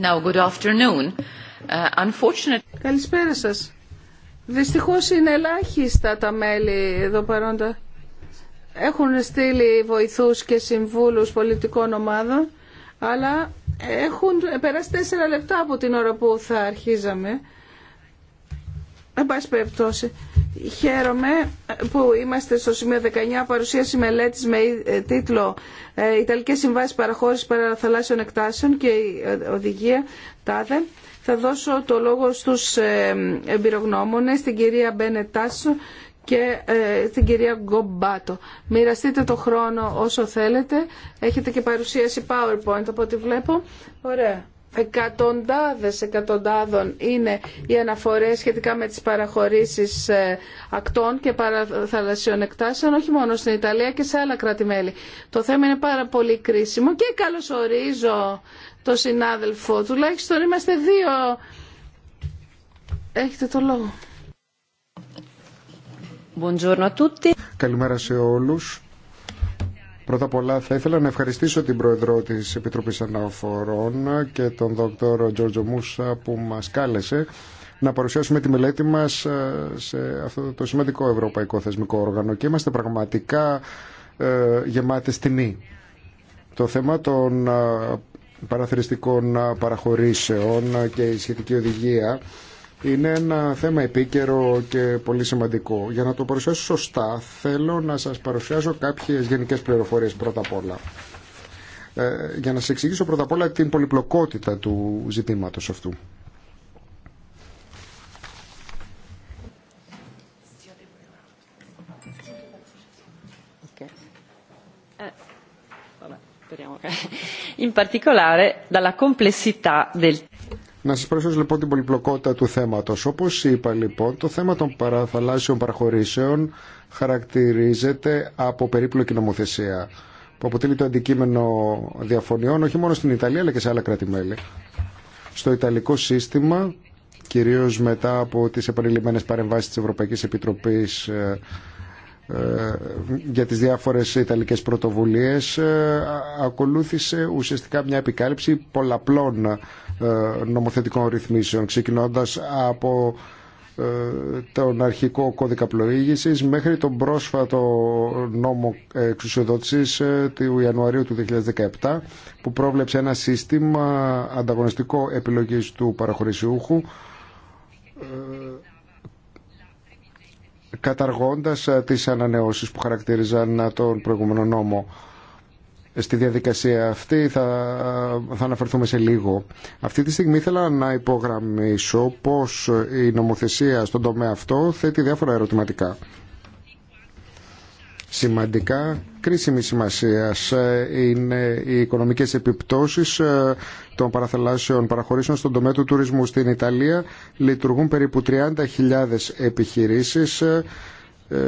Uh, Καλησπέρα σας. Δυστυχώς είναι ελάχιστα τα μέλη εδώ παρόντα. Έχουν στείλει βοηθούς και συμβούλους πολιτικών ομάδων, αλλά έχουν περάσει τέσσερα λεπτά από την ώρα που θα αρχίζαμε. Εν πάση Χαίρομαι που είμαστε στο σημείο 19 παρουσίαση μελέτης με ε, τίτλο ε, «Ιταλικές συμβάσεις παραχώρησης παραθαλάσσιων εκτάσεων και ε, οδηγία ΤΑΔΕ». Θα δώσω το λόγο στους εμπειρογνώμονες, την κυρία Μπενετάσο και την κυρία Γκομπάτο. Μοιραστείτε το χρόνο όσο θέλετε. Έχετε και παρουσίαση PowerPoint από ό,τι βλέπω. Ωραία εκατοντάδες εκατοντάδων είναι οι αναφορές σχετικά με τις παραχωρήσεις ε, ακτών και παραθαλασσιών εκτάσεων, όχι μόνο στην Ιταλία και σε άλλα κράτη-μέλη. Το θέμα είναι πάρα πολύ κρίσιμο και καλωσορίζω το συνάδελφο. Τουλάχιστον είμαστε δύο. Έχετε το λόγο. Καλημέρα σε όλους. Πρώτα απ' όλα θα ήθελα να ευχαριστήσω την Πρόεδρο της Επιτροπής Αναφορών και τον Δόκτωρ Τζόρτζο Μούσα που μας κάλεσε να παρουσιάσουμε τη μελέτη μας ε, σε αυτό το σημαντικό ευρωπαϊκό θεσμικό όργανο και είμαστε πραγματικά ε, γεμάτες τιμή. Το θέμα των ε, παραθεριστικών παραχωρήσεων και η σχετική οδηγία είναι ένα θέμα επίκαιρο και πολύ σημαντικό. Για να το παρουσιάσω σωστά, θέλω να σας παρουσιάσω κάποιες γενικές πληροφορίες πρώτα απ' όλα. Ε, για να σας εξηγήσω πρώτα απ' όλα την πολυπλοκότητα του ζητήματος αυτού. Ε, In particolare dalla complessità del να σας παρουσιάσω λοιπόν την πολυπλοκότητα του θέματος. Όπως είπα λοιπόν, το θέμα των παραθαλάσσιων παραχωρήσεων χαρακτηρίζεται από περίπλοκη νομοθεσία που αποτελεί το αντικείμενο διαφωνιών όχι μόνο στην Ιταλία αλλά και σε άλλα κράτη-μέλη. Στο Ιταλικό σύστημα, κυρίως μετά από τις επανειλημμένες παρεμβάσεις της Ευρωπαϊκής Επιτροπής ε, ε, για τις διάφορες Ιταλικές πρωτοβουλίες ε, ακολούθησε ουσιαστικά μια επικάλυψη πολλαπλών ε, νομοθετικών ρυθμίσεων, ξεκινώντας από ε, τον αρχικό κώδικα πλοήγησης μέχρι τον πρόσφατο νόμο εξουσιοδότησης ε, του Ιανουαρίου του 2017 που πρόβλεψε ένα σύστημα ανταγωνιστικό επιλογής του παραχωρησιούχου καταργώντας τις ανανεώσεις που χαρακτηρίζαν τον προηγούμενο νόμο στη διαδικασία αυτή θα, θα αναφερθούμε σε λίγο. Αυτή τη στιγμή ήθελα να υπογραμμίσω πως η νομοθεσία στον τομέα αυτό θέτει διάφορα ερωτηματικά. Σημαντικά, κρίσιμη σημασία είναι οι οικονομικές επιπτώσεις ε, των παραθαλάσσιων παραχωρήσεων στον τομέα του τουρισμού. Στην Ιταλία λειτουργούν περίπου 30.000 επιχειρήσεις ε, ε,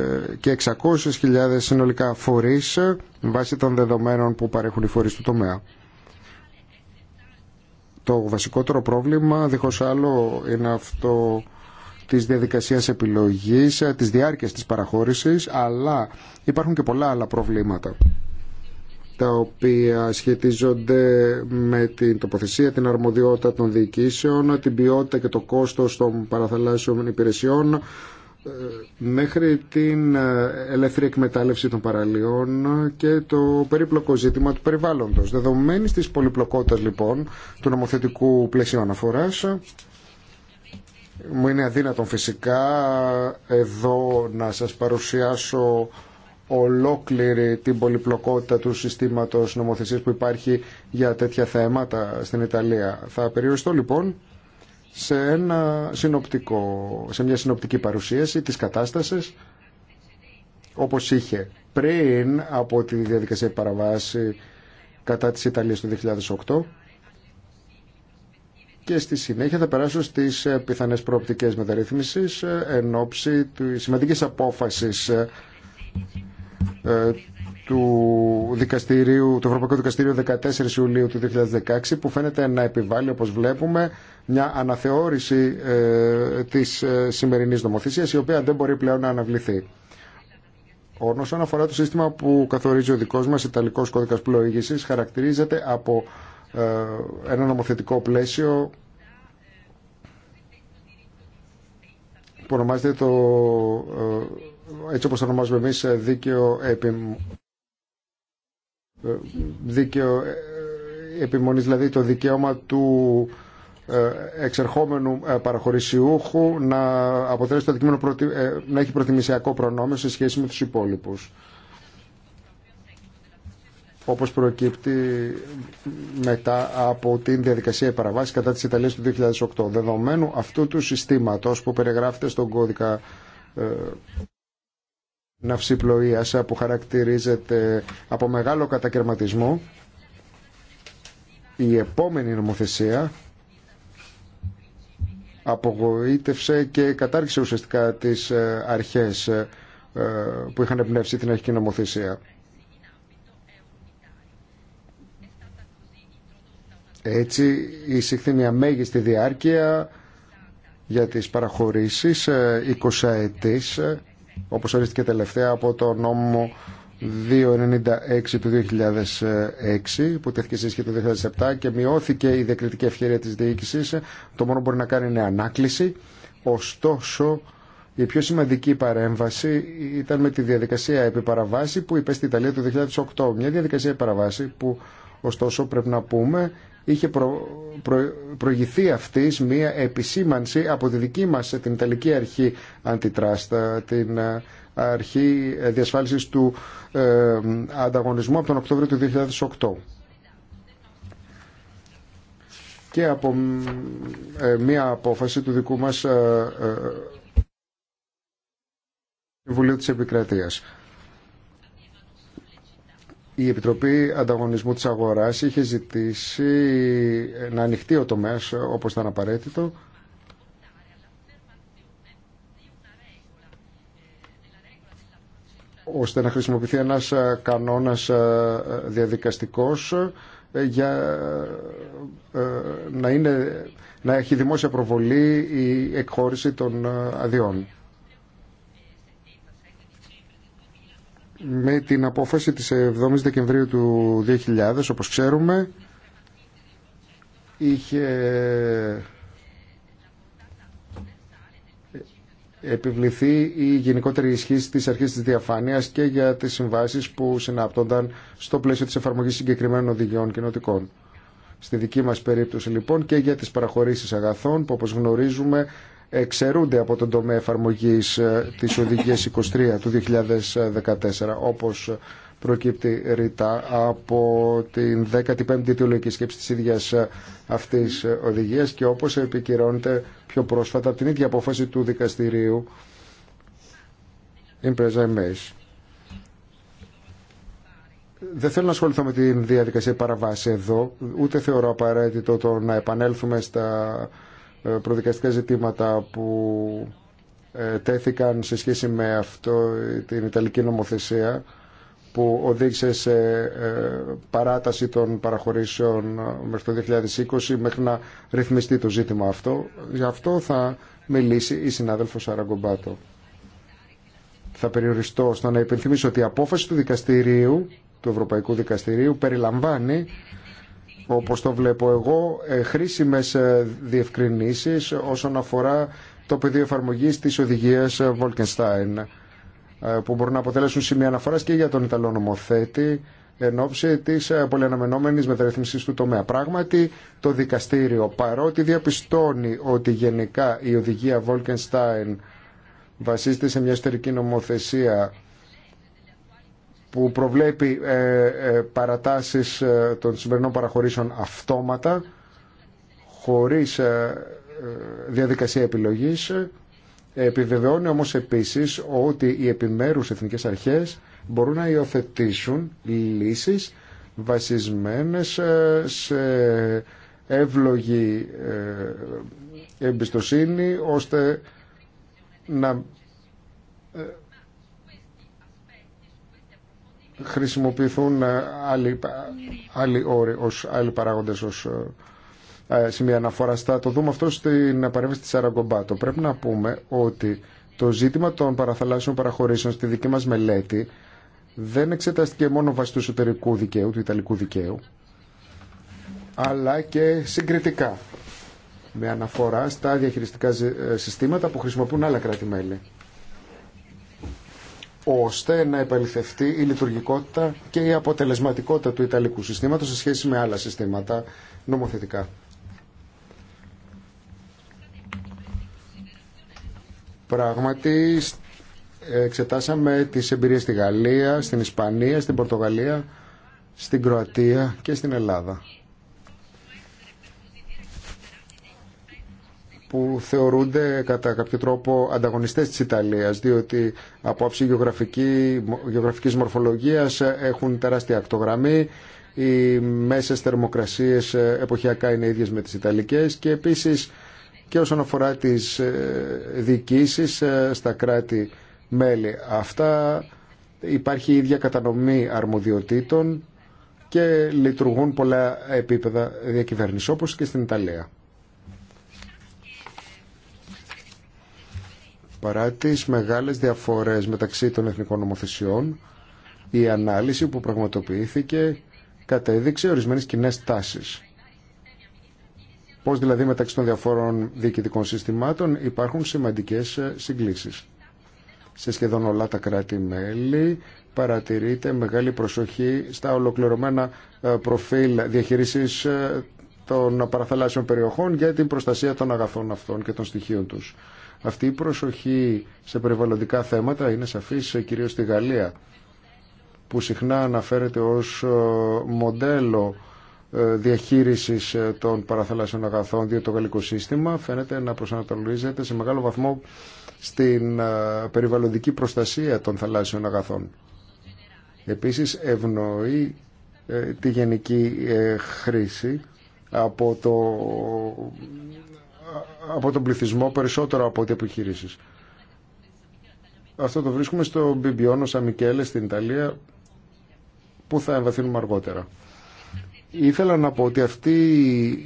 και 600.000 συνολικά φορείς ε, βάσει των δεδομένων που παρέχουν οι φορείς του τομέα. Το βασικότερο πρόβλημα, δίχως άλλο, είναι αυτό της διαδικασίας επιλογής, ε, της διάρκειας της παραχώρησης, αλλά υπάρχουν και πολλά άλλα προβλήματα τα οποία σχετίζονται με την τοποθεσία, την αρμοδιότητα των διοικήσεων, την ποιότητα και το κόστος των παραθαλάσσιων υπηρεσιών, ε, μέχρι την ε, ελεύθερη εκμετάλλευση των παραλίων και το περίπλοκο ζήτημα του περιβάλλοντος. Δεδομένης της πολυπλοκότητας λοιπόν του νομοθετικού πλαισίου αναφοράς, μου είναι αδύνατον φυσικά εδώ να σας παρουσιάσω ολόκληρη την πολυπλοκότητα του συστήματος νομοθεσίας που υπάρχει για τέτοια θέματα στην Ιταλία. Θα περιοριστώ λοιπόν σε, ένα συνοπτικό, σε μια συνοπτική παρουσίαση της κατάστασης όπως είχε πριν από τη διαδικασία παραβάση κατά της Ιταλίας το 2008 και στη συνέχεια θα περάσω στις ε, πιθανές προοπτικές μεταρρύθμισης ε, εν ώψη της σημαντικής απόφασης ε, του, δικαστηρίου, του Ευρωπαϊκού Δικαστηρίου 14 Ιουλίου του 2016 που φαίνεται να επιβάλλει όπως βλέπουμε μια αναθεώρηση ε, της ε, σημερινής νομοθεσίας η οποία δεν μπορεί πλέον να αναβληθεί. Όσον αφορά το σύστημα που καθορίζει ο δικός μας Ιταλικός Κώδικας Πλοήγησης χαρακτηρίζεται από ε, ένα νομοθετικό πλαίσιο που ονομάζεται το, έτσι όπως το ονομάζουμε εμείς, δίκαιο, δίκαιο επιμονής, δηλαδή το δικαίωμα του ε, εξερχόμενου ε, παραχωρησιούχου να αποτελέσει το αντικείμενο προτι... Ε, να έχει προτιμησιακό προνόμιο σε σχέση με τους υπόλοιπους όπως προκύπτει μετά από την διαδικασία παραβάσης κατά της Ιταλίας του 2008. Δεδομένου αυτού του συστήματος που περιγράφεται στον κώδικα ε, ναυσιπλοείας που χαρακτηρίζεται από μεγάλο κατακαιρματισμό, η επόμενη νομοθεσία απογοήτευσε και κατάργησε ουσιαστικά τις ε, αρχές ε, που είχαν εμπνεύσει την αρχική νομοθεσία. Έτσι εισήχθη μια μέγιστη διάρκεια για τις παραχωρήσεις 20 ε, ετής όπως ορίστηκε τελευταία από το νόμο 296 του 2006 που τέθηκε σε το 2007 και μειώθηκε η διακριτική ευκαιρία της διοίκησης. Το μόνο που μπορεί να κάνει είναι ανάκληση. Ωστόσο, η πιο σημαντική παρέμβαση ήταν με τη διαδικασία επιπαραβάση που υπέστη η Ιταλία το 2008. Μια διαδικασία επιπαραβάση που, ωστόσο, πρέπει να πούμε, είχε προ, προ, προηγηθεί αυτής μια επισήμανση από τη δική μας την Ιταλική Αρχή Αντιτράστα, την Αρχή ε, Διασφάλισης του ε, Ανταγωνισμού από τον Οκτώβριο του 2008 και από ε, μία απόφαση του δικού μας Βουλίου της Επικρατείας. Η Επιτροπή Ανταγωνισμού της Αγοράς είχε ζητήσει να ανοιχτεί ο τομέας όπως ήταν απαραίτητο ώστε να χρησιμοποιηθεί ένας ε, κανόνας ε, διαδικαστικός ε, για να, είναι, να έχει δημόσια προβολή η εκχώρηση των αδειών. Με την απόφαση της 7ης Δεκεμβρίου του 2000, όπως ξέρουμε, είχε επιβληθεί η γενικότερη ισχύ τη αρχή τη διαφάνεια και για τι συμβάσει που συνάπτονταν στο πλαίσιο τη εφαρμογή συγκεκριμένων οδηγιών κοινοτικών. Στη δική μα περίπτωση λοιπόν και για τι παραχωρήσει αγαθών που όπω γνωρίζουμε εξαιρούνται από τον τομέα εφαρμογή ε, τη οδηγία 23 του 2014 όπω προκύπτει ρητά από την 15η αιτιολογική σκέψη της ίδιας ε, αυτής ε, οδηγία και όπως επικυρώνεται πιο πρόσφατα από την ίδια απόφαση του δικαστηρίου in present δεν θέλω να ασχοληθώ με την διαδικασία παραβάση εδώ, ούτε θεωρώ απαραίτητο το να επανέλθουμε στα ε, προδικαστικά ζητήματα που τέθηκαν σε σχέση με αυτό την Ιταλική νομοθεσία που οδήγησε σε ε, παράταση των παραχωρήσεων ε, μέχρι το 2020 μέχρι να ρυθμιστεί το ζήτημα αυτό. Γι' αυτό θα μιλήσει η συνάδελφος Αραγκομπάτο. Θα περιοριστώ στο να υπενθυμίσω ότι η απόφαση του δικαστηρίου, του Ευρωπαϊκού Δικαστηρίου, περιλαμβάνει όπως το βλέπω εγώ, ε, χρήσιμες διευκρινήσεις όσον αφορά το πεδίο εφαρμογής της οδηγίας Volkenstein ε, που μπορούν να αποτελέσουν σημεία αναφορά και για τον Ιταλό νομοθέτη εν ώψη της ε, πολυαναμενόμενη μεταρρύθμιση του τομέα. Πράγματι, το δικαστήριο, παρότι διαπιστώνει ότι γενικά η οδηγία Βολκενστάιν βασίζεται σε μια εσωτερική νομοθεσία που προβλέπει ε, παρατάσεις των σημερινών παραχωρήσεων αυτόματα, χωρίς διαδικασία επιλογής, Επιβεβαιώνει όμως επίσης ότι οι επιμέρους εθνικές αρχές μπορούν να υιοθετήσουν λύσεις βασισμένες ε, σε εύλογη ε, εμπιστοσύνη ώστε να ε, χρησιμοποιηθούν άλλοι, άλλοι όροι ως άλλοι παράγοντες ως ε, σημεία αναφορά. Θα το δούμε αυτό στην παρέμβαση τη Αραγκομπάτο. Πρέπει να πούμε ότι το ζήτημα των παραθαλάσσιων παραχωρήσεων στη δική μα μελέτη δεν εξετάστηκε μόνο βάσει του εσωτερικού δικαίου, του Ιταλικού δικαίου, αλλά και συγκριτικά με αναφορά στα διαχειριστικά ε, συστήματα που χρησιμοποιούν άλλα κράτη-μέλη ώστε να επαληθευτεί η λειτουργικότητα και η αποτελεσματικότητα του Ιταλικού συστήματος σε σχέση με άλλα συστήματα νομοθετικά. Πράγματι, εξετάσαμε τις εμπειρίες στη Γαλλία, στην Ισπανία, στην Πορτογαλία, στην Κροατία και στην Ελλάδα. που θεωρούνται κατά κάποιο τρόπο ανταγωνιστές της Ιταλίας διότι από άψη γεωγραφική, γεωγραφικής μορφολογίας έχουν τεράστια ακτογραμμή οι μέσες θερμοκρασίες ε, εποχιακά είναι ίδιες με τις Ιταλικές και επίσης και όσον αφορά τις ε, διοικήσεις ε, στα κράτη-μέλη. Αυτά υπάρχει η ίδια κατανομή αρμοδιοτήτων και λειτουργούν πολλά επίπεδα διακυβέρνηση όπως και στην Ιταλία. Παρά τις μεγάλες διαφορές μεταξύ των εθνικών νομοθεσιών, η ανάλυση που πραγματοποιήθηκε κατέδειξε ορισμένες κοινέ τάσεις. Πώς δηλαδή μεταξύ των διαφόρων διοικητικών συστημάτων υπάρχουν σημαντικές ε, συγκλήσει. Σε σχεδόν όλα τα κράτη-μέλη παρατηρείται μεγάλη προσοχή στα ολοκληρωμένα ε, προφίλ διαχείρισης ε, των παραθαλάσσιων περιοχών για την προστασία των αγαθών αυτών και των στοιχείων τους. Αυτή η προσοχή σε περιβαλλοντικά θέματα είναι σαφής κυρίως στη Γαλλία που συχνά αναφέρεται ως μοντέλο ε, διαχείρισης ε, των παραθαλάσσιων αγαθών, διότι το γαλλικό σύστημα φαίνεται να προσανατολίζεται σε μεγάλο βαθμό στην ε, περιβαλλοντική προστασία των θαλάσσιων αγαθών. Επίσης ευνοεί τη γενική χρήση από, το, από τον πληθυσμό περισσότερο από ό,τι επιχειρήσεις. Αυτό το βρίσκουμε στο Μπιμπιόνο Σαμικέλε στην Ιταλία που θα εμβαθύνουμε αργότερα. Ήθελα να πω ότι αυτή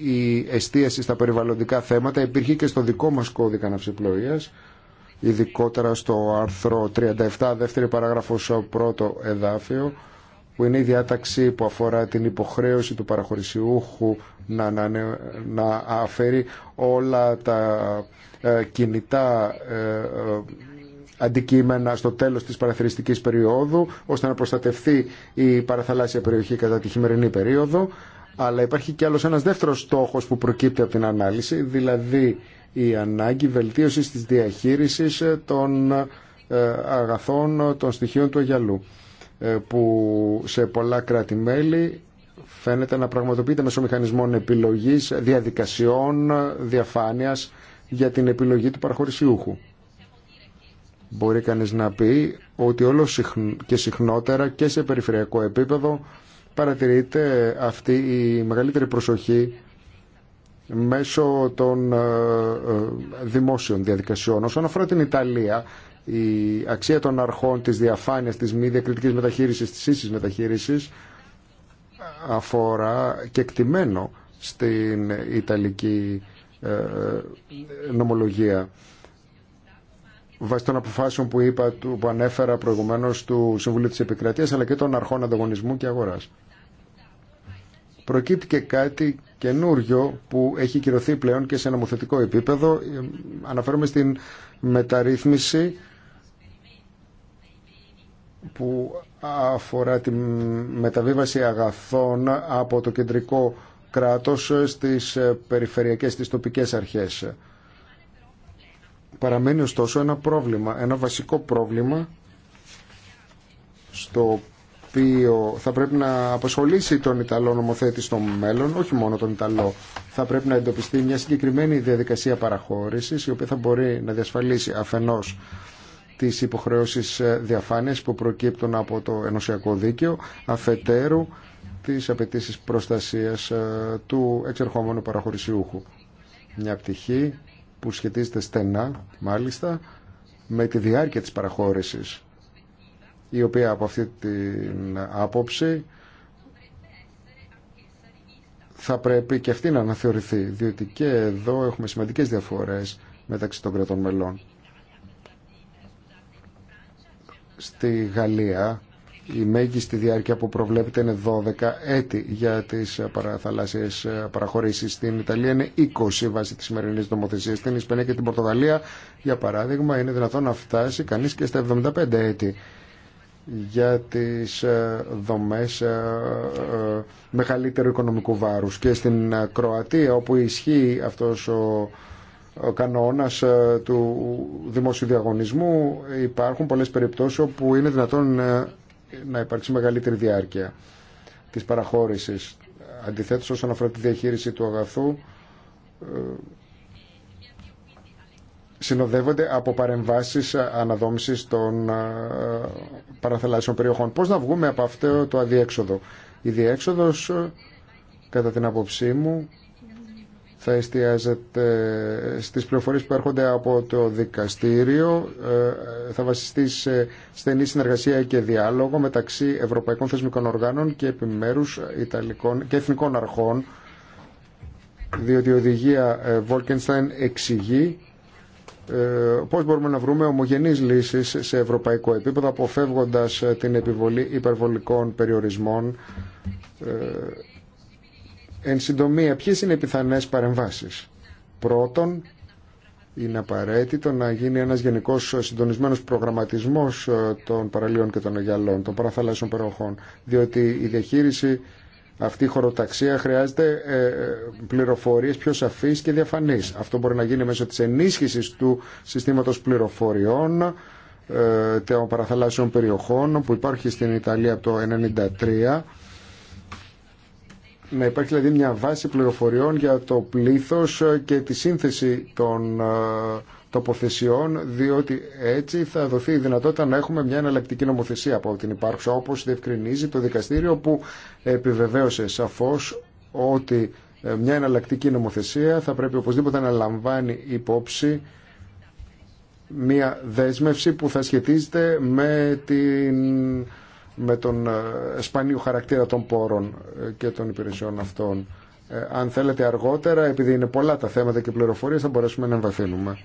η εστίαση στα περιβαλλοντικά θέματα υπήρχε και στο δικό μας κώδικα ναυσιπλοείας, ειδικότερα στο άρθρο 37, δεύτερη παράγραφος πρώτο εδάφιο, που είναι η διάταξη που αφορά την υποχρέωση του παραχωρησιούχου να, να, αφαιρεί όλα τα ε, κινητά ε, ε, αντικείμενα στο τέλος της παραθυριστικής περίοδου ώστε να προστατευθεί η παραθαλάσσια περιοχή κατά τη χειμερινή περίοδο αλλά υπάρχει και άλλος ένας δεύτερος στόχος που προκύπτει από την ανάλυση δηλαδή η ανάγκη βελτίωσης της διαχείρισης των ε, αγαθών των στοιχείων του αγιαλού ε, που σε πολλά κράτη-μέλη φαίνεται να πραγματοποιείται μέσω μηχανισμών επιλογής, διαδικασιών, διαφάνειας για την επιλογή του παραχωρησιούχου. Μπορεί κανείς να πει ότι όλο και συχνότερα και σε περιφερειακό επίπεδο παρατηρείται αυτή η μεγαλύτερη προσοχή μέσω των ε, ε, δημόσιων διαδικασιών. Όσον αφορά την Ιταλία, η αξία των αρχών της διαφάνειας, της μη διακριτικής μεταχείρισης, της ίσης μεταχείρισης αφορά και εκτιμένο στην Ιταλική ε, νομολογία βάσει των αποφάσεων που, είπα, που ανέφερα προηγουμένω του Συμβουλίου τη Επικρατείας αλλά και των αρχών ανταγωνισμού και αγοράς. Προκύπτει και κάτι καινούριο που έχει κυρωθεί πλέον και σε νομοθετικό επίπεδο. Ε, αναφέρομαι στην μεταρρύθμιση που αφορά τη μεταβίβαση αγαθών από το κεντρικό κράτος στις ε, περιφερειακές, στις τοπικές αρχές. Παραμένει ωστόσο ένα πρόβλημα, ένα βασικό πρόβλημα στο οποίο θα πρέπει να απασχολήσει τον Ιταλό νομοθέτη στο μέλλον, όχι μόνο τον Ιταλό. Θα πρέπει να εντοπιστεί μια συγκεκριμένη διαδικασία παραχώρησης η οποία θα μπορεί να διασφαλίσει αφενός τις υποχρεώσεις διαφάνειας που προκύπτουν από το ενωσιακό δίκαιο, αφετέρου τις απαιτήσει προστασίας ε, του εξερχόμενου παραχωρησιούχου. Μια πτυχή που σχετίζεται στενά μάλιστα με τη διάρκεια της παραχώρησης η οποία από αυτή την άποψη θα πρέπει και αυτή να αναθεωρηθεί διότι και εδώ έχουμε σημαντικές διαφορές μεταξύ των κρατών μελών. Στη Γαλλία η μέγιστη διάρκεια που προβλέπεται είναι 12 έτη για τις παραθαλάσσιες παραχωρήσεις. Στην Ιταλία είναι 20 βάσει της σημερινής νομοθεσία, Στην Ισπανία και την Πορτογαλία, για παράδειγμα, είναι δυνατόν να φτάσει κανείς και στα 75 έτη για τις ε, δομές ε, ε, μεγαλύτερου οικονομικού βάρους. Και στην Κροατία, όπου ισχύει αυτός ο ο κανόνας του δημόσιου διαγωνισμού υπάρχουν πολλές περιπτώσεις όπου είναι δυνατόν να υπάρξει μεγαλύτερη διάρκεια της παραχώρησης. Αντιθέτως όσον αφορά τη διαχείριση του αγαθού ε, συνοδεύονται από παρεμβάσεις αναδόμησης των ε, παραθαλάσσιων περιοχών. Πώς να βγούμε από αυτό το αδιέξοδο. Η διέξοδος, ε, κατά την άποψή μου, θα εστιάζεται στις πληροφορίες που έρχονται από το δικαστήριο, ε, θα βασιστεί σε στενή συνεργασία και διάλογο μεταξύ ευρωπαϊκών θεσμικών οργάνων και επιμέρους ιταλικών και εθνικών αρχών, διότι η οδηγία Βόλκενσταιν εξηγεί ε, πώς μπορούμε να βρούμε ομογενείς λύσεις σε ευρωπαϊκό επίπεδο, αποφεύγοντας ε, την επιβολή υπερβολικών περιορισμών Εν συντομία, ποιες είναι οι πιθανές παρεμβάσεις. Πρώτον, είναι απαραίτητο να γίνει ένας γενικός συντονισμένος προγραμματισμός ε, των παραλίων και των αγιαλών, των παραθαλάσσιων περιοχών, διότι η διαχείριση αυτή η χωροταξία χρειάζεται ε, ε, πληροφορίες πιο σαφείς και διαφανείς. Αυτό μπορεί να γίνει μέσω της ενίσχυσης του συστήματος πληροφοριών των παραθαλάσσιων περιοχών που υπάρχει στην Ιταλία από το 1993 να υπάρχει δηλαδή μια βάση πληροφοριών για το πλήθος και τη σύνθεση των ε, τοποθεσιών, διότι έτσι θα δοθεί η δυνατότητα να έχουμε μια εναλλακτική νομοθεσία από την υπάρχουσα, όπως διευκρινίζει το δικαστήριο που επιβεβαίωσε σαφώς ότι ε, μια εναλλακτική νομοθεσία θα πρέπει οπωσδήποτε να λαμβάνει υπόψη μια δέσμευση που θα σχετίζεται με την με τον ε, σπανίου χαρακτήρα των πόρων ε, και των υπηρεσιών αυτών. Ε, αν θέλετε αργότερα, επειδή είναι πολλά τα θέματα και πληροφορίες, θα μπορέσουμε να εμβαθύνουμε.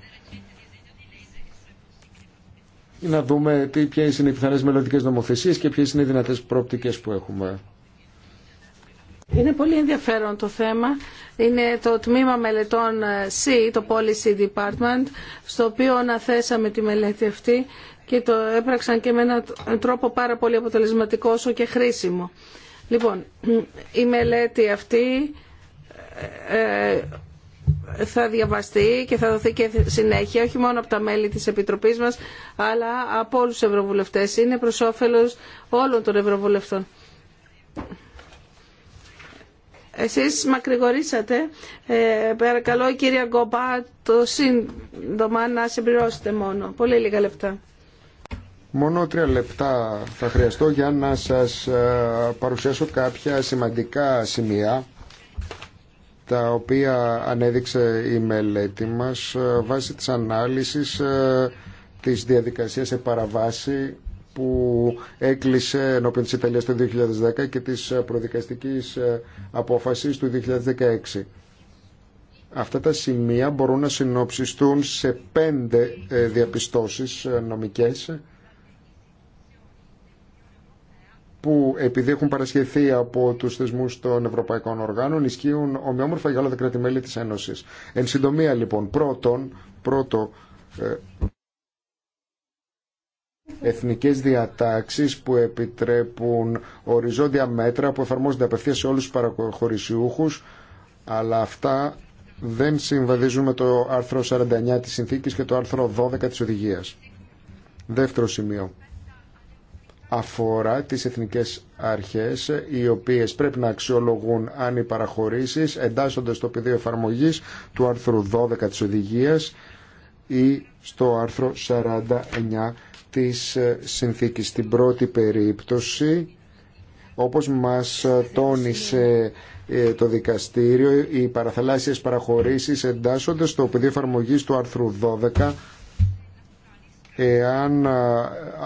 Ή να δούμε τι, ποιες είναι οι πιθανές μελλοντικές νομοθεσίες και ποιες είναι οι δυνατές πρόπτικες που έχουμε. Είναι πολύ ενδιαφέρον το θέμα. Είναι το τμήμα μελετών C, το Policy Department, στο οποίο αναθέσαμε τη μελέτη αυτή και το έπραξαν και με έναν τρόπο πάρα πολύ αποτελεσματικό όσο και χρήσιμο. Λοιπόν, η μελέτη αυτή ε, ε, θα διαβαστεί και θα δοθεί και συνέχεια, όχι μόνο από τα μέλη της Επιτροπής μας, αλλά από όλους τους Ευρωβουλευτές. Είναι προς όφελος όλων των Ευρωβουλευτών. Εσείς μακρηγορήσατε. Ε, παρακαλώ, κυρία Γκομπά, το σύντομα να συμπληρώσετε μόνο. Πολύ λίγα λεπτά. Μόνο τρία λεπτά θα χρειαστώ για να σας ε, παρουσιάσω κάποια σημαντικά σημεία τα οποία ανέδειξε η μελέτη μας ε, βάσει της ανάλυσης ε, της διαδικασίας σε παραβάση που έκλεισε ενώπιν της Ιταλίας το 2010 και της προδικαστικής απόφασης του 2016. Αυτά τα σημεία μπορούν να συνοψιστούν σε πέντε διαπιστώσεις νομικές που επειδή έχουν παρασχεθεί από του θεσμού των ευρωπαϊκών οργάνων ισχύουν ομοιόμορφα για όλα τα κράτη-μέλη τη Ένωση. Εν συντομία λοιπόν, πρώτον, πρώτο, ε, εθνικές διατάξεις που επιτρέπουν οριζόντια μέτρα που εφαρμόζονται απευθείας σε όλους τους παραχωρησιούχους αλλά αυτά δεν συμβαδίζουν με το άρθρο 49 της συνθήκης και το άρθρο 12 της οδηγίας. Δεύτερο σημείο αφορά τις εθνικές αρχές οι οποίες πρέπει να αξιολογούν αν οι παραχωρήσεις εντάσσονται στο πεδίο εφαρμογή του άρθρου 12 της οδηγίας ή στο άρθρο 49 της συνθήκης. Στην πρώτη περίπτωση, όπως μας τόνισε ε, το δικαστήριο, οι παραθαλάσσιες παραχωρήσεις εντάσσονται στο πεδίο εφαρμογή του άρθρου 12 εάν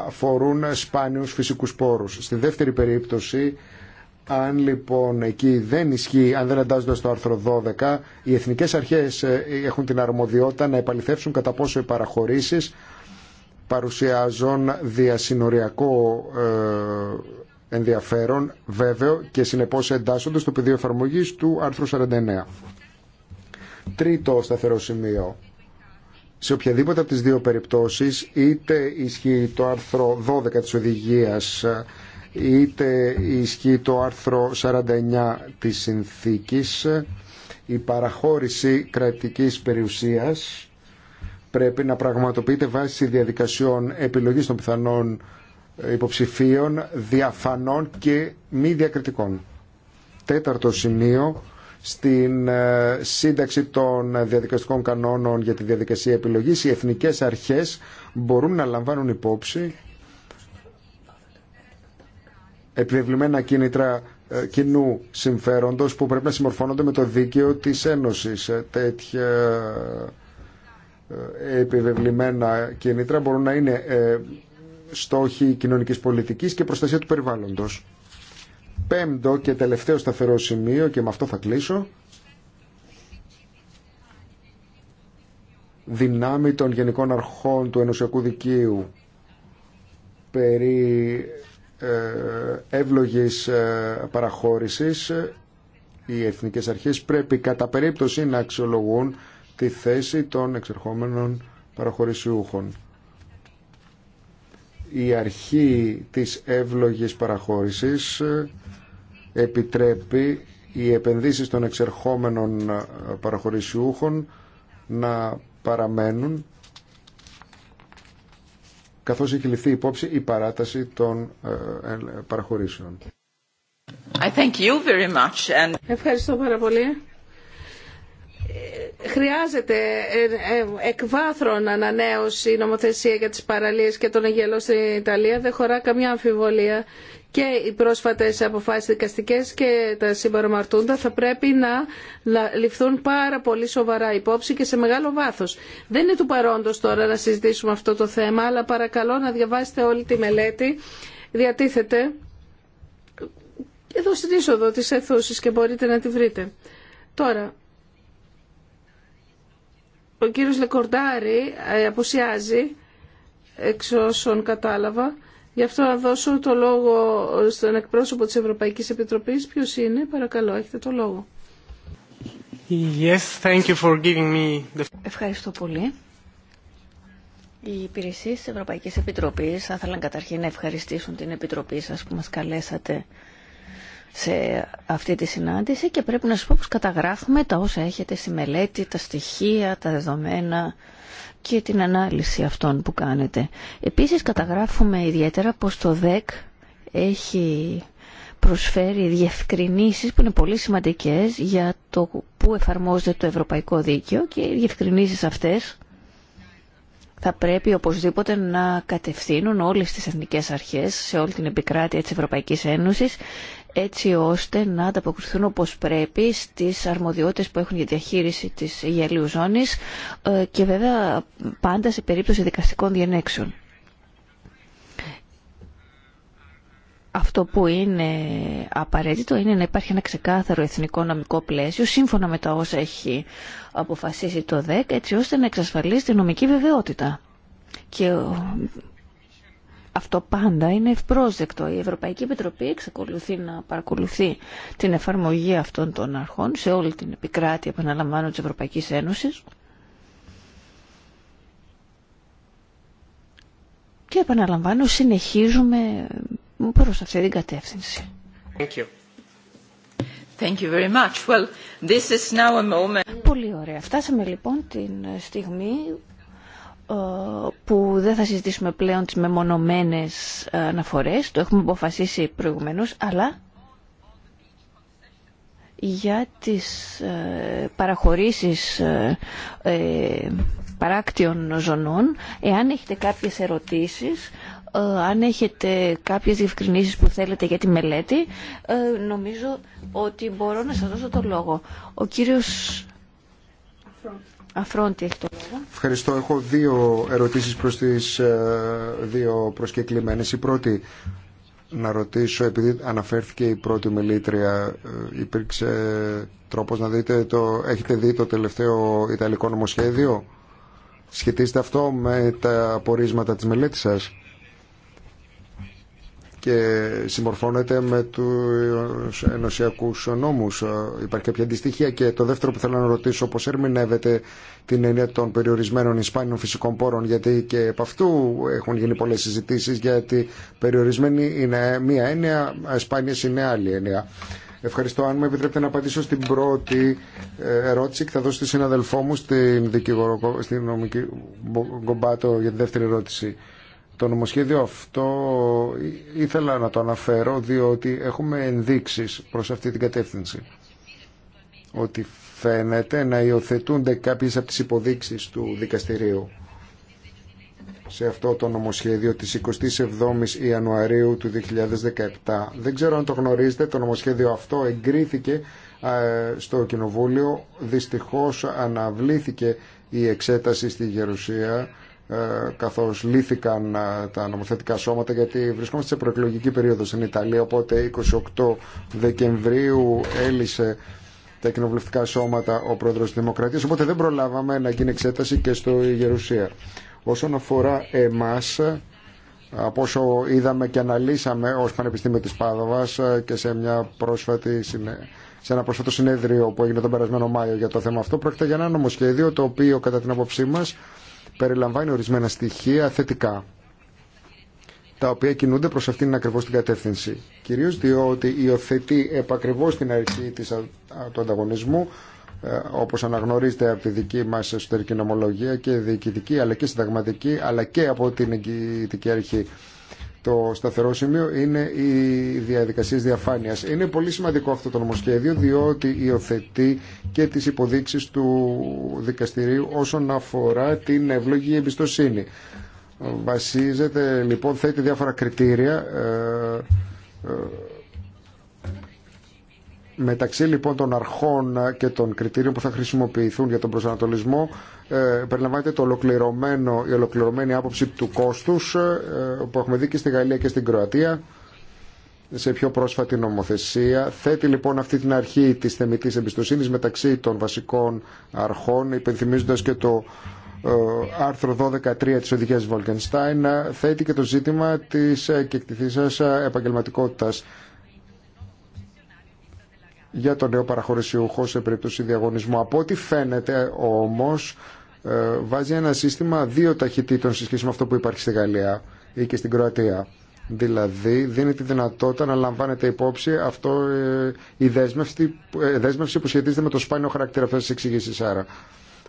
αφορούν σπάνιους φυσικούς πόρους. Στη δεύτερη περίπτωση, αν λοιπόν εκεί δεν ισχύει, αν δεν εντάσσονται στο άρθρο 12, οι εθνικές αρχές ε, έχουν την αρμοδιότητα να επαληθεύσουν κατά πόσο οι παραχωρήσεις παρουσιάζουν διασυνοριακό ε, ενδιαφέρον, βέβαιο και συνεπώς εντάσσονται στο πεδίο εφαρμογής του άρθρου 49. Τρίτο σταθερό σημείο σε οποιαδήποτε από τις δύο περιπτώσεις είτε ισχύει το άρθρο 12 της οδηγίας είτε ισχύει το άρθρο 49 της συνθήκης η παραχώρηση κρατικής περιουσίας πρέπει να πραγματοποιείται βάσει διαδικασιών επιλογής των πιθανών ε, υποψηφίων, διαφανών και μη διακριτικών. Τέταρτο σημείο, στην ε, σύνταξη των διαδικαστικών κανόνων για τη διαδικασία επιλογής οι εθνικές αρχές μπορούν να λαμβάνουν υπόψη επιβεβλημένα κίνητρα ε, κοινού συμφέροντος που πρέπει να συμμορφώνονται με το δίκαιο της Ένωσης. Ε, τέτοια επιβεβλημένα κίνητρα μπορούν να είναι στόχοι κοινωνικής πολιτικής και προστασία του περιβάλλοντος πέμπτο και τελευταίο σταθερό σημείο και με αυτό θα κλείσω. Δυνάμει των Γενικών Αρχών του Ενωσιακού Δικαίου περί ε, εύλογης ε, παραχώρησης οι εθνικές αρχές πρέπει κατά περίπτωση να αξιολογούν τη θέση των εξερχόμενων παραχωρησιούχων. Η αρχή της εύλογης παραχώρησης επιτρέπει οι επενδύσεις των εξερχόμενων ε, παραχωρησιούχων να παραμένουν καθώς έχει ληφθεί υπόψη η παράταση των ε, ε, παραχωρήσεων. I thank you very much and... Ευχαριστώ πάρα πολύ. Χρειάζεται εκβάθρον ανανέωση η νομοθεσία για τις παραλίες και τον Αγγελό στην Ιταλία. Δεν χωρά καμιά αμφιβολία και οι πρόσφατες αποφάσεις δικαστικές και τα συμπαρομαρτούντα θα πρέπει να ληφθούν πάρα πολύ σοβαρά υπόψη και σε μεγάλο βάθος. Δεν είναι του παρόντος τώρα να συζητήσουμε αυτό το θέμα, αλλά παρακαλώ να διαβάσετε όλη τη μελέτη. Διατίθεται εδώ στην είσοδο της αίθουσης και μπορείτε να τη βρείτε. Τώρα, ο κύριος Λεκορντάρη ε, απουσιάζει, εξ όσων κατάλαβα, Γι' αυτό θα δώσω το λόγο στον εκπρόσωπο της Ευρωπαϊκής Επιτροπής. Ποιος είναι, παρακαλώ, έχετε το λόγο. Yes, thank you for giving me the... Ευχαριστώ πολύ. Οι υπηρεσίε της Ευρωπαϊκής Επιτροπής θα ήθελαν καταρχήν να ευχαριστήσουν την Επιτροπή σας που μας καλέσατε σε αυτή τη συνάντηση και πρέπει να σας πω πως καταγράφουμε τα όσα έχετε στη μελέτη, τα στοιχεία, τα δεδομένα, και την ανάλυση αυτών που κάνετε. Επίσης καταγράφουμε ιδιαίτερα πως το ΔΕΚ έχει προσφέρει διευκρινήσεις που είναι πολύ σημαντικές για το που εφαρμόζεται το ευρωπαϊκό δίκαιο και οι διευκρινήσεις αυτές θα πρέπει οπωσδήποτε να κατευθύνουν όλες τις εθνικές αρχές σε όλη την επικράτεια της Ευρωπαϊκής Ένωσης έτσι ώστε να ανταποκριθούν όπως πρέπει στις αρμοδιότητες που έχουν για διαχείριση της γελίου ζώνης ε, και βέβαια πάντα σε περίπτωση δικαστικών διενέξεων. Αυτό που είναι απαραίτητο είναι να υπάρχει ένα ξεκάθαρο εθνικό νομικό πλαίσιο σύμφωνα με τα όσα έχει αποφασίσει το ΔΕΚ έτσι ώστε να εξασφαλίσει τη νομική βεβαιότητα. Και αυτό πάντα είναι ευπρόσδεκτο. Η Ευρωπαϊκή Επιτροπή εξακολουθεί να παρακολουθεί την εφαρμογή αυτών των αρχών σε όλη την επικράτεια, επαναλαμβάνω, της Ευρωπαϊκής Ένωσης. Και επαναλαμβάνω, συνεχίζουμε προ αυτή την κατεύθυνση. Thank you. Thank you very much. Well, this is now a moment. Πολύ ωραία. Φτάσαμε λοιπόν την στιγμή ε, που δεν θα συζητήσουμε πλέον τις μεμονωμένες αναφορές, το έχουμε αποφασίσει προηγουμένως, αλλά για τις ε, παραχωρήσεις ε, παράκτιων ζωνών, εάν έχετε κάποιες ερωτήσεις, αν έχετε κάποιες διευκρινήσεις που θέλετε για τη μελέτη, νομίζω ότι μπορώ να σας δώσω το λόγο. Ο κύριος... Ευχαριστώ. Έχω δύο ερωτήσεις προς τις ε, δύο προσκεκλημένες. Η πρώτη να ρωτήσω, επειδή αναφέρθηκε η πρώτη μελήτρια, ε, υπήρξε τρόπος να δείτε το, έχετε δει το τελευταίο Ιταλικό νομοσχέδιο. Σχετίζεται αυτό με τα απορίσματα της μελέτης σας και συμμορφώνεται με τους ενωσιακούς νόμους. Υπάρχει κάποια αντιστοιχεία και το δεύτερο που θέλω να ρωτήσω πώς ερμηνεύεται την έννοια των περιορισμένων Ισπάνιων φυσικών πόρων γιατί και από αυτού έχουν γίνει πολλές συζητήσεις γιατί περιορισμένη είναι μία έννοια, Ισπάνιες είναι άλλη έννοια. Ευχαριστώ. Αν μου επιτρέπετε να απαντήσω στην πρώτη ε, ερώτηση και θα δώσω τη συναδελφό μου στην δικηγόρο, στην νομική Γκομπάτο για τη δεύτερη ερώτηση. Το νομοσχέδιο αυτό ήθελα να το αναφέρω διότι έχουμε ενδείξεις προς αυτή την κατεύθυνση. Ότι φαίνεται να υιοθετούνται κάποιες από τις υποδείξεις του δικαστηρίου σε αυτό το νομοσχέδιο της 27ης Ιανουαρίου του 2017. Δεν ξέρω αν το γνωρίζετε, το νομοσχέδιο αυτό εγκρίθηκε στο Κοινοβούλιο. Δυστυχώς αναβλήθηκε η εξέταση στη Γερουσία ε, καθώς λύθηκαν ε, τα νομοθετικά σώματα γιατί βρισκόμαστε σε προεκλογική περίοδο στην Ιταλία οπότε 28 Δεκεμβρίου έλυσε τα κοινοβουλευτικά σώματα ο πρόεδρος της Δημοκρατίας οπότε δεν προλάβαμε να γίνει εξέταση και στο Ιερουσία. Όσον αφορά εμάς από όσο είδαμε και αναλύσαμε ως Πανεπιστήμιο της Πάδοβας και σε, μια πρόσφατη, σε ένα πρόσφατο συνέδριο που έγινε τον περασμένο Μάιο για το θέμα αυτό πρόκειται για ένα νομοσχέδιο το οποίο κατά την άποψή μα περιλαμβάνει ορισμένα στοιχεία θετικά τα οποία κινούνται προς αυτήν ακριβώς την κατεύθυνση. Κυρίως διότι υιοθετεί επακριβώς την αρχή της, του ανταγωνισμού ε, όπως αναγνωρίζεται από τη δική μας εσωτερική νομολογία και διοικητική αλλά και συνταγματική αλλά και από την εγκυητική αρχή. Το σταθερό σημείο είναι οι διαδικασίες διαφάνειας. Είναι πολύ σημαντικό αυτό το νομοσχέδιο διότι υιοθετεί και τις υποδείξεις του δικαστηρίου όσον αφορά την ευλογική εμπιστοσύνη. Βασίζεται, λοιπόν, θέτει διάφορα κριτήρια ε, ε, μεταξύ λοιπόν των αρχών και των κριτήριων που θα χρησιμοποιηθούν για τον προσανατολισμό ε, περιλαμβάνεται το ολοκληρωμένο, η ολοκληρωμένη άποψη του κόστους ε, που έχουμε δει και στη Γαλλία και στην Κροατία σε πιο πρόσφατη νομοθεσία. Θέτει λοιπόν αυτή την αρχή της θεμητής εμπιστοσύνης μεταξύ των βασικών αρχών, υπενθυμίζοντας και το ε, άρθρο 12.3 της οδηγίας Βολκενστάιν, θέτει και το ζήτημα της κεκτηθήσας επαγγελματικότητας για τον νέο παραχωρησιούχο σε περίπτωση διαγωνισμού. Από ό,τι φαίνεται όμως ε, βάζει ένα σύστημα δύο ταχυτήτων σε σχέση με αυτό που υπάρχει στη Γαλλία ή και στην Κροατία. Δηλαδή δίνει τη δυνατότητα να λαμβάνεται υπόψη αυτό, ε, η ε, δέσμευση, που σχετίζεται με το σπάνιο χαρακτήρα αυτή τη εξήγηση Άρα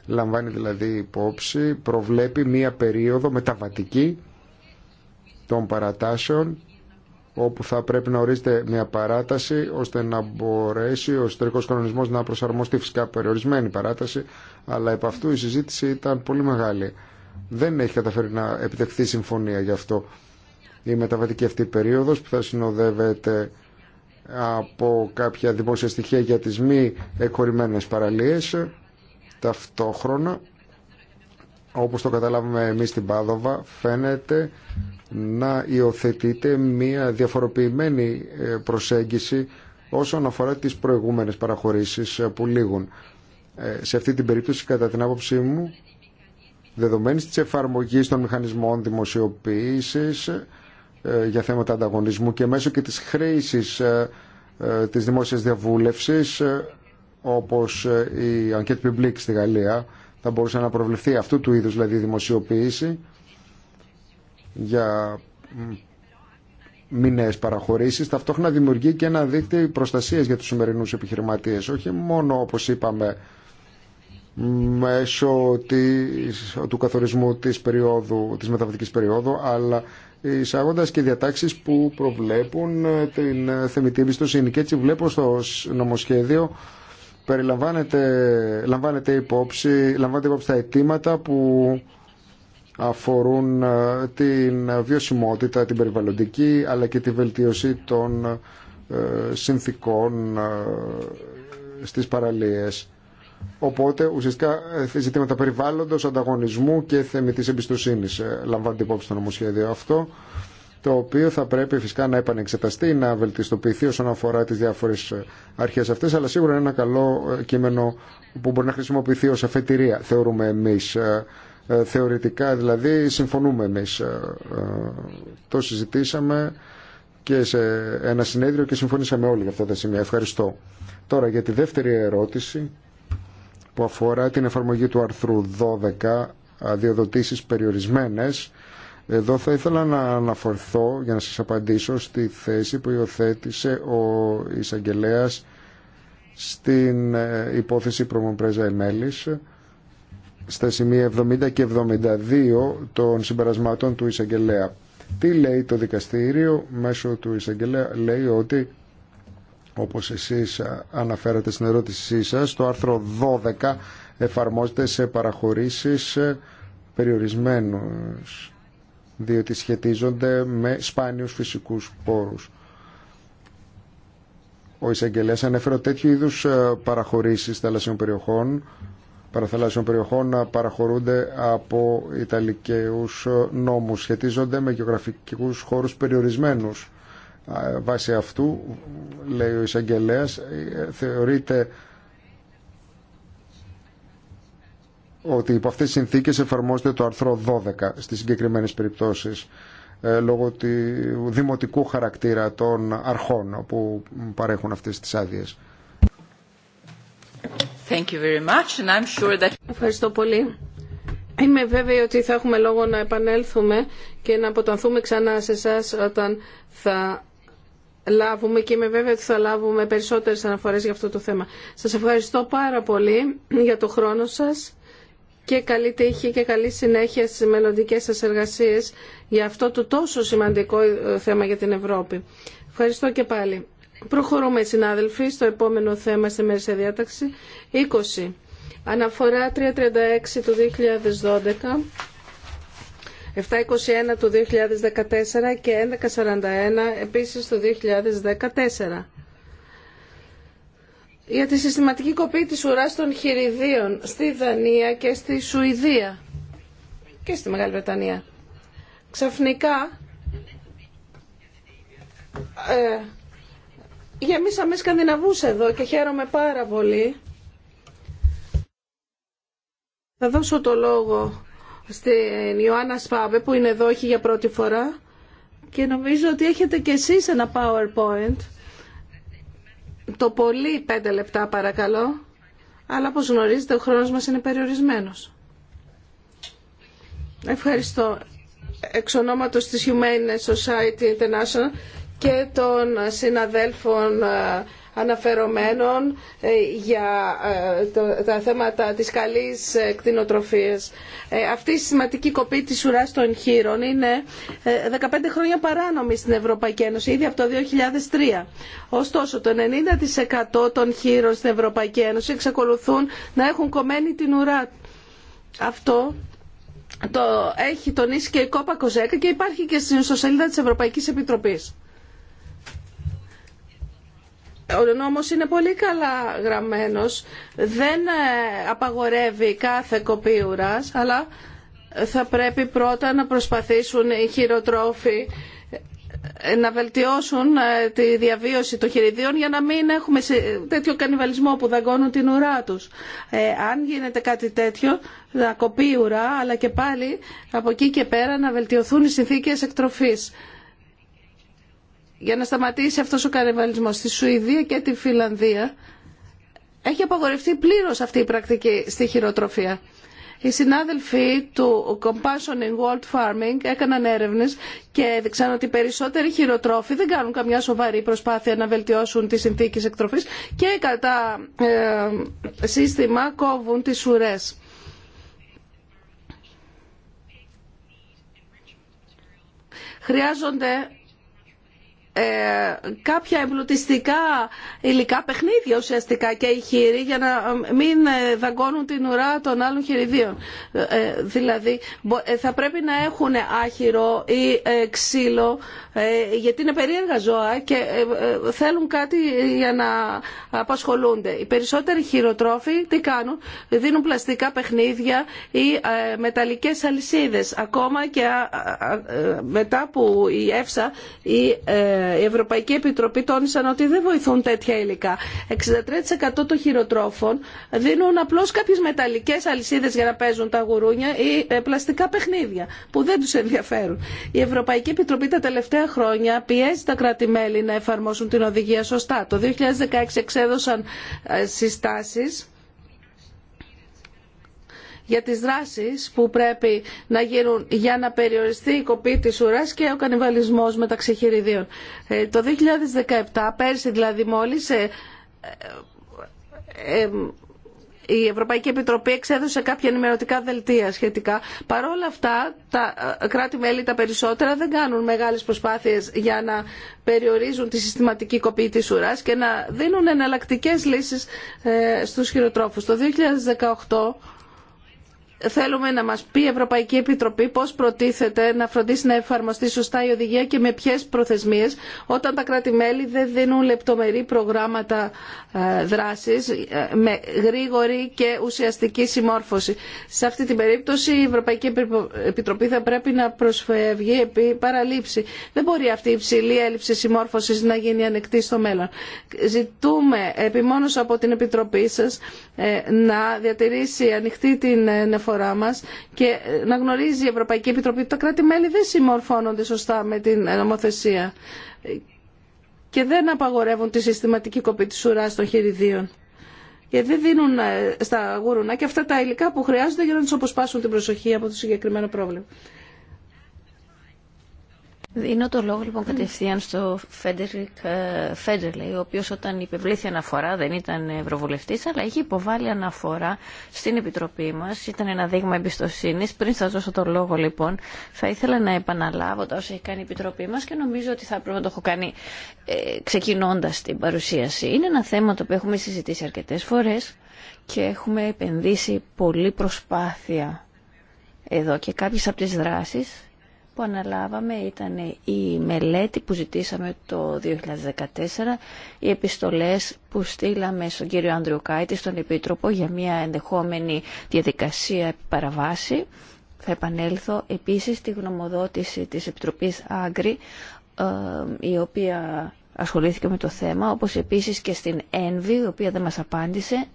λαμβάνει δηλαδή υπόψη, προβλέπει μία περίοδο μεταβατική των παρατάσεων όπου θα πρέπει να ορίζεται μια παράταση ώστε να μπορέσει ο ιστορικός κανονισμό να προσαρμοστεί φυσικά περιορισμένη παράταση αλλά επ' αυτού η συζήτηση ήταν πολύ μεγάλη. Δεν έχει καταφέρει να επιτευχθεί συμφωνία γι' αυτό. Η μεταβατική αυτή περίοδος που θα συνοδεύεται από κάποια δημόσια στοιχεία για τις μη εκχωρημένες παραλίες ταυτόχρονα όπως το καταλάβαμε εμείς στην Πάδοβα, φαίνεται να υιοθετείται μια διαφοροποιημένη ε, προσέγγιση όσον αφορά τις προηγούμενες παραχωρήσεις ε, που λήγουν. Ε, σε αυτή την περίπτωση, κατά την άποψή μου, δεδομένης της εφαρμογής των μηχανισμών δημοσιοποίησης για θέματα ανταγωνισμού και μέσω και της χρήσης της δημόσιας διαβούλευσης, όπως η Enquête Publique στη Γαλλία, θα μπορούσε να προβληθεί αυτού του είδους δηλαδή δημοσιοποίηση για μηνές παραχωρήσεις ταυτόχρονα δημιουργεί και ένα δίκτυο προστασίας για τους σημερινούς επιχειρηματίες όχι μόνο όπως είπαμε μέσω του καθορισμού της, περίοδου, της μεταβατικής περίοδου αλλά εισάγοντα και διατάξεις που προβλέπουν ε, την ε, θεμητή εμπιστοσύνη και έτσι βλέπω στο νομοσχέδιο περιλαμβάνεται, λαμβάνεται υπόψη, λαμβάνεται υπόψη τα αιτήματα που αφορούν ε, την βιωσιμότητα, την περιβαλλοντική, αλλά και τη βελτίωση των ε, συνθήκων ε, στις παραλίες. Οπότε ουσιαστικά ζητήματα περιβάλλοντος, ανταγωνισμού και θεμητής εμπιστοσύνης λαμβάνεται υπόψη το νομοσχέδιο αυτό το οποίο θα πρέπει φυσικά να επανεξεταστεί, να βελτιστοποιηθεί όσον αφορά τις διάφορες ε, αρχές αυτές, αλλά σίγουρα είναι ένα καλό ε, κείμενο που μπορεί να χρησιμοποιηθεί ως αφετηρία, θεωρούμε εμείς. Ε, θεωρητικά δηλαδή συμφωνούμε εμείς. Το συζητήσαμε και σε ένα συνέδριο και συμφωνήσαμε όλοι για αυτά τα σημεία. Ευχαριστώ. Τώρα για τη δεύτερη ερώτηση που αφορά την εφαρμογή του αρθρού 12 αδειοδοτήσεις περιορισμένες εδώ θα ήθελα να αναφορθώ για να σας απαντήσω στη θέση που υιοθέτησε ο εισαγγελέα στην ε, υπόθεση Προμομπρέζα Εμέλης στα σημεία 70 και 72 των συμπερασμάτων του εισαγγελέα. Τι λέει το δικαστήριο μέσω του εισαγγελέα. Λέει ότι όπως εσείς αναφέρατε στην ερώτησή σας, το άρθρο 12 εφαρμόζεται σε παραχωρήσεις περιορισμένους διότι σχετίζονται με σπάνιους φυσικούς πόρους. Ο εισαγγελέα ανέφερε ότι τέτοιου είδου ε, παραχωρήσει θαλασσιών περιοχών, παραθαλάσσιων περιοχών ε, παραχωρούνται από Ιταλικού ε, νόμους. Σχετίζονται με γεωγραφικού χώρου περιορισμένους. Βάσει αυτού, λέει ο εισαγγελέα, θεωρείται ότι υπό αυτές τις συνθήκες εφαρμόζεται το άρθρο 12 στις συγκεκριμένες περιπτώσεις ε, λόγω του δημοτικού χαρακτήρα των αρχών που παρέχουν αυτές τις άδειες. Thank you very much and I'm sure that... Ευχαριστώ πολύ. Είμαι βέβαιη ότι θα έχουμε λόγο να επανέλθουμε και να αποτανθούμε ξανά σε εσά όταν θα λάβουμε και είμαι βέβαιη ότι θα λάβουμε περισσότερες αναφορές για αυτό το θέμα. Σας ευχαριστώ πάρα πολύ για το χρόνο σας και καλή τύχη και καλή συνέχεια στις μελλοντικές σας εργασίες για αυτό το τόσο σημαντικό ε, θέμα για την Ευρώπη. Ευχαριστώ και πάλι. Προχωρούμε, συνάδελφοι, στο επόμενο θέμα στη μέρη διάταξη. 20. Αναφορά 336 του 2012, 721 του 2014 και 1141 επίσης του 2014 για τη συστηματική κοπή της ουράς των χειριδίων στη Δανία και στη Σουηδία και στη Μεγάλη Βρετανία. Ξαφνικά ε, γεμίσαμε Σκανδιναβούς εδώ και χαίρομαι πάρα πολύ. Θα δώσω το λόγο στην Ιωάννα Σπάβε που είναι εδώ όχι για πρώτη φορά και νομίζω ότι έχετε και εσείς ένα PowerPoint το πολύ πέντε λεπτά παρακαλώ, αλλά όπως γνωρίζετε ο χρόνος μας είναι περιορισμένος. Ευχαριστώ. Εξ ονόματος της Humane Society International και των συναδέλφων ε, αναφερομένων ε, για ε, τα θέματα της καλής ε, κτηνοτροφίας. Αυτή η σημαντική κοπή της ουράς των χείρων είναι 15 χρόνια παράνομη στην Ευρωπαϊκή Ένωση, ήδη από το 2003. Ωστόσο, το 90% των χείρων στην Ευρωπαϊκή Ένωση εξακολουθούν να έχουν κομμένη την ουρά. Αυτό το έχει τονίσει και η Κόπα Κοζέκα και υπάρχει και στην ιστοσελίδα της Ευρωπαϊκής Επιτροπής. Ο νόμος είναι πολύ καλά γραμμένος, δεν ε, απαγορεύει κάθε κοπίουρας, αλλά θα πρέπει πρώτα να προσπαθήσουν οι χειροτρόφοι ε, να βελτιώσουν ε, τη διαβίωση των χειριδίων για να μην έχουμε τέτοιο κανιβαλισμό που δαγκώνουν την ουρά τους. αν γίνεται κάτι τέτοιο, να κοπεί ουρά, αλλά και πάλι από εκεί και πέρα να βελτιωθούν οι συνθήκες εκτροφής για να σταματήσει αυτός ο καρεβαλισμός στη Σουηδία και τη Φιλανδία έχει απαγορευτεί πλήρως αυτή η πρακτική στη χειροτροφία. Οι συνάδελφοι του Compassion in World Farming έκαναν έρευνες και έδειξαν ότι περισσότεροι χειροτρόφοι δεν κάνουν καμιά σοβαρή προσπάθεια να βελτιώσουν τις συνθήκες εκτροφής και κατά ε, σύστημα κόβουν τις ουρές. Χρειάζονται ε, κάποια εμπλουτιστικά υλικά, παιχνίδια ουσιαστικά και οι χείροι για να μην ε, δαγκώνουν την ουρά των άλλων χειριδίων. Ε, δηλαδή θα πρέπει να έχουν άχυρο ή ξύλο γιατί είναι περίεργα ζώα και θέλουν κάτι για να απασχολούνται. Οι περισσότεροι χειροτρόφοι τι κάνουν, δίνουν πλαστικά παιχνίδια ή μεταλλικές αλυσίδες. Ακόμα και μετά που η ΕΦΣΑ ή ε, η Ευρωπαϊκή Επιτροπή τόνισαν ότι δεν βοηθούν τέτοια υλικά. 63% των χειροτρόφων δίνουν απλώς κάποιες μεταλλικές αλυσίδες για να παίζουν τα γουρούνια ή ε, πλαστικά παιχνίδια που δεν τους ενδιαφέρουν. Η Ευρωπαϊκή Επιτροπή τα τελευταία χρόνια πιέζει τα κράτη-μέλη να εφαρμόσουν την οδηγία σωστά. Το 2016 εξέδωσαν ε, συστάσει για τις δράσεις που πρέπει να γίνουν για να περιοριστεί η κοπή της ουράς και ο κανιβαλισμός μεταξύ χειριδίων. Ε, το 2017, πέρσι δηλαδή μόλις, ε, ε, η Ευρωπαϊκή Επιτροπή εξέδωσε κάποια ενημερωτικά δελτία σχετικά. Παρ' όλα αυτά, τα κράτη-μέλη τα περισσότερα δεν κάνουν μεγάλες προσπάθειες για να περιορίζουν τη συστηματική κοπή της ουράς και να δίνουν εναλλακτικέ λύσεις στους χειροτρόφους. Το 2018 θέλουμε να μας πει η Ευρωπαϊκή Επιτροπή πώς προτίθεται να φροντίσει να εφαρμοστεί σωστά η οδηγία και με ποιες προθεσμίες όταν τα κράτη-μέλη δεν δίνουν λεπτομερή προγράμματα ε, δράσης ε, με γρήγορη και ουσιαστική συμμόρφωση. Σε αυτή την περίπτωση η Ευρωπαϊκή Επιτροπή θα πρέπει να προσφεύγει επί παραλήψη. Δεν μπορεί αυτή η υψηλή έλλειψη συμμόρφωσης να γίνει ανεκτή στο μέλλον. Ζητούμε επιμόνως από την Επιτροπή σας ε, να διατηρήσει ανοιχτή την συμπεριφορά και να γνωρίζει η Ευρωπαϊκή Επιτροπή ότι τα κράτη-μέλη δεν συμμορφώνονται σωστά με την νομοθεσία και δεν απαγορεύουν τη συστηματική κοπή τη ουράς των χειριδίων. Και δεν δίνουν ε, στα γουρούνα και αυτά τα υλικά που χρειάζονται για να του αποσπάσουν την προσοχή από το συγκεκριμένο πρόβλημα. Δίνω το λόγο λοιπόν κατευθείαν στο Φέντερικ ε, Φέντερλε, ο οποίος όταν υπευλήθη αναφορά δεν ήταν ευρωβουλευτής, αλλά είχε υποβάλει αναφορά στην Επιτροπή μας. Ήταν ένα δείγμα εμπιστοσύνης. Πριν σας δώσω το λόγο λοιπόν, θα ήθελα να επαναλάβω τα όσα έχει κάνει η Επιτροπή μας και νομίζω ότι θα πρέπει να το έχω κάνει ε, ξεκινώντας την παρουσίαση. Είναι ένα θέμα το οποίο έχουμε συζητήσει αρκετές φορές και έχουμε επενδύσει πολλή προσπάθεια εδώ και κάποιες από τις δράσεις που αναλάβαμε ήταν η μελέτη που ζητήσαμε το 2014, οι επιστολές που στείλαμε στον κύριο Κάιτη στον Επίτροπο, για μια ενδεχόμενη διαδικασία παραβάση. Θα επανέλθω επίσης τη γνωμοδότηση της Επιτροπής Άγκρη, ε, η οποία ασχολήθηκε με το θέμα, όπως επίσης και στην ΕΝΒΗ η οποία δεν μας απάντησε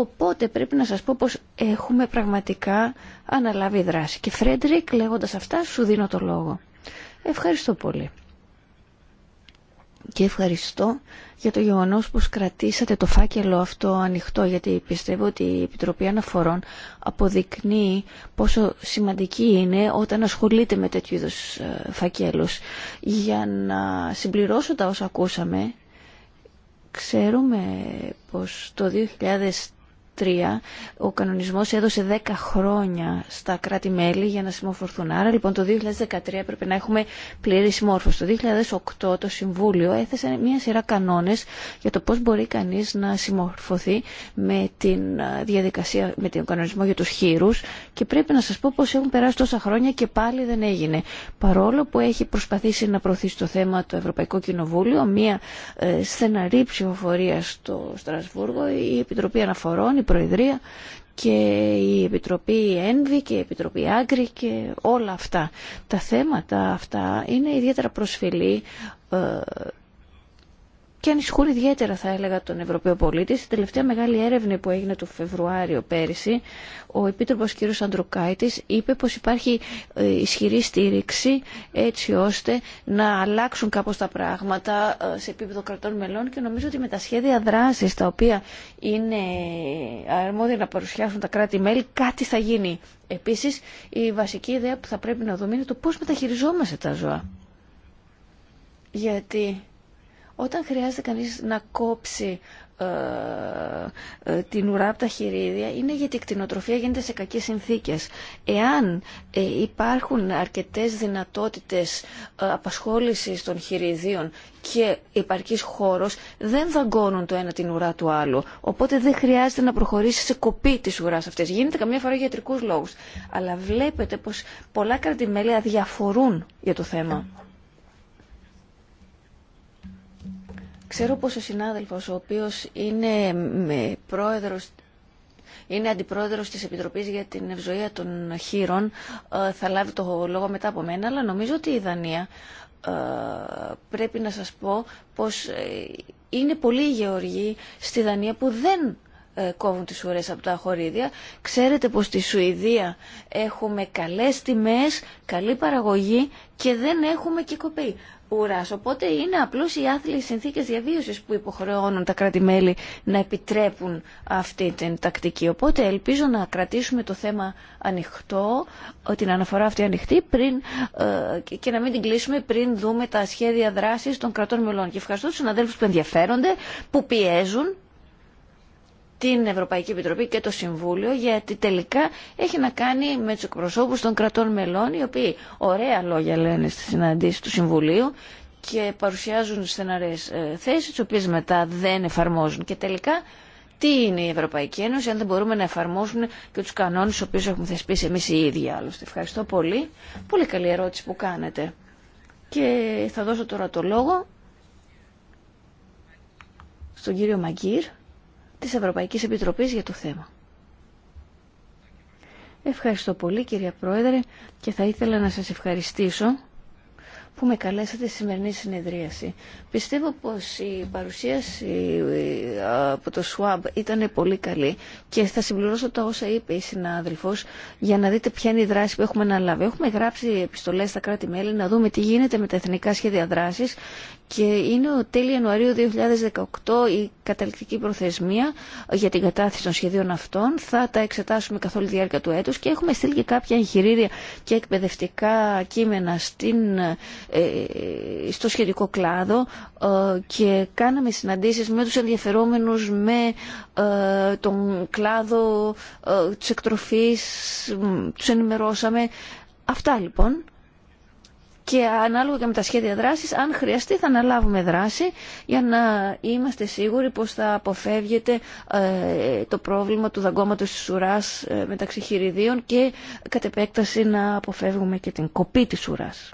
Οπότε πρέπει να σας πω πως έχουμε πραγματικά αναλάβει δράση. Και Φρέντρικ λέγοντας αυτά σου δίνω το λόγο. Ευχαριστώ πολύ. Και ευχαριστώ για το γεγονός που κρατήσατε το φάκελο αυτό ανοιχτό γιατί πιστεύω ότι η Επιτροπή Αναφορών αποδεικνύει πόσο σημαντική είναι όταν ασχολείται με τέτοιου είδους ε, φακέλους. Για να συμπληρώσω τα όσα ακούσαμε, ξέρουμε πως το ο κανονισμός έδωσε 10 χρόνια στα κράτη-μέλη για να συμμορφωθούν. Άρα λοιπόν το 2013 έπρεπε να έχουμε πλήρη συμμόρφωση. Το 2008 το Συμβούλιο έθεσε μια σειρά κανόνες για το πώς μπορεί κανείς να συμμορφωθεί με την ε, διαδικασία, με τον κανονισμό για τους χείρους και πρέπει να σας πω πως έχουν περάσει τόσα χρόνια και πάλι δεν έγινε. Παρόλο που έχει προσπαθήσει να προωθήσει το θέμα το Ευρωπαϊκό Κοινοβούλιο, μια ε, στεναρή ψηφοφορία στο Στρασβούργο, η Επιτροπή Αναφορών, Προεδρία και η Επιτροπή Ένβη και η Επιτροπή Άγκρη και όλα αυτά. Τα θέματα αυτά είναι ιδιαίτερα προσφυλή ε, και ανησυχούν ιδιαίτερα θα έλεγα τον Ευρωπαίο πολίτη. Στην τελευταία μεγάλη έρευνα που έγινε το Φεβρουάριο πέρυσι, ο Επίτροπος κ. Αντρουκάητη είπε πως υπάρχει ε, ισχυρή στήριξη έτσι ώστε να αλλάξουν κάπως τα πράγματα ε, σε επίπεδο κρατών μελών και νομίζω ότι με τα σχέδια δράσης τα οποία είναι ε, αρμόδια να παρουσιάσουν τα κράτη-μέλη κάτι θα γίνει. Επίσης η βασική ιδέα που θα πρέπει να δούμε είναι το πώς μεταχειριζόμαστε τα ζώα. Γιατί όταν χρειάζεται κανείς να κόψει ε, ε, την ουρά από τα χειρίδια είναι γιατί η κτηνοτροφία γίνεται σε κακές συνθήκες. Εάν ε, υπάρχουν αρκετές δυνατότητες απασχόλησης των χειριδίων και υπαρκής χώρος δεν θα δαγκώνουν το ένα την ουρά του άλλου. Οπότε δεν χρειάζεται να προχωρήσει σε κοπή της ουράς αυτές. Γίνεται καμιά φορά για ιατρικούς λόγους. Αλλά βλέπετε πως πολλά κρατημέλη διαφορούν για το θέμα. Ξέρω πως ο συνάδελφος, ο οποίος είναι πρόεδρος είναι αντιπρόεδρος της Επιτροπής για την Ευζοία των Χείρων. Ε, θα λάβει το λόγο μετά από μένα, αλλά νομίζω ότι η Δανία ε, πρέπει να σας πω πως ε, είναι πολλοί γεωργοί στη Δανία που δεν κόβουν τις ουρές από τα χωρίδια. Ξέρετε πως στη Σουηδία έχουμε καλές τιμές, καλή παραγωγή και δεν έχουμε και Οπότε είναι απλώς οι άθλιε συνθήκε διαβίωσης που υποχρεώνουν τα κράτη-μέλη να επιτρέπουν αυτή την τακτική. Οπότε ελπίζω να κρατήσουμε το θέμα ανοιχτό, την αναφορά αυτή ανοιχτή πριν, ε, και να μην την κλείσουμε πριν δούμε τα σχέδια δράσης των κρατών μελών. Και ευχαριστώ του συναδέλφου που ενδιαφέρονται, που πιέζουν την Ευρωπαϊκή Επιτροπή και το Συμβούλιο γιατί τελικά έχει να κάνει με του εκπροσώπου των κρατών μελών οι οποίοι ωραία λόγια λένε στη συναντήσει του Συμβουλίου και παρουσιάζουν στεναρές ε, θέσει τι οποίε μετά δεν εφαρμόζουν και τελικά τι είναι η Ευρωπαϊκή Ένωση αν δεν μπορούμε να εφαρμόσουμε και του κανόνε του οποίου έχουμε θεσπίσει εμεί οι ίδιοι άλλωστε. Ευχαριστώ πολύ. Πολύ καλή ερώτηση που κάνετε. Και θα δώσω τώρα το λόγο στον κύριο Μαγκύρ της Ευρωπαϊκής Επιτροπής για το θέμα. Ευχαριστώ πολύ κυρία Πρόεδρε και θα ήθελα να σας ευχαριστήσω που με καλέσατε στη σημερινή συνεδρίαση. Πιστεύω πως η παρουσίαση ε, από το ΣΟΑΜ ήταν πολύ καλή και θα συμπληρώσω τα όσα είπε η συνάδελφος για να δείτε ποια είναι η δράση που έχουμε αναλάβει. Έχουμε γράψει επιστολές στα κράτη-μέλη να δούμε τι γίνεται με τα εθνικά σχέδια δράσης και είναι ο τέλη Ιανουαρίου 2018 η καταληκτική προθεσμία για την κατάθεση των σχεδίων αυτών. Θα τα εξετάσουμε καθ' όλη τη διάρκεια του έτους και έχουμε στείλει και κάποια εγχειρίδια και εκπαιδευτικά κείμενα στην, ε, στο σχετικό κλάδο ε, και κάναμε συναντήσεις με τους ενδιαφερόμενους, με ε, τον κλάδο, τη εκτροφή, του ενημερώσαμε. Αυτά λοιπόν και ανάλογα και με τα σχέδια δράσης, αν χρειαστεί θα αναλάβουμε δράση για να είμαστε σίγουροι πως θα αποφεύγεται ε, το πρόβλημα του δαγκώματος της ουράς ε, μεταξύ χειριδίων και κατ' επέκταση να αποφεύγουμε και την κοπή της ουράς.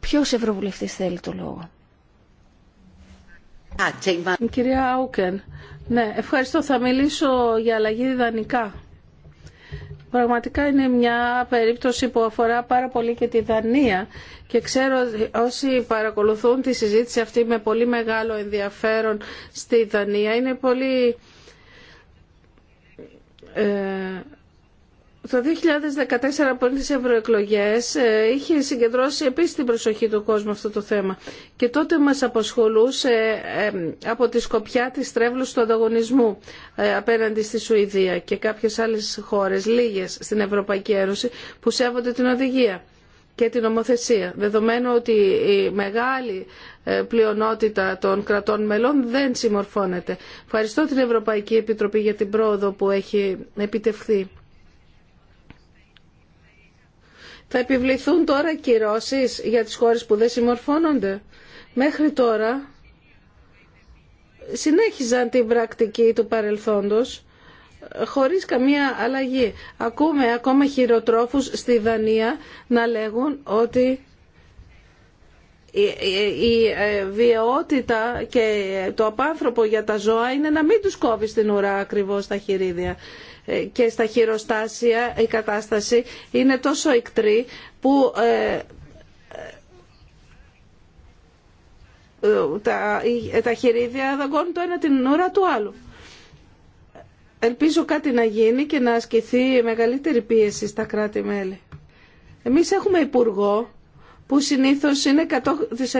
Ποιος ευρωβουλευτής θέλει το λόγο. κυρία Άουκεν. Ναι, ευχαριστώ. Θα μιλήσω για αλλαγή διδανικά. Πραγματικά είναι μια περίπτωση που αφορά πάρα πολύ και τη Δανία και ξέρω όσοι παρακολουθούν τη συζήτηση αυτή με πολύ μεγάλο ενδιαφέρον στη Δανία είναι πολύ ε, το 2014 από τι ευρωεκλογέ είχε συγκεντρώσει επίση την προσοχή του κόσμου αυτό το θέμα και τότε μας αποσχολούσε ε, από τη σκοπιά της τρέβλου του ανταγωνισμού ε, απέναντι στη Σουηδία και κάποιες άλλες χώρες, λίγες στην Ευρωπαϊκή Ένωση που σέβονται την οδηγία και την ομοθεσία. Δεδομένου ότι η μεγάλη ε, πλειονότητα των κρατών μελών δεν συμμορφώνεται. Ευχαριστώ την Ευρωπαϊκή Επιτροπή για την πρόοδο που έχει επιτευχθεί Θα επιβληθούν τώρα κυρώσεις για τις χώρες που δεν συμμορφώνονται. Μέχρι τώρα συνέχιζαν την πρακτική του παρελθόντος ε, χωρίς καμία αλλαγή. Ακούμε ακόμα χειροτρόφους στη Δανία να λέγουν ότι η ε, βιαιότητα και το απάνθρωπο για τα ζώα είναι να μην τους κόβει στην ουρά ακριβώς τα χειρίδια. Ε, και στα χειροστάσια η κατάσταση είναι τόσο εκτρή που ε, ε, τα, τα χειρίδια δαγκώνουν το ένα την ώρα του άλλου. Ελπίζω κάτι να γίνει και να ασκηθεί μεγαλύτερη πίεση στα κράτη-μέλη. Εμείς έχουμε υπουργό που συνήθως είναι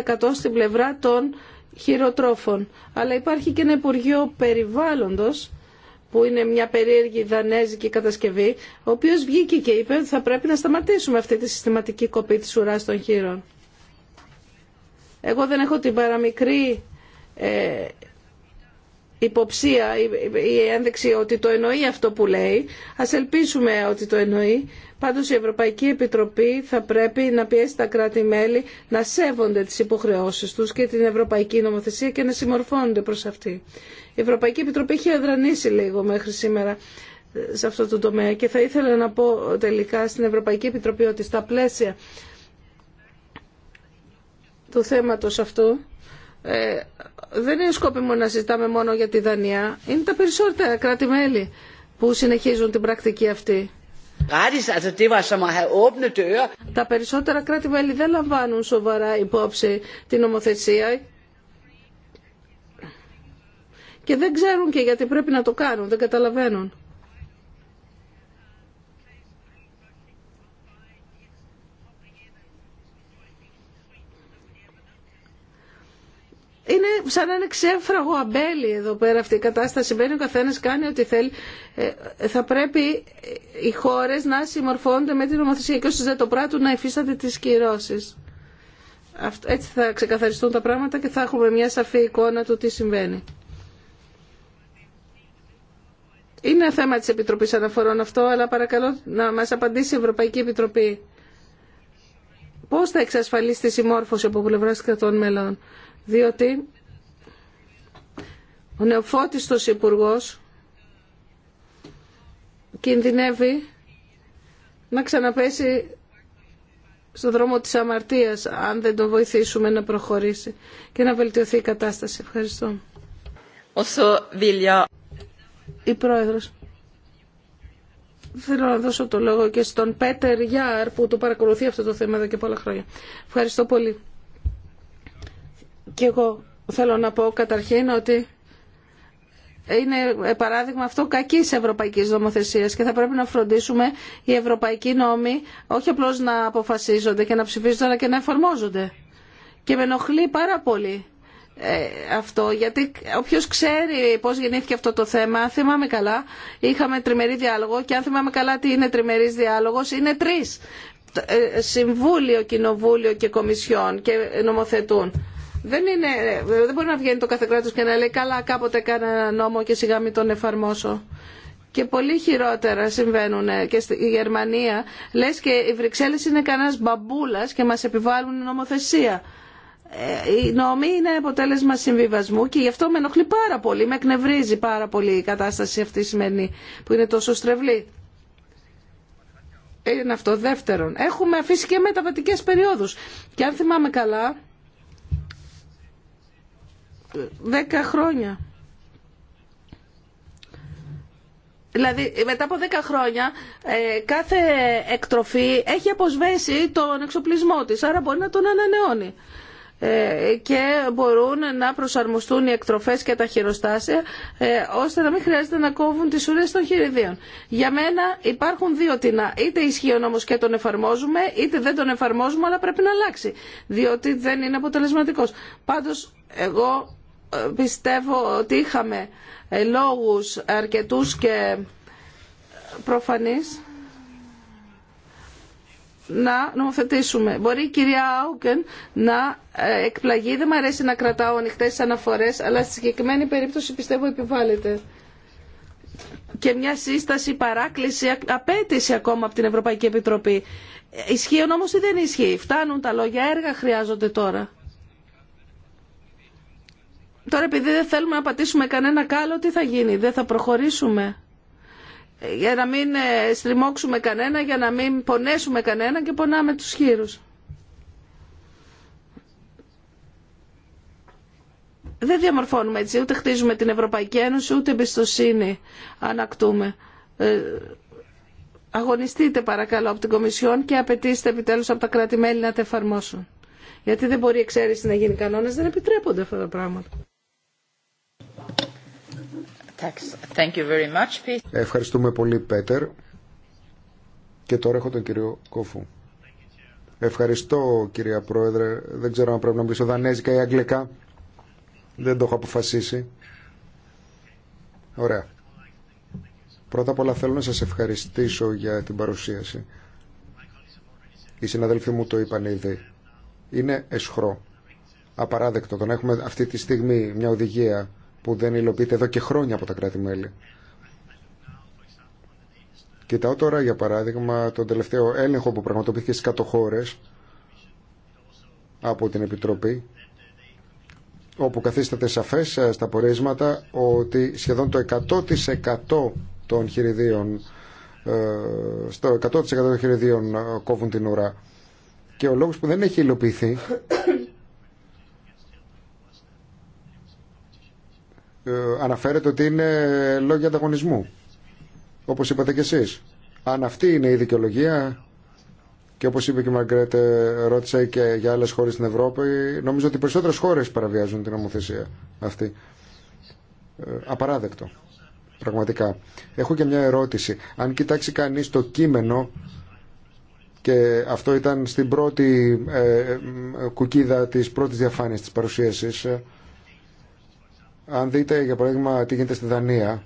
100% στην πλευρά των χειροτρόφων. Αλλά υπάρχει και ένα Υπουργείο Περιβάλλοντος που είναι μια περίεργη δανέζικη κατασκευή, ο οποίο βγήκε και είπε ότι θα πρέπει να σταματήσουμε αυτή τη συστηματική κοπή τη ουράς των χείρων. Εγώ δεν έχω την παραμικρή ε, υποψία, η ένδειξη ότι το εννοεί αυτό που λέει. Ας ελπίσουμε ότι το εννοεί. Πάντως η Ευρωπαϊκή Επιτροπή θα πρέπει να πιέσει τα κράτη-μέλη να σέβονται τις υποχρεώσεις τους και την Ευρωπαϊκή Νομοθεσία και να συμμορφώνονται προς αυτή. Η Ευρωπαϊκή Επιτροπή έχει αδρανήσει λίγο μέχρι σήμερα σε αυτό το τομέα και θα ήθελα να πω τελικά στην Ευρωπαϊκή Επιτροπή ότι στα πλαίσια του θέματος αυτού ε, δεν είναι σκόπιμο να συζητάμε μόνο για τη Δανία. Είναι τα περισσότερα κράτη-μέλη που συνεχίζουν την πρακτική αυτή. Τα περισσότερα κράτη-μέλη δεν λαμβάνουν σοβαρά υπόψη την νομοθεσία και δεν ξέρουν και γιατί πρέπει να το κάνουν, δεν καταλαβαίνουν. είναι σαν ένα ξέφραγο αμπέλι εδώ πέρα αυτή η κατάσταση. Μπαίνει ο καθένα κάνει ό,τι θέλει. Ε, θα πρέπει οι χώρε να συμμορφώνονται με την νομοθεσία και όσοι δεν το πράττουν να υφίστανται τι κυρώσει. Έτσι θα ξεκαθαριστούν τα πράγματα και θα έχουμε μια σαφή εικόνα του τι συμβαίνει. Είναι θέμα της Επιτροπής Αναφορών αυτό, αλλά παρακαλώ να μας απαντήσει η Ευρωπαϊκή Επιτροπή. Πώς θα εξασφαλίσει τη συμμόρφωση από πλευρά κρατών μελών διότι ο νεοφώτιστος υπουργός κινδυνεύει να ξαναπέσει στον δρόμο της αμαρτίας αν δεν τον βοηθήσουμε να προχωρήσει και να βελτιωθεί η κατάσταση. Ευχαριστώ. Όσο Η Πρόεδρος. Θέλω να δώσω το λόγο και στον Πέτερ Γιάρ που το παρακολουθεί αυτό το θέμα εδώ και πολλά χρόνια. Ευχαριστώ πολύ. Και εγώ θέλω να πω καταρχήν ότι είναι παράδειγμα αυτό κακής ευρωπαϊκής Νομοθεσία και θα πρέπει να φροντίσουμε οι ευρωπαϊκοί νόμοι όχι απλώς να αποφασίζονται και να ψηφίζονται αλλά και να εφαρμόζονται. Και με ενοχλεί πάρα πολύ ε, αυτό, γιατί οποίο ξέρει πώς γεννήθηκε αυτό το θέμα, θυμάμαι καλά, είχαμε τριμερή διάλογο και αν θυμάμαι καλά τι είναι τριμερής διάλογος, είναι τρεις. Ε, συμβούλιο, Κοινοβούλιο και Κομισιόν και νομοθετούν. Δεν, είναι, δεν μπορεί να βγαίνει το κάθε κράτος και να λέει καλά κάποτε κάνω ένα νόμο και σιγά μην τον εφαρμόσω. Και πολύ χειρότερα συμβαίνουν και στη Γερμανία. Λες και οι Βρυξέλλες είναι κανένας μπαμπούλας και μας επιβάλλουν νομοθεσία. Ε, η νόμοι είναι αποτέλεσμα συμβιβασμού και γι' αυτό με ενοχλεί πάρα πολύ, με εκνευρίζει πάρα πολύ η κατάσταση αυτή σημαίνει που είναι τόσο στρεβλή. Είναι αυτό. Δεύτερον, έχουμε αφήσει και μεταβατικές περιόδους. Και αν θυμάμαι καλά, δέκα χρόνια. Δηλαδή μετά από 10 χρόνια ε, κάθε εκτροφή έχει αποσβέσει τον εξοπλισμό της, άρα μπορεί να τον ανανεώνει. Ε, και μπορούν να προσαρμοστούν οι εκτροφές και τα χειροστάσια ε, ώστε να μην χρειάζεται να κόβουν τις ουρές των χειριδίων. Για μένα υπάρχουν δύο τινά. Είτε ισχύει ο νόμος και τον εφαρμόζουμε, είτε δεν τον εφαρμόζουμε αλλά πρέπει να αλλάξει. Διότι δεν είναι αποτελεσματικός. Πάντως εγώ πιστεύω ότι είχαμε ε, λόγους αρκετούς και προφανείς να νομοθετήσουμε. Μπορεί η κυρία Άουκεν να ε, εκπλαγεί. Δεν μου αρέσει να κρατάω ανοιχτέ αναφορέ, αλλά στη συγκεκριμένη περίπτωση πιστεύω επιβάλλεται. Και μια σύσταση, παράκληση, απέτηση ακόμα από την Ευρωπαϊκή Επιτροπή. Ε, Ισχύουν όμω ή δεν ισχύει. Φτάνουν τα λόγια, έργα χρειάζονται τώρα. Τώρα επειδή δεν θέλουμε να πατήσουμε κανένα κάλο, τι θα γίνει, δεν θα προχωρήσουμε για να μην ε, στριμώξουμε κανένα, για να μην πονέσουμε κανένα και πονάμε τους χείρους. Δεν διαμορφώνουμε έτσι, ούτε χτίζουμε την Ευρωπαϊκή Ένωση, ούτε εμπιστοσύνη ανακτούμε. Ε, αγωνιστείτε παρακαλώ από την Κομισιόν και απαιτήστε επιτέλους από τα κράτη-μέλη να τα εφαρμόσουν. Γιατί δεν μπορεί η εξαίρεση να γίνει κανόνας, δεν επιτρέπονται αυτά τα πράγματα. Ευχαριστούμε πολύ, Πέτερ. Και τώρα έχω τον κύριο Κόφου. Ευχαριστώ, κυρία Πρόεδρε. Δεν ξέρω αν πρέπει να μιλήσω δανέζικα ή αγγλικά. Δεν το έχω αποφασίσει. Ωραία. Πρώτα απ' όλα θέλω να σας ευχαριστήσω για την παρουσίαση. Οι συναδελφοί μου το είπαν ήδη. Είναι εσχρό. Απαράδεκτο το να έχουμε αυτή τη στιγμή μια οδηγία που δεν υλοποιείται εδώ και χρόνια από τα κράτη-μέλη. Κοιτάω τώρα, για παράδειγμα, τον τελευταίο έλεγχο που πραγματοποιήθηκε στις κάτω από την Επιτροπή, όπου καθίσταται σαφές ε, στα πορίσματα ότι σχεδόν το 100% των χειριδίων ε, στο 100% των χειριδίων ε, κόβουν την ουρά. Και ο λόγος που δεν έχει υλοποιηθεί Ε, αναφέρεται ότι είναι λόγια ανταγωνισμού, όπως είπατε και εσείς. Αν αυτή είναι η δικαιολογία, και όπως είπε και η Μαγκρέτε, ρώτησα και για άλλες χώρες στην Ευρώπη, νομίζω ότι οι περισσότερες χώρες παραβιάζουν την νομοθεσία αυτή. Ε, απαράδεκτο, πραγματικά. Έχω και μια ερώτηση. Αν κοιτάξει κανείς το κείμενο, και αυτό ήταν στην πρώτη ε, κουκίδα της πρώτης διαφάνειας της παρουσίασης, αν δείτε για παράδειγμα τι γίνεται στη Δανία,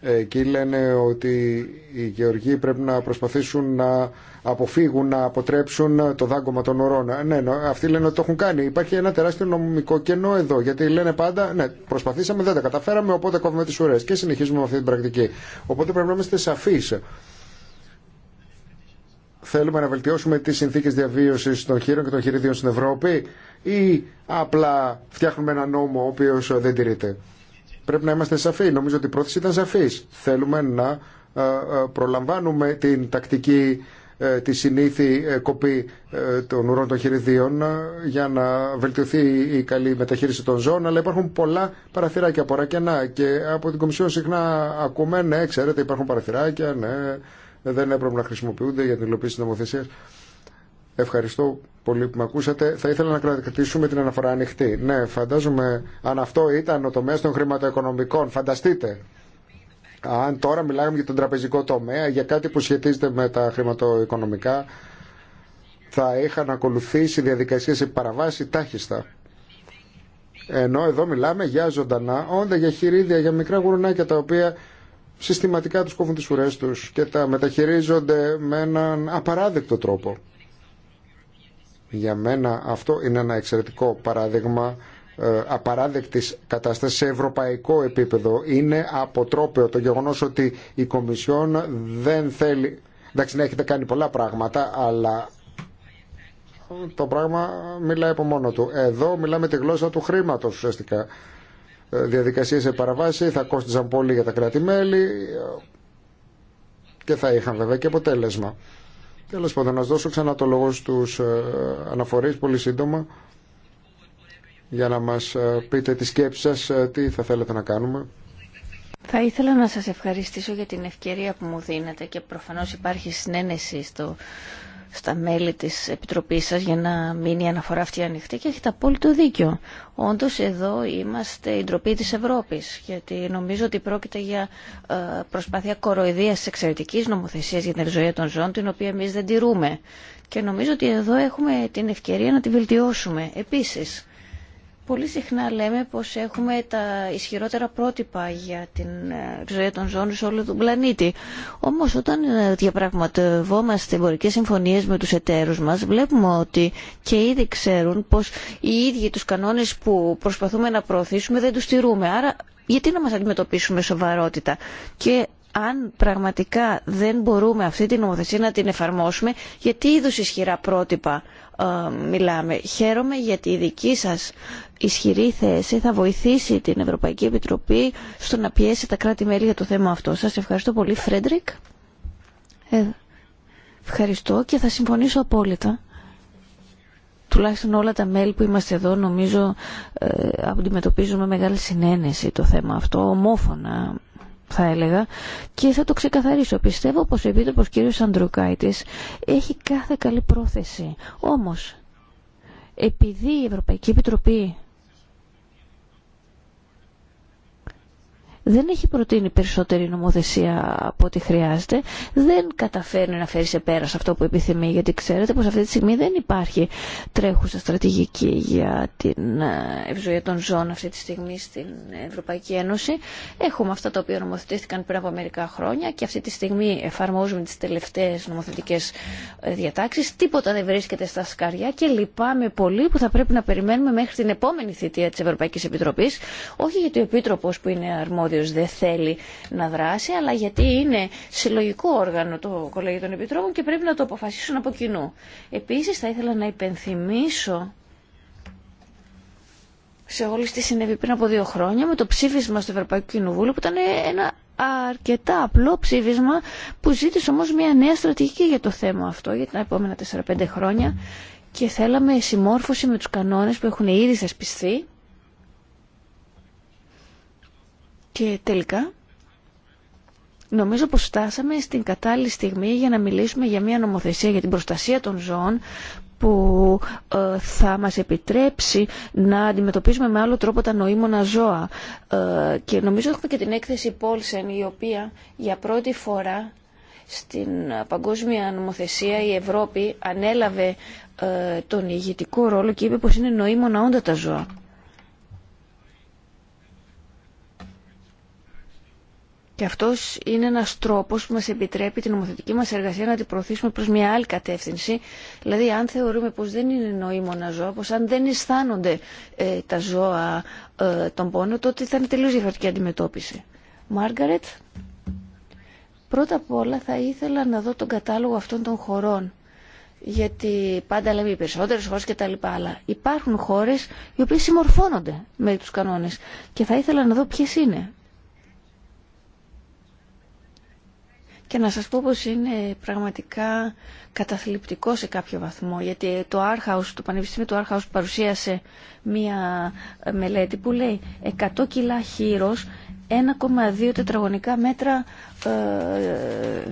εκεί λένε ότι οι γεωργοί πρέπει να προσπαθήσουν να αποφύγουν, να αποτρέψουν το δάγκωμα των ορών. Ε, ναι, αυτοί λένε ότι το έχουν κάνει. Υπάρχει ένα τεράστιο νομικό κενό εδώ, γιατί λένε πάντα, ναι, προσπαθήσαμε, δεν τα καταφέραμε, οπότε κόβουμε τις ουρές και συνεχίζουμε με αυτή την πρακτική. Οπότε πρέπει να είμαστε σαφείς Θέλουμε να βελτιώσουμε τις συνθήκες διαβίωσης των χείρων και των χειριδίων στην Ευρώπη ή απλά φτιάχνουμε ένα νόμο ο οποίος δεν τηρείται. Πρέπει να είμαστε σαφείς. Νομίζω ότι η πρόθεση ήταν σαφής. Θέλουμε να ε, ε, προλαμβάνουμε την τακτική ε, τη συνήθη κοπή των ουρών των χειριδίων για να βελτιωθεί η καλή μεταχείριση των ζώων, αλλά υπάρχουν πολλά παραθυράκια, πολλά κενά και από την Κομισιόν συχνά ακούμε, ναι, ξέρετε, υπάρχουν παραθυράκια, ναι, δεν έπρεπε να χρησιμοποιούνται για την υλοποίηση νομοθεσία. Ευχαριστώ πολύ που με ακούσατε. Θα ήθελα να κρατήσουμε την αναφορά ανοιχτή. Ναι, φαντάζομαι αν αυτό ήταν ο τομέα των χρηματοοικονομικών. Φανταστείτε. Αν τώρα μιλάμε για τον τραπεζικό τομέα, για κάτι που σχετίζεται με τα χρηματοοικονομικά, θα είχαν ακολουθήσει διαδικασίες σε παραβάση τάχιστα. Ενώ εδώ μιλάμε για ζωντανά όντα, για χειρίδια, για μικρά γουρνάκια τα οποία συστηματικά τους κόβουν τις ουρές τους και τα μεταχειρίζονται με έναν απαράδεκτο τρόπο. Για μένα αυτό είναι ένα εξαιρετικό παράδειγμα ε, απαράδεκτης κατάστασης σε ευρωπαϊκό επίπεδο. Είναι αποτρόπαιο το γεγονός ότι η Κομισιόν δεν θέλει... Εντάξει, να έχετε κάνει πολλά πράγματα, αλλά το πράγμα μιλάει από μόνο του. Εδώ μιλάμε τη γλώσσα του χρήματος ουσιαστικά. Ε, διαδικασίες σε παραβάση, θα κόστιζαν πολύ για τα κράτη-μέλη ε, και θα είχαν βέβαια και αποτέλεσμα. Τέλο πάντων, να δώσω ξανά το λόγο στου ε, αναφορείς πολύ σύντομα για να μας πείτε τη σκέψη σας, τι θα θέλετε να κάνουμε. Θα ήθελα να σας ευχαριστήσω για την ευκαιρία που μου δίνετε και προφανώς υπάρχει συνένεση στο στα μέλη της Επιτροπής σας για να μείνει η αναφορά αυτή ανοιχτή και έχετε απόλυτο δίκιο. Όντως εδώ είμαστε η ντροπή της Ευρώπης γιατί νομίζω ότι πρόκειται για ε, προσπάθεια κοροϊδίας της εξαιρετικής νομοθεσίας για την ζωή των ζώων την οποία εμείς δεν τηρούμε. Και νομίζω ότι εδώ έχουμε την ευκαιρία να τη βελτιώσουμε. Επίσης, Πολύ συχνά λέμε πως έχουμε τα ισχυρότερα πρότυπα για την ε, ζωή των ζώων σε όλο τον πλανήτη. Όμως όταν ε, διαπραγματευόμαστε εμπορικές συμφωνίες με τους εταίρους μας βλέπουμε ότι και ήδη ξέρουν πως οι ίδιοι τους κανόνες που προσπαθούμε να προωθήσουμε δεν τους στηρούμε. Άρα γιατί να μας αντιμετωπίσουμε σοβαρότητα. Και αν πραγματικά δεν μπορούμε αυτή την νομοθεσία να την εφαρμόσουμε, γιατί τι είδους ισχυρά πρότυπα ε, μιλάμε. Χαίρομαι γιατί η δική σας ισχυρή θέση θα βοηθήσει την Ευρωπαϊκή Επιτροπή στο να πιέσει τα κράτη-μέλη για το θέμα αυτό. Σας ευχαριστώ πολύ, Φρέντρικ. Ε, ευχαριστώ και θα συμφωνήσω απόλυτα. Τουλάχιστον όλα τα μέλη που είμαστε εδώ νομίζω ε, αντιμετωπίζουμε μεγάλη συνένεση το θέμα αυτό, ομόφωνα θα έλεγα και θα το ξεκαθαρίσω. Πιστεύω πως ο Επίτροπος κ. Ανδρουκάητης έχει κάθε καλή πρόθεση. Όμως, επειδή η Ευρωπαϊκή Επιτροπή δεν έχει προτείνει περισσότερη νομοθεσία από ό,τι χρειάζεται, δεν καταφέρνει να φέρει σε πέρα σε αυτό που επιθυμεί, γιατί ξέρετε πως αυτή τη στιγμή δεν υπάρχει τρέχουσα στρατηγική για την ε, ευζοία των ζώων αυτή τη στιγμή στην Ευρωπαϊκή Ένωση. Έχουμε αυτά τα οποία νομοθετήθηκαν πριν από μερικά χρόνια και αυτή τη στιγμή εφαρμόζουμε τις τελευταίες νομοθετικές ε, διατάξεις. Τίποτα δεν βρίσκεται στα σκαριά και λυπάμαι πολύ που θα πρέπει να περιμένουμε μέχρι την επόμενη θητεία της Ευρωπαϊκής Επιτροπής, όχι γιατί ο Επίτροπος που είναι αρμόδιος οποίο δεν θέλει να δράσει, αλλά γιατί είναι συλλογικό όργανο το Κολέγιο των Επιτρόπων και πρέπει να το αποφασίσουν από κοινού. Επίσης θα ήθελα να υπενθυμίσω σε όλη τη συνέβη πριν από δύο χρόνια με το ψήφισμα στο Ευρωπαϊκό Κοινοβούλιο που ήταν ένα αρκετά απλό ψήφισμα που ζήτησε όμως μια νέα στρατηγική για το θέμα αυτό για τα επόμενα 4-5 χρόνια και θέλαμε συμμόρφωση με τους κανόνες που έχουν ήδη θεσπιστεί Και τελικά, νομίζω πως φτάσαμε στην κατάλληλη στιγμή για να μιλήσουμε για μια νομοθεσία για την προστασία των ζώων που ε, θα μας επιτρέψει να αντιμετωπίσουμε με άλλο τρόπο τα νοήμωνα ζώα. Ε, και νομίζω έχουμε και την έκθεση Πόλσεν, η οποία για πρώτη φορά στην παγκόσμια νομοθεσία η Ευρώπη ανέλαβε ε, τον ηγητικό ρόλο και είπε πως είναι νοήμωνα όντα τα ζώα. Και αυτός είναι ένας τρόπος που μας επιτρέπει την νομοθετική μας εργασία να την προωθήσουμε προς μια άλλη κατεύθυνση. Δηλαδή αν θεωρούμε πως δεν είναι νοήμονα ζώα, πως αν δεν αισθάνονται ε, τα ζώα ε, τον πόνο, τότε θα είναι τελείως διαφορετική αντιμετώπιση. Μάργαρετ, πρώτα απ' όλα θα ήθελα να δω τον κατάλογο αυτών των χωρών γιατί πάντα λέμε οι περισσότερε χώρε και τα λοιπά, αλλά υπάρχουν χώρε οι οποίε συμμορφώνονται με του κανόνε. Και θα ήθελα να δω ποιε είναι. και να σας πω πως είναι πραγματικά καταθλιπτικό σε κάποιο βαθμό γιατί το Arhaus, το Πανεπιστήμιο του Άρχαους παρουσίασε μία μελέτη που λέει 100 κιλά χείρος 1,2 τετραγωνικά μέτρα ε,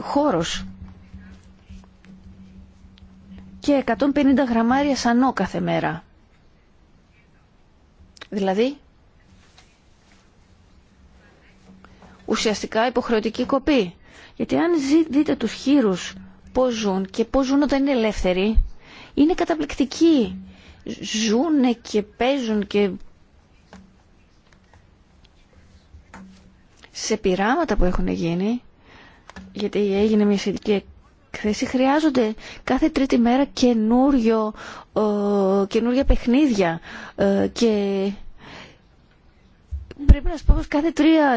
χώρος και 150 γραμμάρια σανό κάθε μέρα. Δηλαδή, ουσιαστικά υποχρεωτική κοπή. Γιατί αν δείτε τους χείρους πώς ζουν και πώς ζουν όταν είναι ελεύθεροι, είναι καταπληκτικοί. Ζούνε και παίζουν και σε πειράματα που έχουν γίνει, γιατί έγινε μια σχετική εκθέση, χρειάζονται κάθε τρίτη μέρα καινούριο, ε, καινούργια παιχνίδια ε, και πρέπει να σου πω πω κάθε,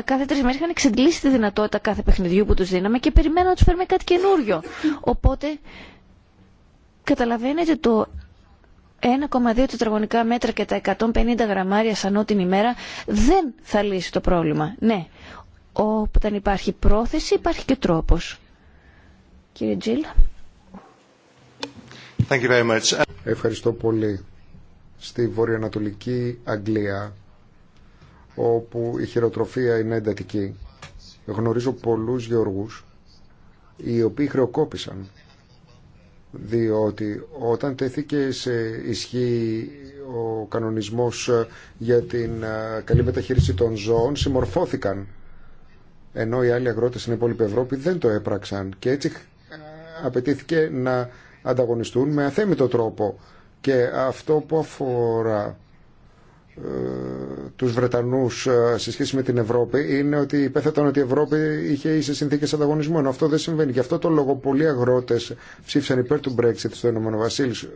κάθε τρεις είχαν εξαντλήσει τη δυνατότητα κάθε παιχνιδιού που του δίναμε και περιμέναμε να του φέρουμε κάτι καινούριο. Οπότε καταλαβαίνετε το 1,2 τετραγωνικά μέτρα και τα 150 γραμμάρια σαν την ημέρα δεν θα λύσει το πρόβλημα. Ναι, όταν υπάρχει πρόθεση υπάρχει και τρόπος. Κύριε Τζίλ. Ευχαριστώ πολύ. Στη βορειοανατολική Αγγλία όπου η χειροτροφία είναι εντατική. Γνωρίζω πολλούς γεωργούς οι οποίοι χρεοκόπησαν διότι όταν τέθηκε σε ισχύ ο κανονισμός για την ε, καλή μεταχείριση των ζώων συμμορφώθηκαν ενώ οι άλλοι αγρότες στην υπόλοιπη Ευρώπη δεν το έπραξαν και έτσι ε, απαιτήθηκε να ανταγωνιστούν με αθέμητο τρόπο και αυτό που αφορά ε, τους Βρετανούς ε, σε σχέση με την Ευρώπη είναι ότι υπέθεταν ότι η Ευρώπη είχε ίσες συνθήκες ανταγωνισμού αυτό δεν συμβαίνει. Γι' αυτό το λόγο πολλοί αγρότες ψήφισαν υπέρ του Brexit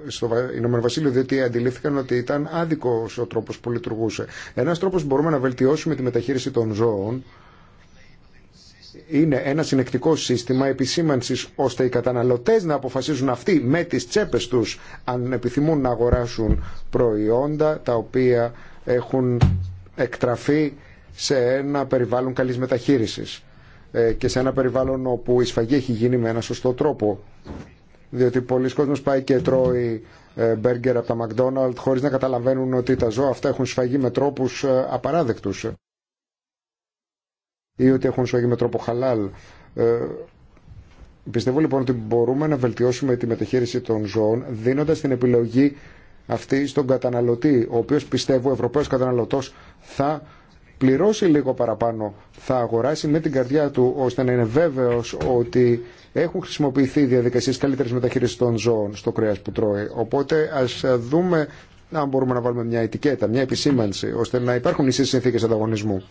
στο Ηνωμένο Βασίλειο, διότι αντιλήφθηκαν ότι ήταν άδικος ο τρόπος που λειτουργούσε. Ένας τρόπος που μπορούμε να βελτιώσουμε τη μεταχείριση των ζώων είναι ένα συνεκτικό σύστημα επισήμανσης ώστε οι καταναλωτές να αποφασίζουν αυτοί με τις τσέπες τους αν επιθυμούν να αγοράσουν προϊόντα τα οποία έχουν εκτραφεί σε ένα περιβάλλον καλής μεταχείρισης ε, και σε ένα περιβάλλον όπου η σφαγή έχει γίνει με ένα σωστό τρόπο. Διότι πολλοί κόσμος πάει και τρώει ε, μπέργκερ από τα McDonald's χωρίς να καταλαβαίνουν ότι τα ζώα αυτά έχουν σφαγεί με τρόπους ε, απαράδεκτους ή ότι έχουν σφαγεί με τρόπο χαλάλ. Πιστεύω λοιπόν ότι μπορούμε να βελτιώσουμε τη μεταχείριση των ζώων δίνοντας την επιλογή αυτή στον καταναλωτή, ο οποίος πιστεύω ο Ευρωπαϊο καταναλωτός θα πληρώσει λίγο παραπάνω, θα αγοράσει με την καρδιά του ώστε να είναι βέβαιος ότι έχουν χρησιμοποιηθεί διαδικασίες καλύτερης μεταχείρισης των ζώων στο κρέα που τρώει. Οπότε ας δούμε αν μπορούμε να βάλουμε μια ετικέτα, μια επισήμανση, ώστε να υπάρχουν ισές συνθήκε ανταγωνισμού.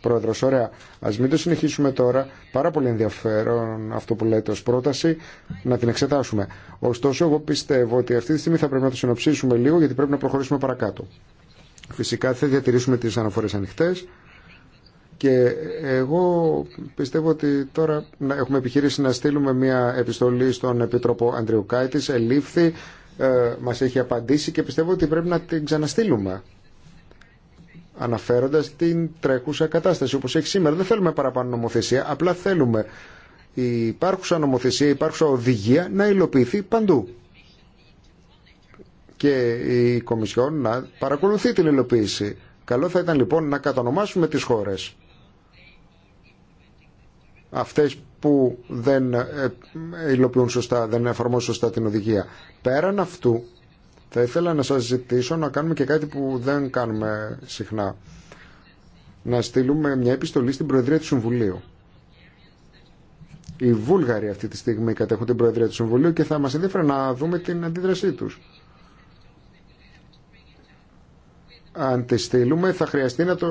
Πρόεδρο, ωραία. Α μην το συνεχίσουμε τώρα. Πάρα πολύ ενδιαφέρον αυτό που λέτε ω πρόταση, να την εξετάσουμε. Ωστόσο, εγώ πιστεύω ότι αυτή τη στιγμή θα πρέπει να το συνοψίσουμε λίγο, γιατί πρέπει να προχωρήσουμε παρακάτω. Φυσικά θα διατηρήσουμε τι αναφορέ ανοιχτέ. Και εγώ πιστεύω ότι τώρα έχουμε επιχείρηση να στείλουμε μια επιστολή στον Επίτροπο Αντριουκάητη. Ελήφθη, ε, μα έχει απαντήσει και πιστεύω ότι πρέπει να την ξαναστείλουμε αναφέροντα την τρέχουσα κατάσταση όπω έχει σήμερα. Δεν θέλουμε παραπάνω νομοθεσία, απλά θέλουμε η υπάρχουσα νομοθεσία, η υπάρχουσα οδηγία να υλοποιηθεί παντού. Και η Κομισιόν να παρακολουθεί την υλοποίηση. Καλό θα ήταν λοιπόν να κατανομάσουμε τις χώρες αυτές που δεν ε, ε, υλοποιούν σωστά, δεν εφαρμόζουν σωστά την οδηγία. Πέραν αυτού θα ήθελα να σας ζητήσω να κάνουμε και κάτι που δεν κάνουμε συχνά. Να στείλουμε μια επιστολή στην Προεδρία του Συμβουλίου. Οι Βούλγαροι αυτή τη στιγμή κατέχουν την Προεδρία του Συμβουλίου και θα μας ενδιαφέρει να δούμε την αντίδρασή τους. αν τη στείλουμε, θα χρειαστεί να το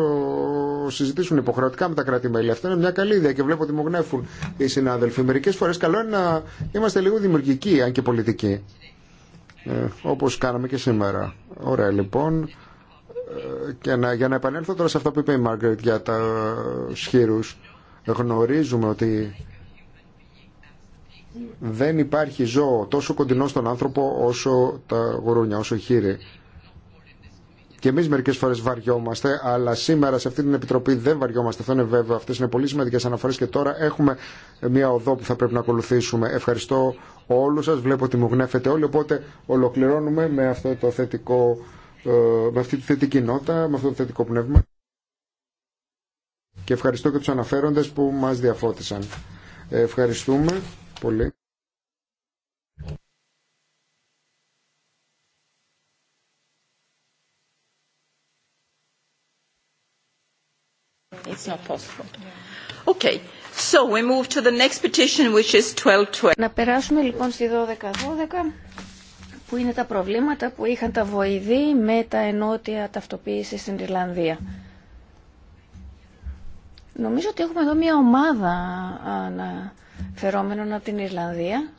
συζητήσουν υποχρεωτικά με τα κράτη-μέλη. Αυτό είναι μια καλή ιδέα και βλέπω ότι μου γνέφουν οι συνάδελφοι. Μερικέ φορέ καλό είναι να είμαστε λίγο δημιουργικοί, αν και πολιτικοί ε, όπως κάναμε και σήμερα. Ωραία λοιπόν. Ε, και για να επανέλθω τώρα σε αυτό που είπε η Μάργκρετ για τα σχήρους, γνωρίζουμε ότι δεν υπάρχει ζώο τόσο κοντινό στον άνθρωπο όσο τα γουρούνια, όσο οι χείροι. Και εμεί μερικέ φορέ βαριόμαστε, αλλά σήμερα σε αυτή την επιτροπή δεν βαριόμαστε. Αυτό είναι βέβαιο. Αυτέ είναι πολύ σημαντικέ αναφορέ και τώρα έχουμε μια οδό που θα πρέπει να ακολουθήσουμε. Ευχαριστώ όλου σα. Βλέπω ότι μου γνέφετε όλοι. Οπότε ολοκληρώνουμε με, αυτό το θετικό, ε, με αυτή τη θετική νότα, με αυτό το θετικό πνεύμα. Και ευχαριστώ και τους αναφέροντες που μας διαφώτισαν. Ευχαριστούμε πολύ. It's not possible. Okay. So we move to the next petition which is 1212. Να περάσουμε λοιπόν στη 1212 που είναι τα προβλήματα που είχαν τα βοηδή με τα ενότια ταυτοποίηση στην Ιρλανδία. Νομίζω ότι έχουμε εδώ μια ομάδα αναφερόμενων από την Ιρλανδία.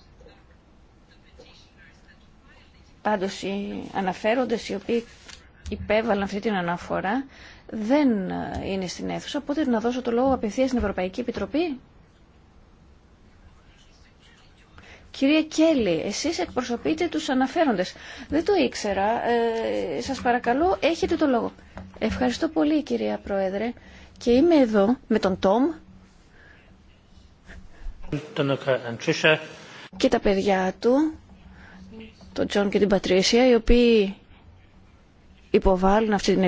Πάντως οι αναφέροντες οι οποίοι υπέβαλαν αυτή την αναφορά δεν ε, είναι στην αίθουσα, οπότε να δώσω το λόγο απευθείας στην Ευρωπαϊκή Επιτροπή. Κυρία Κέλλη, εσείς εκπροσωπείτε τους αναφέροντες. Δεν το ήξερα. Ε, σας παρακαλώ, έχετε το λόγο. Ευχαριστώ πολύ κυρία Πρόεδρε και είμαι εδώ με τον Τόμ και τα παιδιά του, τον Τζον και την Πατρίσια, οι οποίοι υποβάλλουν αυτή την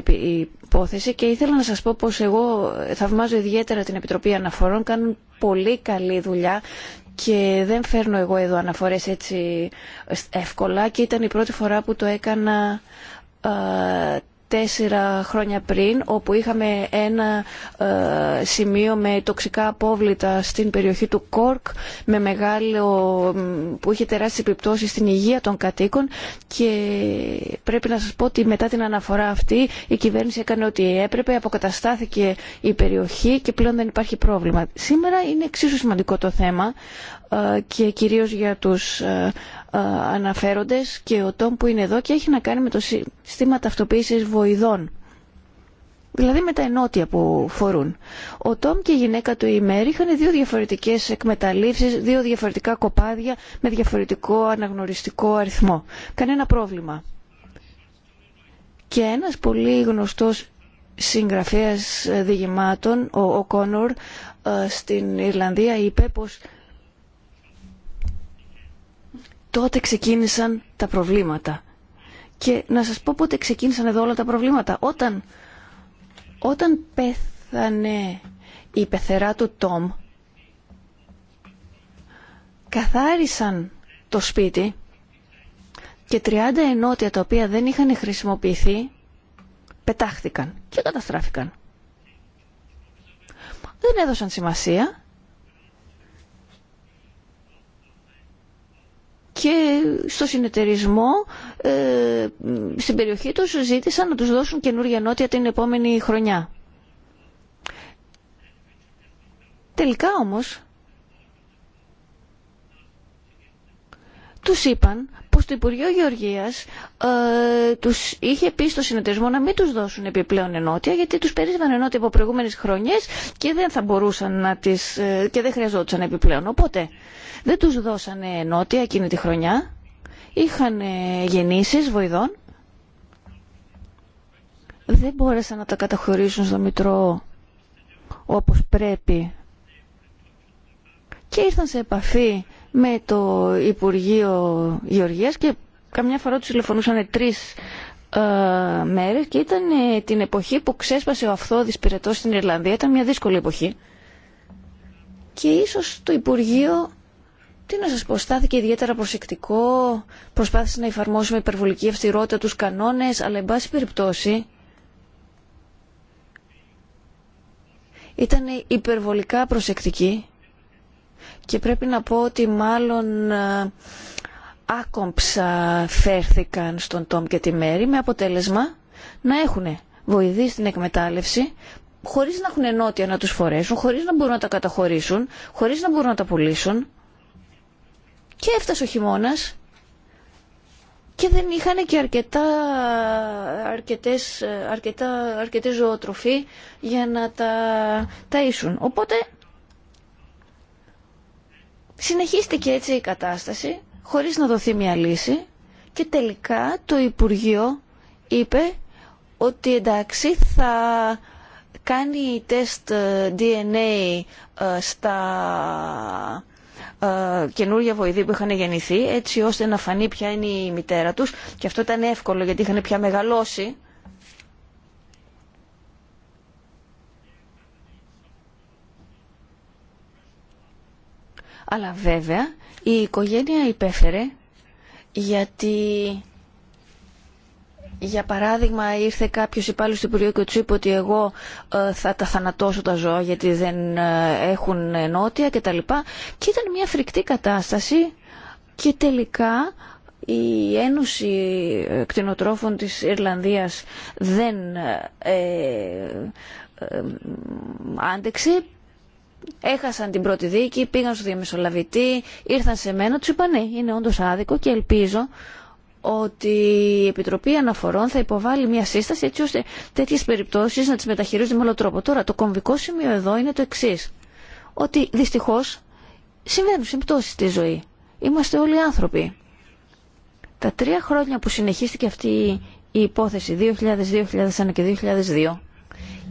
υπόθεση και ήθελα να σας πω πως εγώ θαυμάζω ιδιαίτερα την Επιτροπή Αναφορών, κάνουν πολύ καλή δουλειά και δεν φέρνω εγώ εδώ αναφορές έτσι εύκολα και ήταν η πρώτη φορά που το έκανα ε, τέσσερα χρόνια πριν όπου είχαμε ένα ε, σημείο με τοξικά απόβλητα στην περιοχή του Κόρκ με μεγάλο, που είχε τεράστιες επιπτώσεις στην υγεία των κατοίκων και πρέπει να σας πω ότι μετά την αναφορά αυτή η κυβέρνηση έκανε ό,τι έπρεπε, αποκαταστάθηκε η περιοχή και πλέον δεν υπάρχει πρόβλημα. Σήμερα είναι εξίσου σημαντικό το θέμα ε, και κυρίως για τους ε, ε, αναφέροντες και ο Τόμ που είναι εδώ και έχει να κάνει με το σύστημα ταυτοποίησης βοηδών. Δηλαδή με τα ενότια που φορούν. Ο Τόμ και η γυναίκα του ημέρη είχαν δύο διαφορετικές εκμεταλλεύσεις, δύο διαφορετικά κοπάδια με διαφορετικό αναγνωριστικό αριθμό. Κανένα πρόβλημα. Και ένας πολύ γνωστός συγγραφέας διηγημάτων, ο Κόνορ, στην Ιρλανδία είπε πως τότε ξεκίνησαν τα προβλήματα. Και να σας πω πότε ξεκίνησαν εδώ όλα τα προβλήματα. Όταν, όταν πέθανε η πεθερά του Τόμ, καθάρισαν το σπίτι και 30 ενότια τα οποία δεν είχαν χρησιμοποιηθεί πετάχθηκαν και καταστράφηκαν. Δεν έδωσαν σημασία και στο συνεταιρισμό ε, στην περιοχή τους ζήτησαν να τους δώσουν καινούργια νότια την επόμενη χρονιά. Τελικά όμως τους είπαν το Υπουργείο Γεωργίας ε, τους είχε πει στο συνεταιρισμό να μην τους δώσουν επιπλέον ενότια γιατί τους περίσβαν ενότια από προηγούμενες χρονιές και δεν θα μπορούσαν να τις, ε, και δεν χρειαζόντουσαν επιπλέον. Οπότε δεν τους δώσανε ενότια εκείνη τη χρονιά, είχαν ε, γεννήσεις βοηδών, δεν μπόρεσαν να τα καταχωρήσουν στο Μητρό όπως πρέπει και ήρθαν σε επαφή με το Υπουργείο Γεωργίας και καμιά φορά τους τηλεφωνούσαν τρεις ε, μέρες και ήταν ε, την εποχή που ξέσπασε ο αυθόδης πυρετός στην Ιρλανδία. Ήταν μια δύσκολη εποχή. Και ίσως το Υπουργείο, τι να σας πω, στάθηκε ιδιαίτερα προσεκτικό, προσπάθησε να εφαρμόσει με υπερβολική αυστηρότητα τους κανόνες, αλλά εν πάση περιπτώσει ήταν υπερβολικά προσεκτική και πρέπει να πω ότι μάλλον ε, άκομψα φέρθηκαν στον Τόμ και τη Μέρη με αποτέλεσμα να έχουν βοηθεί στην εκμετάλλευση χωρίς να έχουν ενότια να τους φορέσουν, χωρίς να μπορούν να τα καταχωρήσουν, χωρίς να μπορούν να τα πουλήσουν. Και έφτασε ο χειμώνα και δεν είχαν και αρκετά, αρκετές, αρκετά, αρκετή ζωοτροφή για να τα ταΐσουν. Οπότε Συνεχίστηκε έτσι η κατάσταση χωρίς να δοθεί μια λύση και τελικά το Υπουργείο είπε ότι εντάξει θα κάνει τεστ DNA ε, στα ε, καινούργια βοηθή που είχαν γεννηθεί έτσι ώστε να φανεί ποια είναι η μητέρα τους και αυτό ήταν εύκολο γιατί είχαν πια μεγαλώσει Αλλά βέβαια η οικογένεια υπέφερε γιατί για παράδειγμα ήρθε κάποιος υπάλληλος του Υπουργείου και του είπε ότι εγώ ε, θα τα θανατώσω τα ζώα γιατί δεν ε, έχουν τα κτλ. Και ήταν μια φρικτή κατάσταση και τελικά η Ένωση Κτηνοτρόφων της Ιρλανδίας δεν ε, ε, ε άντεξε έχασαν την πρώτη δίκη, πήγαν στο διαμεσολαβητή, ήρθαν σε μένα, του είπαν ναι, είναι όντω άδικο και ελπίζω ότι η Επιτροπή Αναφορών θα υποβάλει μια σύσταση έτσι ώστε τέτοιε περιπτώσει να τι μεταχειρίζονται με άλλο τρόπο. Τώρα το κομβικό σημείο εδώ είναι το εξή. ότι δυστυχώ συμβαίνουν συμπτώσει στη ζωή. Είμαστε όλοι άνθρωποι. Τα τρία χρόνια που συνεχίστηκε αυτή η υπόθεση 2000, 2001 και 2002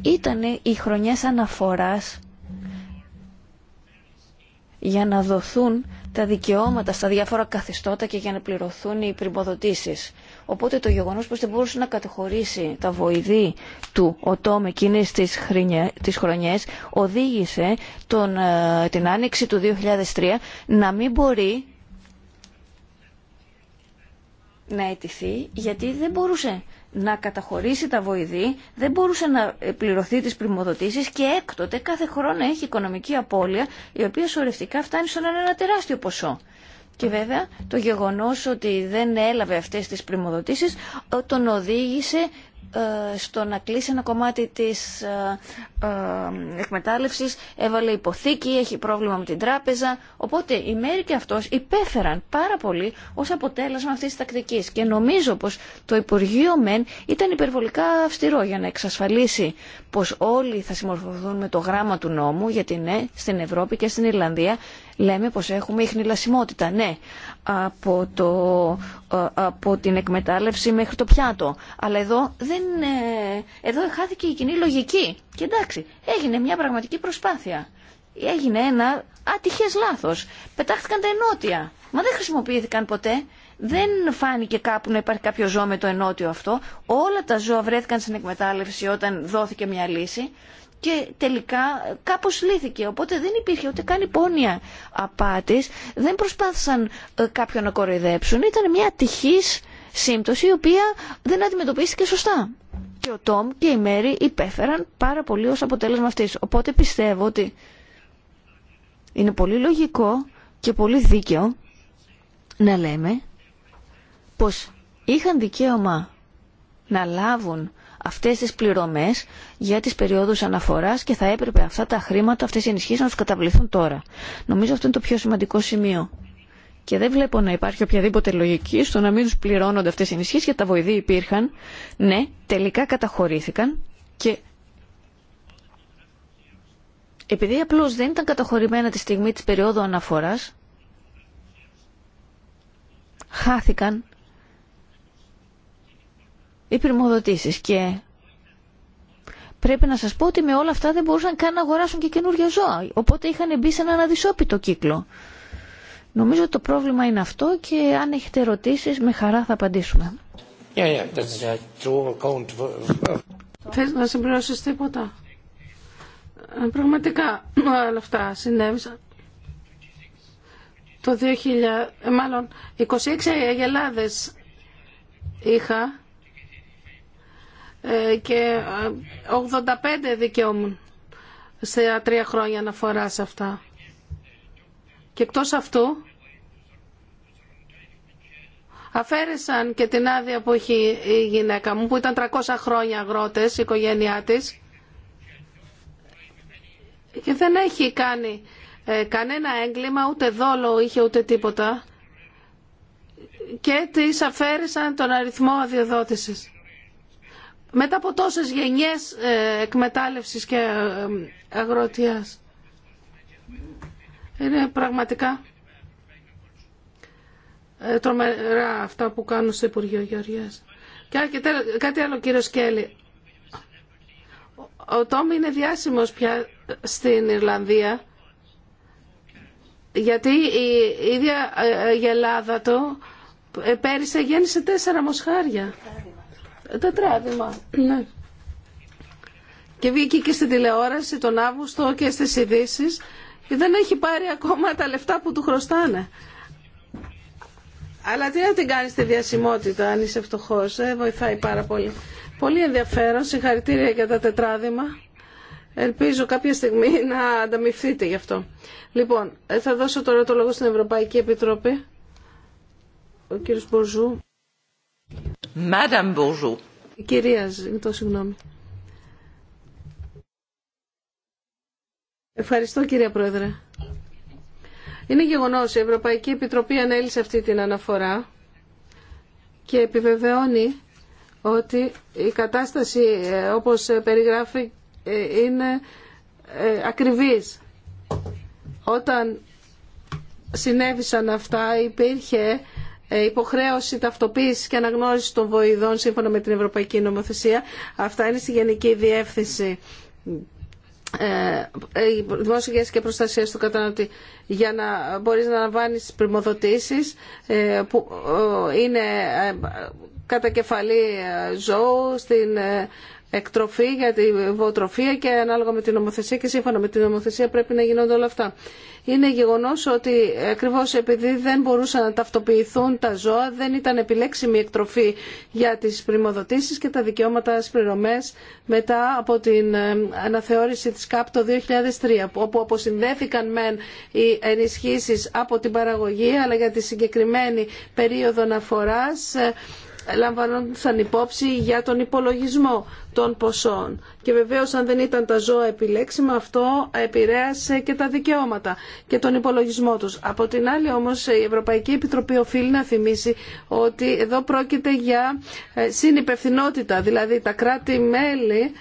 ήταν οι χρονιές αναφοράς για να δοθούν τα δικαιώματα στα διάφορα καθεστώτα και για να πληρωθούν οι πρημοδοτήσεις. Οπότε το γεγονός πως δεν μπορούσε να κατοχωρήσει τα βοηθή του οτόμ εκείνης τι της χρονιές οδήγησε τον, ε, την άνοιξη του 2003 να μην μπορεί να αιτηθεί γιατί δεν μπορούσε να καταχωρήσει τα βοηθή, δεν μπορούσε να πληρωθεί τις πρημοδοτήσεις και έκτοτε κάθε χρόνο έχει οικονομική απώλεια η οποία σωρευτικά φτάνει στον ένα τεράστιο ποσό. Και βέβαια το γεγονός ότι δεν έλαβε αυτές τις πρημοδοτήσεις τον οδήγησε ε, στο να κλείσει ένα κομμάτι της ε, ε, εκμετάλλευσης, έβαλε υποθήκη, έχει πρόβλημα με την τράπεζα. Οπότε οι μέρη και αυτός υπέφεραν πάρα πολύ ως αποτέλεσμα αυτής της τακτικής. Και νομίζω πως το Υπουργείο ΜΕΝ ήταν υπερβολικά αυστηρό για να εξασφαλίσει πως όλοι θα συμμορφωθούν με το γράμμα του νόμου, γιατί ναι, στην Ευρώπη και στην Ιρλανδία λέμε πως έχουμε ιχνηλασιμότητα. Ναι, από, το, ε, από την εκμετάλλευση μέχρι το πιάτο. Αλλά εδώ, δεν, ε, εδώ χάθηκε η κοινή λογική. Και εντάξει, έγινε μια πραγματική προσπάθεια. Έγινε ένα ατυχές λάθος. Πετάχτηκαν τα ενότια. Μα δεν χρησιμοποιήθηκαν ποτέ. Δεν φάνηκε κάπου να υπάρχει κάποιο ζώο με το ενότιο αυτό. Όλα τα ζώα βρέθηκαν στην εκμετάλλευση όταν δόθηκε μια λύση και τελικά κάπως λύθηκε. Οπότε δεν υπήρχε ούτε καν υπόνοια απάτης, δεν προσπάθησαν ε, κάποιον να κοροϊδέψουν. Ήταν μια τυχής σύμπτωση η οποία δεν αντιμετωπίστηκε σωστά. Και ο Τόμ και η Μέρη υπέφεραν πάρα πολύ ως αποτέλεσμα αυτής. Οπότε πιστεύω ότι είναι πολύ λογικό και πολύ δίκαιο να λέμε πως είχαν δικαίωμα να λάβουν αυτές τις πληρωμές για τις περιόδους αναφοράς και θα έπρεπε αυτά τα χρήματα, αυτές οι ενισχύσεις να τους καταβληθούν τώρα. Νομίζω αυτό είναι το πιο σημαντικό σημείο. Και δεν βλέπω να υπάρχει οποιαδήποτε λογική στο να μην τους πληρώνονται αυτές οι ενισχύσεις γιατί τα βοηθοί υπήρχαν. Ναι, τελικά καταχωρήθηκαν και επειδή απλώς δεν ήταν καταχωρημένα τη στιγμή της περίοδου αναφοράς, χάθηκαν πρημοδοτήσει. και πρέπει να σας πω ότι με όλα αυτά δεν μπορούσαν καν να αγοράσουν και καινούργια ζώα οπότε είχαν μπει σε έναν αδυσόπιτο κύκλο νομίζω ότι το πρόβλημα είναι αυτό και αν έχετε ερωτήσεις με χαρά θα απαντήσουμε yeah, να συμπληρώσει τίποτα ε, πραγματικά όλα αυτά συνέβησαν το 2000, ε, μάλλον 26 αγελάδες είχα ε, και 85 ε, δικαιώμουν σε τρία χρόνια να σε αυτά. Και εκτός αυτού αφαίρεσαν και την άδεια που έχει η γυναίκα μου που ήταν 300 χρόνια αγρότες η οικογένειά της και δεν έχει κάνει ε, κανένα έγκλημα ούτε δόλο είχε ούτε τίποτα και της αφαίρεσαν τον αριθμό αδειοδότησης μετά από τόσες γενιές ε, εκμετάλλευσης και ε, αγροτίας. Είναι πραγματικά ε, τρομερά αυτά που κάνουν στο Υπουργείο Γεωργίας. Και αρκετά, κάτι άλλο κύριο Σκέλη. Ο Τόμι είναι διάσημος πια στην Ιρλανδία γιατί η ίδια η Ελλάδα του πέρυσι γέννησε τέσσερα μοσχάρια τετράδημα. Ναι. Και βγήκε και στην τηλεόραση τον Αύγουστο και στις ειδήσει και δεν έχει πάρει ακόμα τα λεφτά που του χρωστάνε. Αλλά τι να την κάνει τη διασημότητα αν είσαι φτωχό, ε, βοηθάει πάρα πολύ. Πολύ ενδιαφέρον, συγχαρητήρια για τα τετράδημα. Ελπίζω κάποια στιγμή να ανταμυφθείτε γι' αυτό. Λοιπόν, ε, θα δώσω τώρα το λόγο στην Ευρωπαϊκή Επιτροπή. Ο κύριος Μποζού. Ευχαριστώ κυρία Πρόεδρε. Είναι γεγονός, η Ευρωπαϊκή Επιτροπή ανέλησε αυτή την αναφορά και επιβεβαιώνει ότι η κατάσταση ε, όπως περιγράφει ε, είναι ε, ακριβής. Όταν συνέβησαν αυτά υπήρχε ε, υποχρέωση ταυτοποίηση και αναγνώριση των βοηδών σύμφωνα με την Ευρωπαϊκή Νομοθεσία. Αυτά είναι στη Γενική Διεύθυνση ε, ε, δημόσια και προστασία του καταναλωτή για να μπορείς να αναβάνεις τις που είναι κατά κεφαλή ζώου στην εκτροφή, για τη βοτροφία και ανάλογα με την νομοθεσία και σύμφωνα με την νομοθεσία πρέπει να γίνονται όλα αυτά. Είναι γεγονός ότι ακριβώς επειδή δεν μπορούσαν να ταυτοποιηθούν τα ζώα δεν ήταν επιλέξιμη εκτροφή για τις πρημοδοτήσεις και τα δικαιώματα σπληρωμές μετά από την ε, αναθεώρηση της ΚΑΠ το 2003 όπου αποσυνδέθηκαν μεν οι ενισχύσεις από την παραγωγή αλλά για τη συγκεκριμένη περίοδο αναφοράς ε, λαμβανόντουσαν υπόψη για τον υπολογισμό των ποσών. Και βεβαίως αν δεν ήταν τα ζώα επιλέξιμα αυτό επηρέασε και τα δικαιώματα και τον υπολογισμό τους. Από την άλλη όμως η Ευρωπαϊκή Επιτροπή οφείλει να θυμίσει ότι εδώ πρόκειται για ε, συνυπευθυνότητα, δηλαδή τα κράτη-μέλη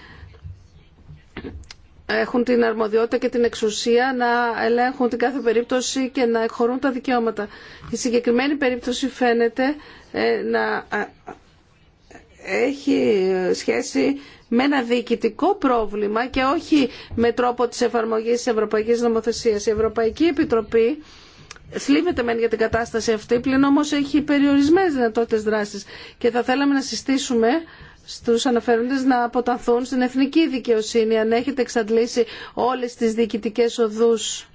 έχουν την αρμοδιότητα και την εξουσία να ελέγχουν την κάθε περίπτωση και να εκχωρούν τα δικαιώματα. Η συγκεκριμένη περίπτωση φαίνεται ε, να έχει σχέση με ένα διοικητικό πρόβλημα και όχι με τρόπο της εφαρμογής της Ευρωπαϊκής Νομοθεσίας. Η Ευρωπαϊκή Επιτροπή θλίβεται μεν για την κατάσταση αυτή, πλην όμως έχει περιορισμένες δυνατότητες δράσης και θα θέλαμε να συστήσουμε στους αναφέροντες να αποταθούν στην εθνική δικαιοσύνη αν έχετε εξαντλήσει όλες τις διοικητικές οδούς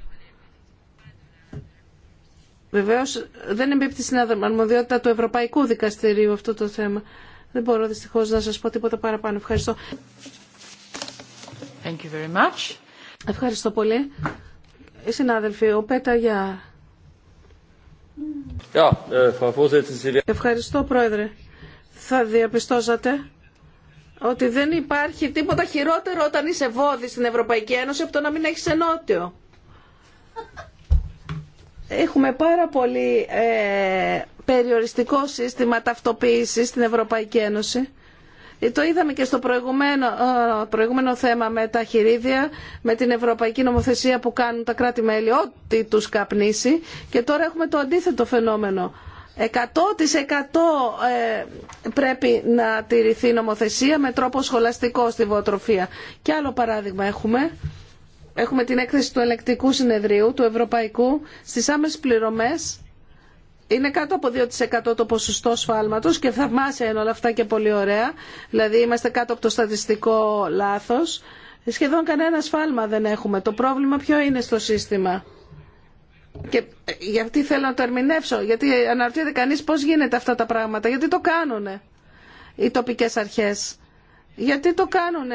Βεβαίω, δεν εμπίπτει στην αρμοδιότητα του Ευρωπαϊκού Δικαστηρίου αυτό το θέμα. Δεν μπορώ δυστυχώ να σας πω τίποτα παραπάνω. Ευχαριστώ. Thank you very much. Ευχαριστώ πολύ. Ε, συνάδελφοι, ο Πέτα για... Ε, Ευχαριστώ, Πρόεδρε. Θα διαπιστώσατε ότι δεν υπάρχει τίποτα χειρότερο όταν είσαι βόδι στην Ευρωπαϊκή Ένωση από το να μην έχει ενότιο. Έχουμε πάρα πολύ ε, περιοριστικό σύστημα ταυτοποίησης στην Ευρωπαϊκή Ένωση. Ε, το είδαμε και στο προηγουμένο, ε, προηγούμενο θέμα με τα χειρίδια, με την ευρωπαϊκή νομοθεσία που κάνουν τα κράτη-μέλη ό,τι τους καπνίσει και τώρα έχουμε το αντίθετο φαινόμενο. 100% ε, πρέπει να τηρηθεί η νομοθεσία με τρόπο σχολαστικό στη βοοτροφία. Και άλλο παράδειγμα έχουμε έχουμε την έκθεση του ελεκτικού συνεδρίου του ευρωπαϊκού στις άμεσες πληρωμές είναι κάτω από 2% το ποσοστό σφάλματος και θαυμάσια είναι όλα αυτά και πολύ ωραία. Δηλαδή είμαστε κάτω από το στατιστικό λάθος. Σχεδόν κανένα σφάλμα δεν έχουμε. Το πρόβλημα ποιο είναι στο σύστημα. Και ε, γιατί θέλω να το ερμηνεύσω, γιατί αναρωτιέται κανείς πώς γίνεται αυτά τα πράγματα, γιατί το κάνουν οι τοπικές αρχές. Γιατί το κάνουν...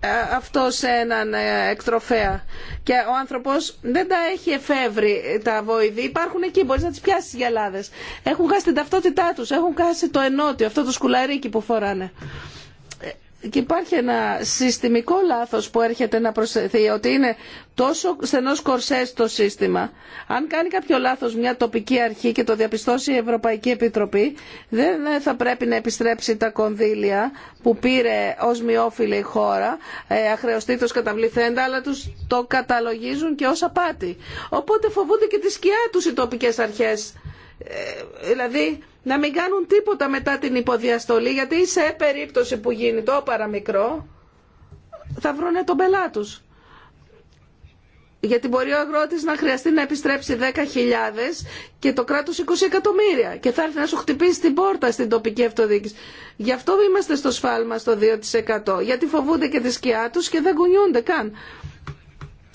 Ε, αυτό σε έναν ε, εκτροφέα και ο άνθρωπος δεν τα έχει εφεύρει ε, τα βοηδή υπάρχουν εκεί, μπορείς να τις πιάσεις γελάδες έχουν χάσει την ταυτότητά τους, έχουν χάσει το ενότιο αυτό το σκουλαρίκι που φοράνε και υπάρχει ένα συστημικό λάθος που έρχεται να προσθεθεί ότι είναι τόσο στενός κορσές το σύστημα. Αν κάνει κάποιο λάθος μια τοπική αρχή και το διαπιστώσει η Ευρωπαϊκή Επιτροπή δεν ε, θα πρέπει να επιστρέψει τα κονδύλια που πήρε ως μειόφιλη η χώρα ε, αχρεωστήτως καταβληθέντα αλλά τους το καταλογίζουν και ως απάτη. Οπότε φοβούνται και τη σκιά τους οι τοπικές αρχές. Ε, δηλαδή να μην κάνουν τίποτα μετά την υποδιαστολή γιατί σε περίπτωση που γίνει το παραμικρό θα βρούνε τον πελά Γιατί μπορεί ο αγρότης να χρειαστεί να επιστρέψει 10.000 και το κράτος 20 εκατομμύρια και θα έρθει να σου χτυπήσει την πόρτα στην τοπική αυτοδιοίκηση. Γι' αυτό είμαστε στο σφάλμα στο 2% γιατί φοβούνται και τη σκιά τους και δεν κουνιούνται καν.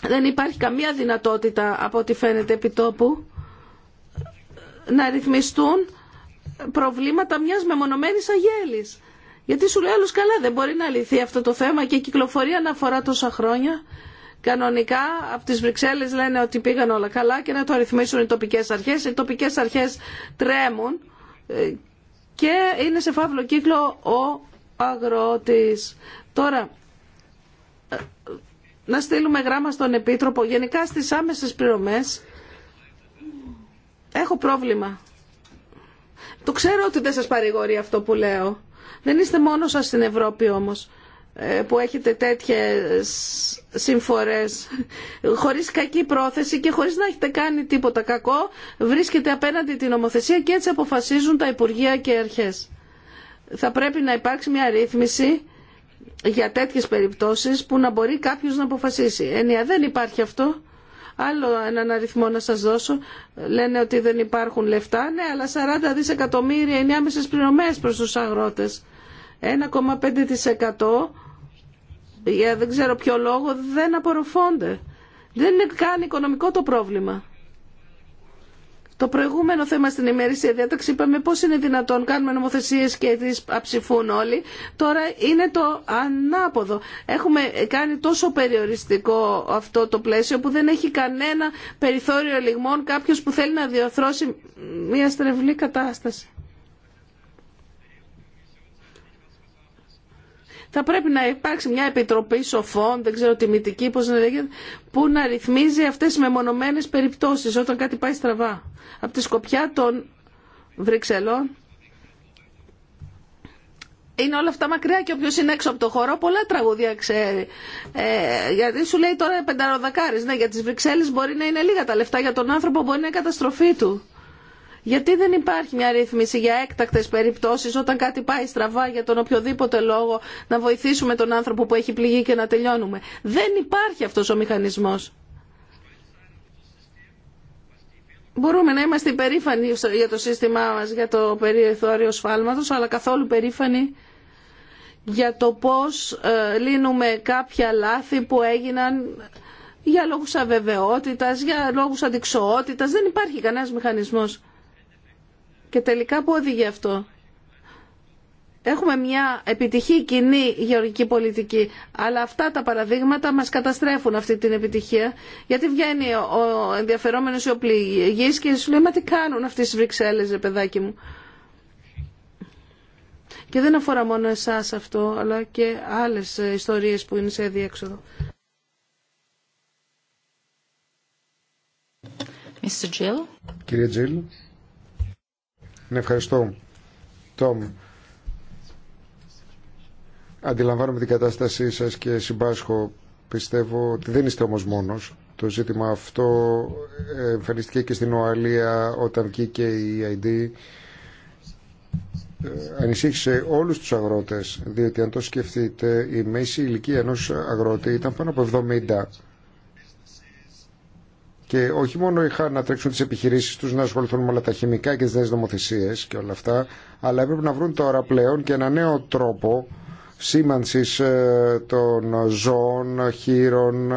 Δεν υπάρχει καμία δυνατότητα από ό,τι φαίνεται επί τόπου να ρυθμιστούν προβλήματα μιας μεμονωμένη αγέλη. Γιατί σου λέει άλλος καλά δεν μπορεί να λυθεί αυτό το θέμα και η κυκλοφορία αφορά τόσα χρόνια. Κανονικά από τις Βρυξέλλες λένε ότι πήγαν όλα καλά και να το αριθμίσουν οι τοπικές αρχές. Οι τοπικές αρχές τρέμουν ε, και είναι σε φαύλο κύκλο ο αγρότη. Τώρα, ε, να στείλουμε γράμμα στον Επίτροπο, γενικά στι άμεσε πληρωμέ έχω πρόβλημα το ξέρω ότι δεν σας παρηγορεί αυτό που λέω. Δεν είστε μόνο σας στην Ευρώπη όμως ε, που έχετε τέτοιες συμφορές χωρίς κακή πρόθεση και χωρίς να έχετε κάνει τίποτα κακό βρίσκεται απέναντι την νομοθεσία και έτσι αποφασίζουν τα Υπουργεία και οι αρχές. Θα πρέπει να υπάρξει μια ρύθμιση για τέτοιες περιπτώσεις που να μπορεί κάποιος να αποφασίσει. Ενία δεν υπάρχει αυτό. Άλλο έναν αριθμό να σας δώσω. Λένε ότι δεν υπάρχουν λεφτά. Ναι, αλλά 40 δισεκατομμύρια είναι άμεσες πληρωμές προς τους αγρότες. 1,5% για δεν ξέρω ποιο λόγο δεν απορροφώνται. Δεν είναι καν οικονομικό το πρόβλημα. Το προηγούμενο θέμα στην ημερήσια διάταξη είπαμε πώς είναι δυνατόν κάνουμε νομοθεσίες και τις αψηφούν όλοι. Τώρα είναι το ανάποδο. Έχουμε κάνει τόσο περιοριστικό αυτό το πλαίσιο που δεν έχει κανένα περιθώριο λιγμών κάποιος που θέλει να διορθώσει μια στρεβλή κατάσταση. θα πρέπει να υπάρξει μια επιτροπή σοφών, δεν ξέρω μυτική πώς να λέγεται, που να ρυθμίζει αυτές τις μεμονωμένες περιπτώσεις όταν κάτι πάει στραβά. Από τη σκοπιά των Βρυξελών είναι όλα αυτά μακριά και όποιο είναι έξω από το χώρο πολλά τραγούδια ξέρει. Ε, γιατί σου λέει τώρα πενταροδακάρι. Ναι, για τι Βρυξέλλε μπορεί να είναι λίγα τα λεφτά, για τον άνθρωπο μπορεί να είναι καταστροφή του. Γιατί δεν υπάρχει μια ρύθμιση για έκτακτε περιπτώσει, όταν κάτι πάει στραβά για τον οποιοδήποτε λόγο να βοηθήσουμε τον άνθρωπο που έχει πληγεί και να τελειώνουμε. Δεν υπάρχει αυτό ο μηχανισμό. Μπορούμε να είμαστε υπερήφανοι για το σύστημά μας, για το περιθώριο σφάλματος, αλλά καθόλου περήφανοι για το πώς ε, λύνουμε κάποια λάθη που έγιναν για λόγους αβεβαιότητας, για λόγους αντικσοότητας. Δεν υπάρχει κανένας μηχανισμός. Και τελικά πού οδηγεί αυτό. Έχουμε μια επιτυχή κοινή γεωργική πολιτική, αλλά αυτά τα παραδείγματα μας καταστρέφουν αυτή την επιτυχία, γιατί βγαίνει ο ενδιαφερόμενος ή ο πληγής και σου λέει «Μα τι κάνουν αυτές τις Βρυξέλλες, ρε παιδάκι μου». Και δεν αφορά μόνο εσάς αυτό, αλλά και άλλες ιστορίες που είναι σε διέξοδο. Κύριε Τζίλ. Ναι, ευχαριστώ, Τόμ. Αντιλαμβάνομαι την κατάστασή σας και συμπάσχω. Πιστεύω ότι δεν είστε όμως μόνος. Το ζήτημα αυτό ε, εμφανιστήκε και στην Οαλία όταν βγήκε η ID ε, Ανησύχησε όλους τους αγρότες, διότι αν το σκεφτείτε η μέση ηλικία ενός αγρότη ήταν πάνω από 70 και όχι μόνο είχαν να τρέξουν τι επιχειρήσει του, να ασχοληθούν με όλα τα χημικά και τι νέε νομοθεσίε και όλα αυτά, αλλά έπρεπε να βρουν τώρα πλέον και ένα νέο τρόπο σήμανση ε, των ζώων, χείρων, ε,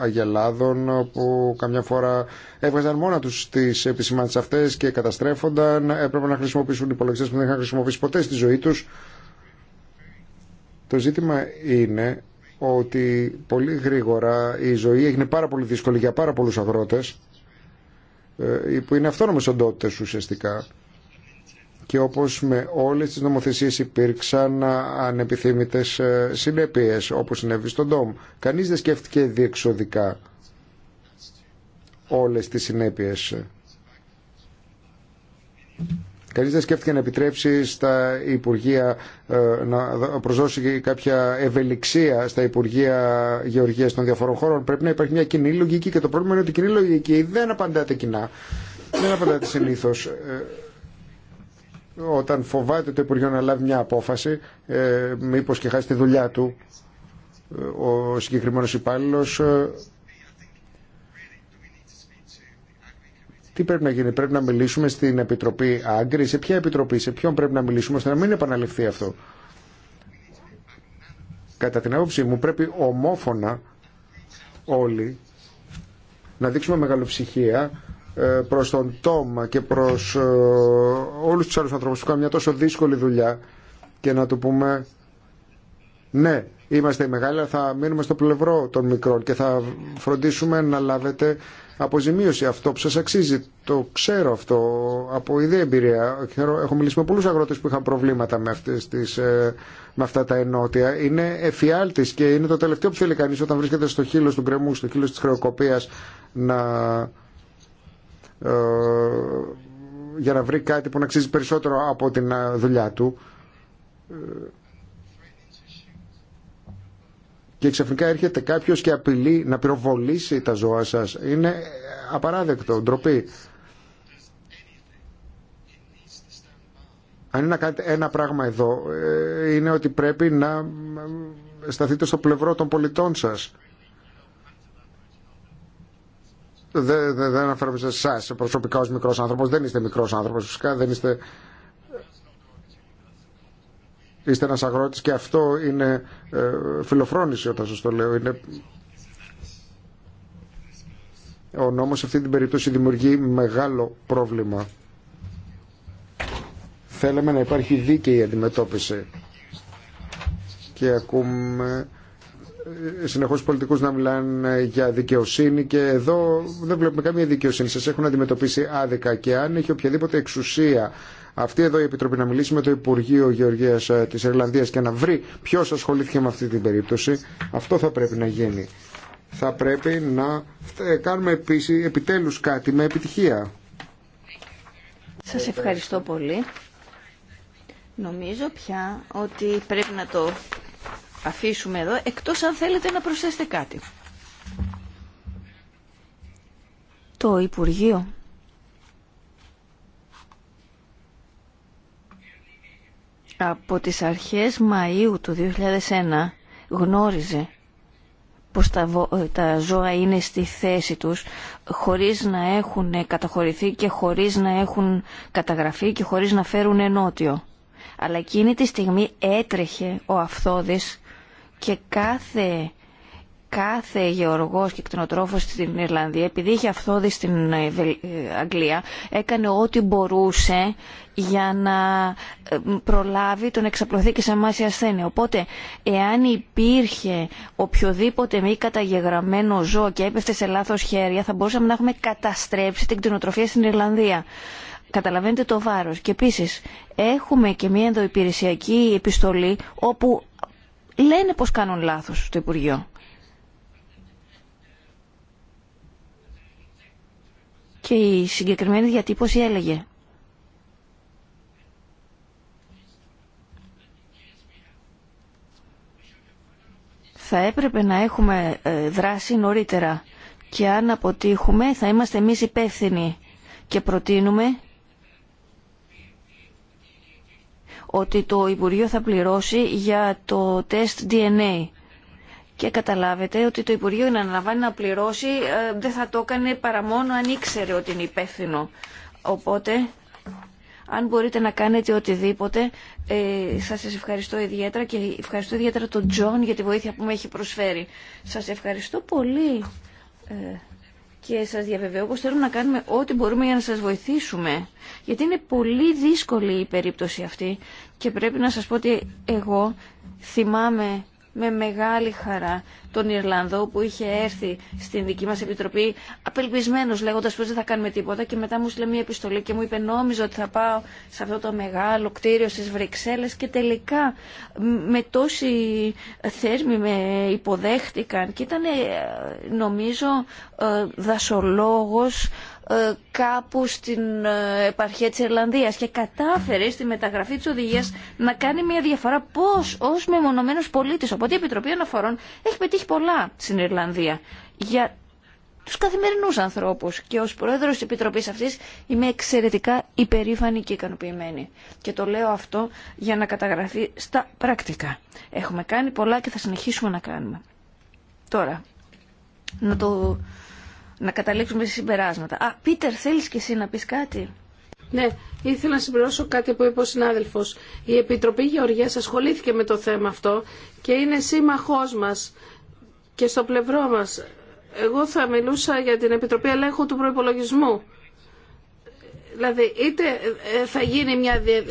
αγελάδων που καμιά φορά έβγαζαν μόνα του τι επισημάνσει αυτέ και καταστρέφονταν. Έπρεπε να χρησιμοποιήσουν υπολογιστέ που δεν είχαν χρησιμοποιήσει ποτέ στη ζωή του. Το ζήτημα είναι ότι πολύ γρήγορα η ζωή έγινε πάρα πολύ δύσκολη για πάρα πολλούς αγρότες ε, που είναι αυτόνομες οντότητες ουσιαστικά και όπως με όλες τις νομοθεσίες υπήρξαν ανεπιθύμητες ε, συνέπειες όπως συνέβη στον ΤΟΜ. Κανείς δεν σκέφτηκε διεξοδικά όλες τις συνέπειες. Κανεί δεν σκέφτηκε να επιτρέψει στα Υπουργεία ε, να προσδώσει κάποια ευελιξία στα Υπουργεία Γεωργία των διαφορών χώρων. Πρέπει να υπάρχει μια κοινή λογική και το πρόβλημα είναι ότι η κοινή λογική δεν απαντάται κοινά. Δεν απαντάται συνήθω. Ε, όταν φοβάται το Υπουργείο να λάβει μια απόφαση, ε, μήπω και χάσει τη δουλειά του ο συγκεκριμένος υπάλληλο Τι πρέπει να γίνει, πρέπει να μιλήσουμε στην Επιτροπή Άγκρη, σε ποια Επιτροπή, σε ποιον πρέπει να μιλήσουμε ώστε να μην επαναληφθεί αυτό. Κατά την άποψή μου πρέπει ομόφωνα όλοι να δείξουμε μεγαλοψυχία ε, προς τον Τόμα και προς ε, όλους τους άλλους ανθρώπους που κάνουν μια τόσο δύσκολη δουλειά και να του πούμε ναι, είμαστε οι μεγάλοι, αλλά θα μείνουμε στο πλευρό των μικρών και θα φροντίσουμε να λάβετε αποζημίωση αυτό που σας αξίζει. Το ξέρω αυτό από ιδέα εμπειρία. Έχω μιλήσει με πολλούς αγρότες που είχαν προβλήματα με, αυτές τις, ε, με αυτά τα ενότια. Είναι εφιάλτης και είναι το τελευταίο που θέλει κανείς όταν βρίσκεται στο χείλο του γκρεμού, στο χείλο της χρεοκοπίας να... Ε, για να βρει κάτι που να αξίζει περισσότερο από την ε, δουλειά του και ξαφνικά έρχεται κάποιος και απειλεί να πυροβολήσει τα ζώα σας. Είναι απαράδεκτο, ντροπή. Αν είναι να κάνετε ένα πράγμα εδώ, ε, είναι ότι πρέπει να ε, σταθείτε στο πλευρό των πολιτών σας. Δεν, δεν, δεν αναφέρομαι σε εσά προσωπικά ω μικρό άνθρωπο. Δεν είστε μικρό άνθρωπο, φυσικά. Δεν είστε Είστε ένας αγρότης και αυτό είναι ε, φιλοφρόνηση όταν σας το λέω. Είναι... Ο νόμος σε αυτή την περίπτωση δημιουργεί μεγάλο πρόβλημα. Θέλαμε να υπάρχει δίκαιη αντιμετώπιση και ακούμε ε, συνεχώς πολιτικούς να μιλάνε για δικαιοσύνη και εδώ δεν βλέπουμε καμία δικαιοσύνη. Σας έχουν αντιμετωπίσει άδικα και αν έχει οποιαδήποτε εξουσία αυτή εδώ η Επιτροπή να μιλήσει με το Υπουργείο Γεωργίας ε, της Ιρλανδία και να βρει ποιος ασχολήθηκε με αυτή την περίπτωση. Αυτό θα πρέπει να γίνει. Θα πρέπει να ε, κάνουμε επίση, επιτέλους κάτι με επιτυχία. Σας ευχαριστώ πολύ. Νομίζω πια ότι πρέπει να το αφήσουμε εδώ, εκτός αν θέλετε να προσθέσετε κάτι. Το Υπουργείο από τις αρχές Μαΐου του 2001 γνώριζε πως ε, τα ζώα είναι στη θέση τους χωρίς να έχουν καταχωρηθεί και χωρίς να έχουν καταγραφεί και χωρίς να φέρουν ενότιο. Αλλά εκείνη τη στιγμή έτρεχε ο αυθόδης και κάθε κάθε γεωργός και κτηνοτρόφος στην Ιρλανδία, επειδή είχε αυθόδη στην ε, ε, Αγγλία, έκανε ό,τι μπορούσε για να ε, προλάβει τον εξαπλωθεί και σε η ασθένεια. Οπότε, εάν υπήρχε οποιοδήποτε μη καταγεγραμμένο ζώο και έπεφτε σε λάθος χέρια, θα μπορούσαμε να έχουμε καταστρέψει την κτηνοτροφία στην Ιρλανδία. Καταλαβαίνετε το βάρος. Και επίσης, έχουμε και μια ενδοϊπηρεσιακή επιστολή όπου λένε πως κάνουν λάθος στο Υπουργείο. και η συγκεκριμένη διατύπωση έλεγε θα έπρεπε να έχουμε ε, δράση νωρίτερα και αν αποτύχουμε θα είμαστε εμείς υπεύθυνοι και προτείνουμε ότι το Υπουργείο θα πληρώσει για το τεστ DNA και καταλάβετε ότι το Υπουργείο να αναλαμβάνει να πληρώσει ε, δεν θα το έκανε παρά μόνο αν ήξερε ότι είναι υπεύθυνο. Οπότε, αν μπορείτε να κάνετε οτιδήποτε, ε, σας ευχαριστώ ιδιαίτερα και ευχαριστώ ιδιαίτερα τον Τζον για τη βοήθεια που με έχει προσφέρει. Σας ευχαριστώ πολύ ε, και σας διαβεβαιώ πως θέλουμε να κάνουμε ό,τι μπορούμε για να σας βοηθήσουμε. Γιατί είναι πολύ δύσκολη η περίπτωση αυτή και πρέπει να σας πω ότι εγώ θυμάμαι με μεγάλη χαρά τον Ιρλανδό που είχε έρθει στην δική μας επιτροπή απελπισμένος λέγοντας πως δεν θα κάνουμε τίποτα και μετά μου στείλε μια επιστολή και μου είπε νόμιζα ότι θα πάω σε αυτό το μεγάλο κτίριο στις Βρυξέλλες και τελικά με τόση θέρμη με υποδέχτηκαν και ήταν ε, νομίζω ε, δασολόγος ε, κάπου στην ε, επαρχία της Ιρλανδίας και κατάφερε στη μεταγραφή της οδηγίας να κάνει μια διαφορά πώς ως μεμονωμένος πολίτης. Οπότε η Επιτροπή Αναφορών έχει πετύχει πολλά στην Ιρλανδία για τους καθημερινούς ανθρώπους και ως πρόεδρος της Επιτροπής αυτής είμαι εξαιρετικά υπερήφανη και ικανοποιημένη. Και το λέω αυτό για να καταγραφεί στα πρακτικά. Έχουμε κάνει πολλά και θα συνεχίσουμε να κάνουμε. Τώρα, να το να καταλήξουμε σε συμπεράσματα. Α, Πίτερ, θέλεις και εσύ να πεις κάτι. Ναι, ήθελα να συμπληρώσω κάτι που είπε ο συνάδελφο. Η Επιτροπή Γεωργίας ασχολήθηκε με το θέμα αυτό και είναι σύμμαχό μα και στο πλευρό μα. Εγώ θα μιλούσα για την Επιτροπή Ελέγχου του Προπολογισμού. Δηλαδή, είτε ε, θα γίνει μια ε,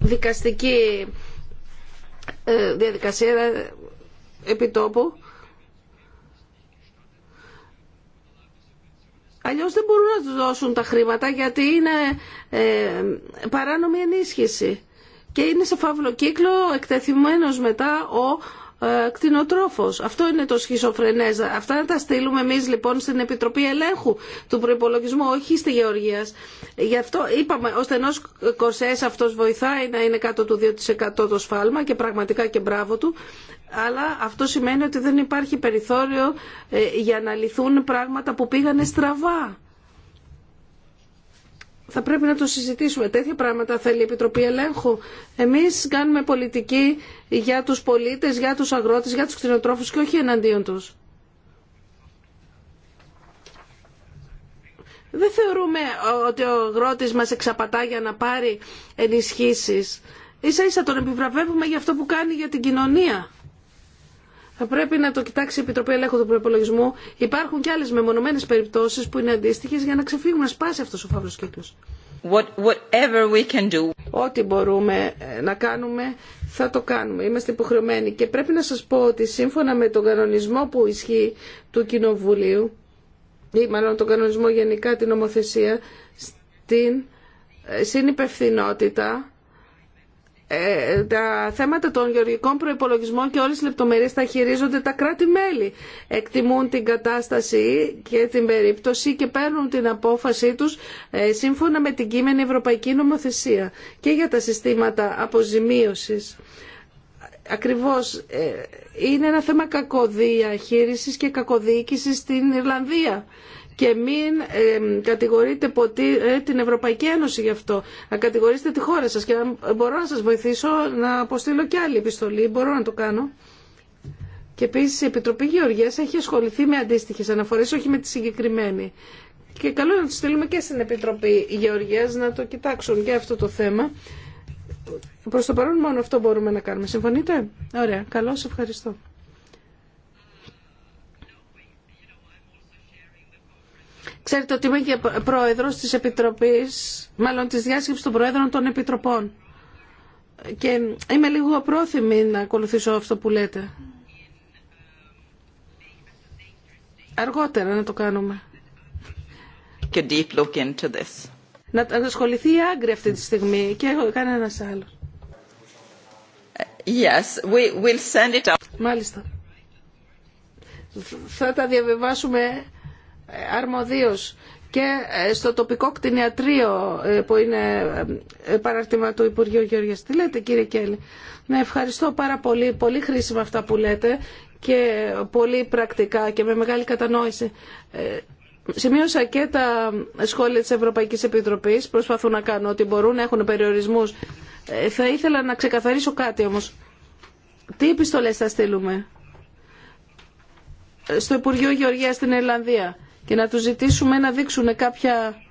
δικαστική ε, διαδικασία επιτόπου, Αλλιώς δεν μπορούν να τους δώσουν τα χρήματα γιατί είναι ε, παράνομη ενίσχυση. Και είναι σε φαύλο κύκλο εκτεθειμένος μετά ο ε, κτηνοτρόφος. Αυτό είναι το σχισοφρενέζα. Αυτά τα στείλουμε εμείς λοιπόν στην Επιτροπή Ελέγχου του Προϋπολογισμού, όχι στη Γεωργίας. Γι' αυτό είπαμε, ο στενός κορσές αυτός βοηθάει να είναι κάτω του 2% το σφάλμα και πραγματικά και μπράβο του αλλά αυτό σημαίνει ότι δεν υπάρχει περιθώριο ε, για να λυθούν πράγματα που πήγανε στραβά. Θα πρέπει να το συζητήσουμε. Τέτοια πράγματα θέλει η Επιτροπή Ελέγχου. Εμείς κάνουμε πολιτική για τους πολίτες, για τους αγρότες, για τους κτηνοτρόφους και όχι εναντίον τους. Δεν θεωρούμε ότι ο αγρότης μας εξαπατά για να πάρει ενισχύσεις. Ίσα ίσα τον επιβραβεύουμε για αυτό που κάνει για την κοινωνία θα πρέπει να το κοιτάξει η Επιτροπή Ελέγχου του Προπολογισμού. Υπάρχουν και άλλε μεμονωμένε περιπτώσει που είναι αντίστοιχε για να ξεφύγουν, να σπάσει αυτό ο φαύλο κύκλο. What, Ό,τι μπορούμε ε, να κάνουμε θα το κάνουμε. Είμαστε υποχρεωμένοι. Και πρέπει να σας πω ότι σύμφωνα με τον κανονισμό που ισχύει του Κοινοβουλίου, ή μάλλον τον κανονισμό γενικά την νομοθεσία, στην ε, συνυπευθυνότητα ε, τα θέματα των γεωργικών προϋπολογισμών και όλες τις λεπτομέρειες τα χειρίζονται τα κράτη-μέλη. Εκτιμούν την κατάσταση και την περίπτωση και παίρνουν την απόφασή τους ε, σύμφωνα με την κείμενη ευρωπαϊκή νομοθεσία και για τα συστήματα αποζημίωσης. Ακριβώς ε, είναι ένα θέμα κακοδιαχείρισης και κακοδιοίκησης στην Ιρλανδία και μην κατηγορείτε ποτέ ε, την Ευρωπαϊκή Ένωση γι' αυτό. Να κατηγορήσετε τη χώρα σας και μπορώ να σας βοηθήσω να αποστείλω και άλλη επιστολή, μπορώ να το κάνω. Και επίση η Επιτροπή Γεωργίας έχει ασχοληθεί με αντίστοιχες αναφορές, όχι με τη συγκεκριμένη. Και καλό είναι να του στείλουμε και στην Επιτροπή Γεωργίας να το κοιτάξουν για αυτό το θέμα. Προς το παρόν μόνο αυτό μπορούμε να κάνουμε. Συμφωνείτε? Ωραία. Καλώς, ευχαριστώ. Ξέρετε ότι είμαι και πρόεδρος της Επιτροπής, μάλλον της διάσκεψης των Προέδρων των Επιτροπών. Και είμαι λίγο απρόθυμη να ακολουθήσω αυτό που λέτε. Αργότερα να το κάνουμε. deep into this. Να ασχοληθεί η Άγκρη αυτή τη στιγμή και κανένα άλλο. Ε, yes, we will send it up. Μάλιστα. Θα τα διαβεβάσουμε αρμοδίως και ε, στο τοπικό κτηνιατρίο ε, που είναι ε, παράρτημα του Υπουργείου Γεωργίας. Τι λέτε κύριε Κέλλη. Ναι, ευχαριστώ πάρα πολύ. Πολύ χρήσιμα αυτά που λέτε και πολύ πρακτικά και με μεγάλη κατανόηση. Σημείωσα και τα σχόλια της Ευρωπαϊκής Επιτροπής, προσπαθούν να κάνουν ό,τι μπορούν, έχουν περιορισμούς. Θα ήθελα να ξεκαθαρίσω κάτι όμως. Τι επιστολές θα στείλουμε στο Υπουργείο Γεωργίας στην Ιρλανδία και να τους ζητήσουμε να δείξουν κάποια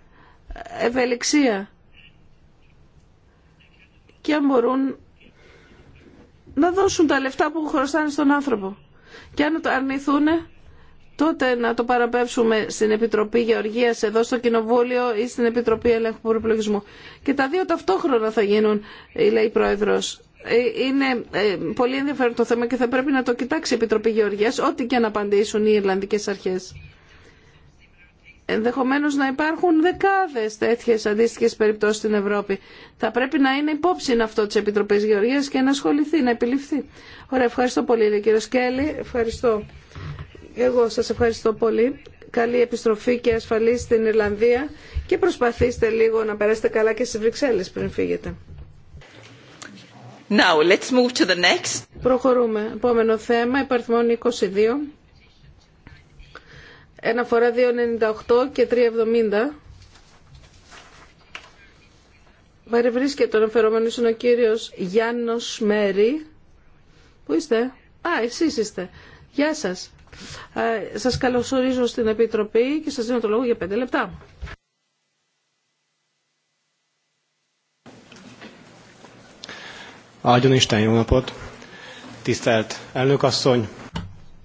ευελιξία και αν μπορούν να δώσουν τα λεφτά που χρωστάνε στον άνθρωπο. Και αν το αρνηθούν, τότε να το παραπέψουμε στην Επιτροπή Γεωργίας εδώ στο Κοινοβούλιο ή στην Επιτροπή Ελέγχου Προπολογισμού. Και τα δύο ταυτόχρονα θα γίνουν, λέει η Πρόεδρος. Ε, είναι ε, πολύ ενδιαφέρον το θέμα και θα πρέπει να το κοιτάξει η Επιτροπή Γεωργίας, ό,τι και να απαντήσουν οι Ιρλανδικές Αρχές ενδεχομένως να υπάρχουν δεκάδες τέτοιες αντίστοιχες περιπτώσεις στην Ευρώπη. Θα πρέπει να είναι υπόψη αυτό της Επιτροπής Γεωργίας και να ασχοληθεί, να επιληφθεί. Ωραία, ευχαριστώ πολύ κύριε Σκέλη. Ευχαριστώ. Εγώ σας ευχαριστώ πολύ. Καλή επιστροφή και ασφαλή στην Ιρλανδία και προσπαθήστε λίγο να περάσετε καλά και στις Βρυξέλλες πριν φύγετε. Now, let's move to the next. Προχωρούμε. Επόμενο θέμα, υπαρθμόν 22 ένα φορά 298 και 370. Παρευρίσκεται ο αναφερόμενος είναι ο κύριος Γιάννος Μέρη. Πού είστε? Α, εσείς είστε. Γεια σας. Ε, σας καλωσορίζω στην Επιτροπή και σας δίνω το λόγο για πέντε λεπτά.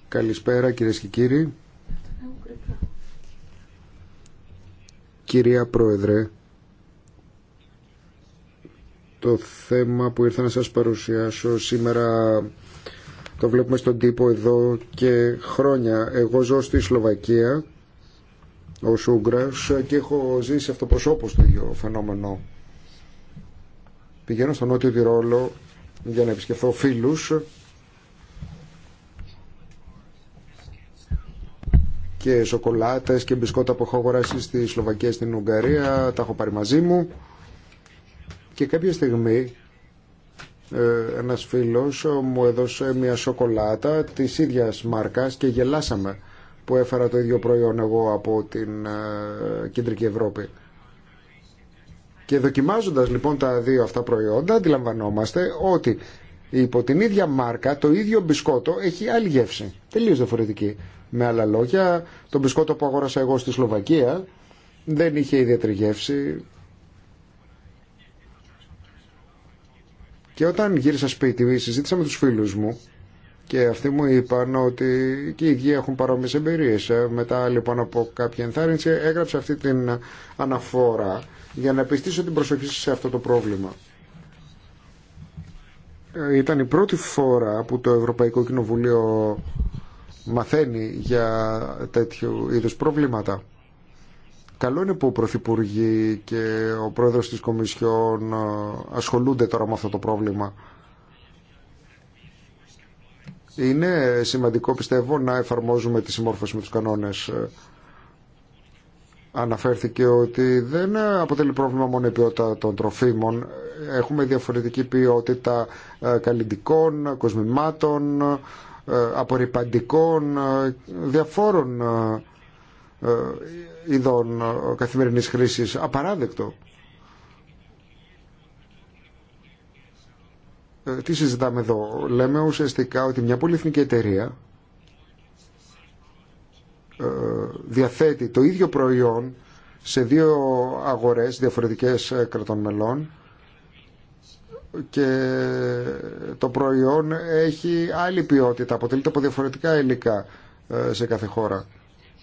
Καλησπέρα κυρίες και κύριοι. Κυρία Πρόεδρε, το θέμα που ήρθα να σας παρουσιάσω σήμερα το βλέπουμε στον τύπο εδώ και χρόνια. Εγώ ζω στη Σλοβακία ο Ούγγρας και έχω ζήσει αυτοπροσώπως το ίδιο φαινόμενο. Πηγαίνω στον Νότιο Τυρόλο για να επισκεφθώ φίλους και σοκολάτες και μπισκότα που έχω αγοράσει στη Σλοβακία, στην Ουγγαρία, τα έχω πάρει μαζί μου. Και κάποια στιγμή ε, ένας φίλος μου έδωσε μια σοκολάτα της ίδιας μάρκας και γελάσαμε που έφερα το ίδιο προϊόν εγώ από την ε, Κεντρική Ευρώπη. Και δοκιμάζοντας λοιπόν τα δύο αυτά προϊόντα αντιλαμβανόμαστε ότι υπό την ίδια μάρκα το ίδιο μπισκότο έχει άλλη γεύση. Τελείως διαφορετική. Με άλλα λόγια, το μπισκότο που αγόρασα εγώ στη Σλοβακία δεν είχε ιδιαίτερη γεύση. Και όταν γύρισα σπίτι, συζήτησα με τους φίλους μου και αυτοί μου είπαν ότι και οι ίδιοι έχουν παρόμοιες εμπειρίες. Ε, μετά λοιπόν από κάποια ενθάρρυνση έγραψα αυτή την αναφορά για να πιστήσω την προσοχή σε αυτό το πρόβλημα. Ε, ήταν η πρώτη φορά που το Ευρωπαϊκό Κοινοβουλίο μαθαίνει για τέτοιου είδους προβλήματα. Καλό είναι που ο Πρωθυπουργή και ο Πρόεδρος της Κομισιόν ε, ασχολούνται τώρα με αυτό το πρόβλημα. Είναι σημαντικό πιστεύω να εφαρμόζουμε τη συμμόρφωση με τους κανόνες. Ε, αναφέρθηκε ότι δεν αποτελεί πρόβλημα μόνο η ποιότητα των τροφίμων. Έχουμε διαφορετική ποιότητα ε, καλλιντικών, κοσμημάτων, ε, απορριπαντικών, ε, διαφόρων ε, ειδών καθημερινής χρήσης. Απαράδεκτο. Τι συζητάμε εδώ. Λέμε ουσιαστικά ότι μια πολυεθνική εταιρεία διαθέτει το ίδιο προϊόν σε δύο αγορές διαφορετικές κρατών μελών και το προϊόν έχει άλλη ποιότητα, αποτελείται από διαφορετικά υλικά ε, σε κάθε χώρα,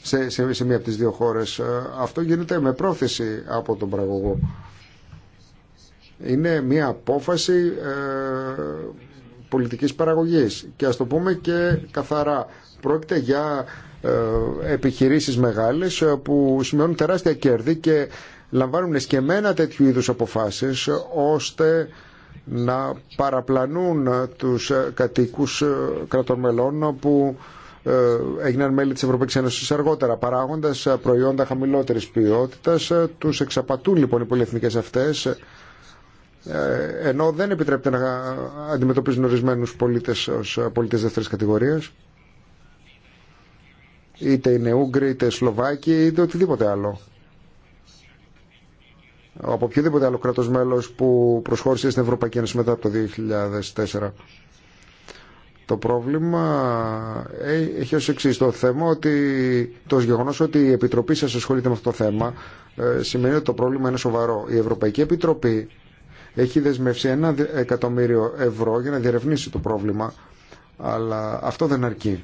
σε, σε, μία από τις δύο χώρες. Ε, αυτό γίνεται με πρόθεση από τον πραγωγό. Είναι μία απόφαση ε, πολιτικής παραγωγής και ας το πούμε και καθαρά. Πρόκειται για ε, επιχειρήσεις μεγάλες που σημειώνουν τεράστια κέρδη και λαμβάνουν σκεμμένα τέτοιου είδους αποφάσεις ώστε να παραπλανούν τους ε, κατοίκους ε, κρατών μελών που ε, έγιναν μέλη της Ευρωπαϊκής Ένωσης αργότερα παράγοντας προϊόντα χαμηλότερης ποιότητας τους εξαπατούν λοιπόν οι πολυεθνικές αυτές ενώ δεν επιτρέπεται να αντιμετωπίζουν ορισμένους πολίτες ως πολίτες δεύτερης κατηγορίας είτε είναι Ούγγροι είτε Σλοβάκοι είτε οτιδήποτε άλλο από οποιοδήποτε άλλο κράτος μέλος που προσχώρησε στην Ευρωπαϊκή Ένωση μετά από το 2004. Το πρόβλημα ε, έχει ως εξή το θέμα ότι το γεγονό ότι η Επιτροπή σας ασχολείται με αυτό το θέμα ε, σημαίνει ότι το πρόβλημα είναι σοβαρό. Η Ευρωπαϊκή Επιτροπή έχει δεσμεύσει ένα εκατομμύριο ευρώ για να διερευνήσει το πρόβλημα, αλλά αυτό δεν αρκεί.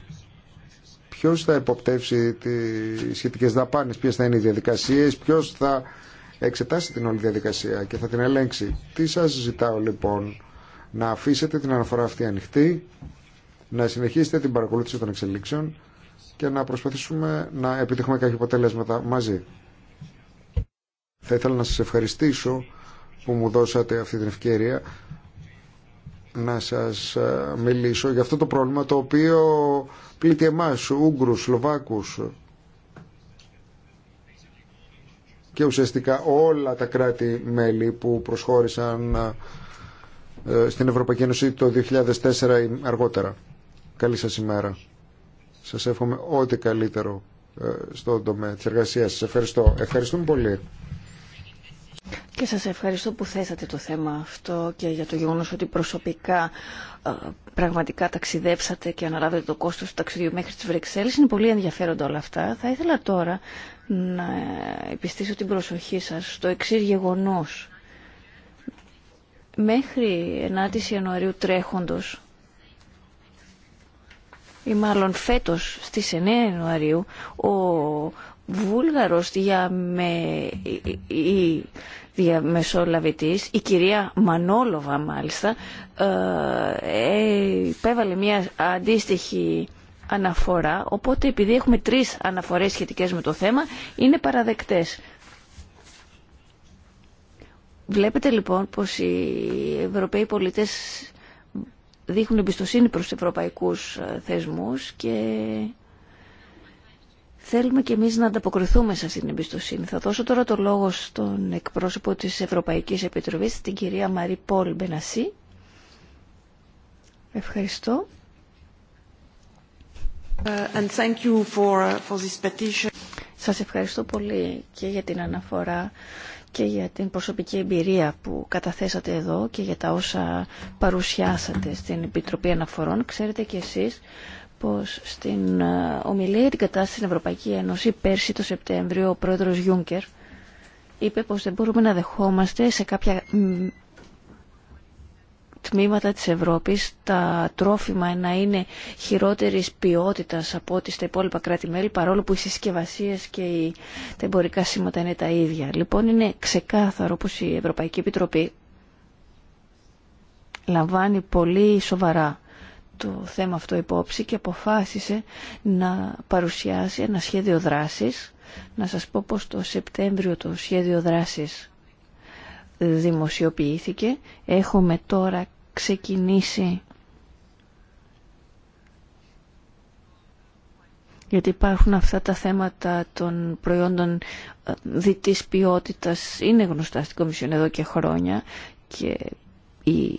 Ποιος θα υποπτεύσει τις σχετικές δαπάνες, ποιες θα είναι οι διαδικασίες, ποιος θα εξετάσει την όλη διαδικασία και θα την ελέγξει. Τι σας ζητάω λοιπόν, να αφήσετε την αναφορά αυτή ανοιχτή, να συνεχίσετε την παρακολούθηση των εξελίξεων και να προσπαθήσουμε να επιτύχουμε κάποια αποτελέσματα μαζί. Θα ήθελα να σας ευχαριστήσω που μου δώσατε αυτή την ευκαιρία να σας ε, μιλήσω για αυτό το πρόβλημα το οποίο πλήττει εμάς, Ούγγρους, Σλοβάκους, και ουσιαστικά όλα τα κράτη-μέλη που προσχώρησαν ε, στην Ευρωπαϊκή Ένωση το 2004 ή αργότερα. Καλή σας ημέρα. Σας εύχομαι ό,τι καλύτερο ε, στον τομέα της εργασίας. Σας ευχαριστώ. Ευχαριστούμε πολύ. Και σας ευχαριστώ που θέσατε το θέμα αυτό και για το γεγονός ότι προσωπικά ε, πραγματικά ταξιδέψατε και αναλάβετε το κόστος του ταξιδιού μέχρι τις Βρυξέλλες. Είναι πολύ ενδιαφέροντα όλα αυτά. Θα ήθελα τώρα να επιστήσω την προσοχή σας στο εξή γεγονός. Μέχρι 9 Ιανουαρίου τρέχοντος, ή μάλλον φέτος στις 9 Ιανουαρίου, ο Βούλγαρος διαμεσολαβητής, η κυρία Μανόλοβα μάλιστα, ε, ε υπέβαλε μια αντίστοιχη αναφορά, οπότε επειδή έχουμε τρεις αναφορές σχετικές με το θέμα, είναι παραδεκτές. Βλέπετε λοιπόν πως οι Ευρωπαίοι πολίτες δείχνουν εμπιστοσύνη προς τους ευρωπαϊκούς ε, θεσμούς και θέλουμε και εμείς να ανταποκριθούμε σε αυτή την εμπιστοσύνη. Θα δώσω τώρα το λόγο στον εκπρόσωπο της Ευρωπαϊκής Επιτροπής, την κυρία Μαρή Πολ Μπενασί. Ευχαριστώ. Uh, uh, Σας ευχαριστώ πολύ και για την αναφορά και για την προσωπική εμπειρία που καταθέσατε εδώ και για τα όσα παρουσιάσατε στην Επιτροπή Αναφορών. Ξέρετε και εσείς πως στην ε, ομιλία για την κατάσταση στην Ευρωπαϊκή Ένωση πέρσι το Σεπτέμβριο ο πρόεδρος Γιούνκερ είπε πως δεν μπορούμε να δεχόμαστε σε κάποια τμήματα της Ευρώπης τα τρόφιμα να είναι χειρότερης ποιότητας από ό,τι στα υπόλοιπα κράτη-μέλη παρόλο που οι συσκευασίε και οι, τα εμπορικά σήματα είναι τα ίδια. Λοιπόν είναι ξεκάθαρο πως η Ευρωπαϊκή Επιτροπή λαμβάνει πολύ σοβαρά το θέμα αυτό υπόψη και αποφάσισε να παρουσιάσει ένα σχέδιο δράσης. Να σας πω πως το Σεπτέμβριο το σχέδιο δράσης δημοσιοποιήθηκε. Έχουμε τώρα ξεκινήσει γιατί υπάρχουν αυτά τα θέματα των προϊόντων ε, διτής ποιότητας, είναι γνωστά στην Κομισιόν εδώ και χρόνια και η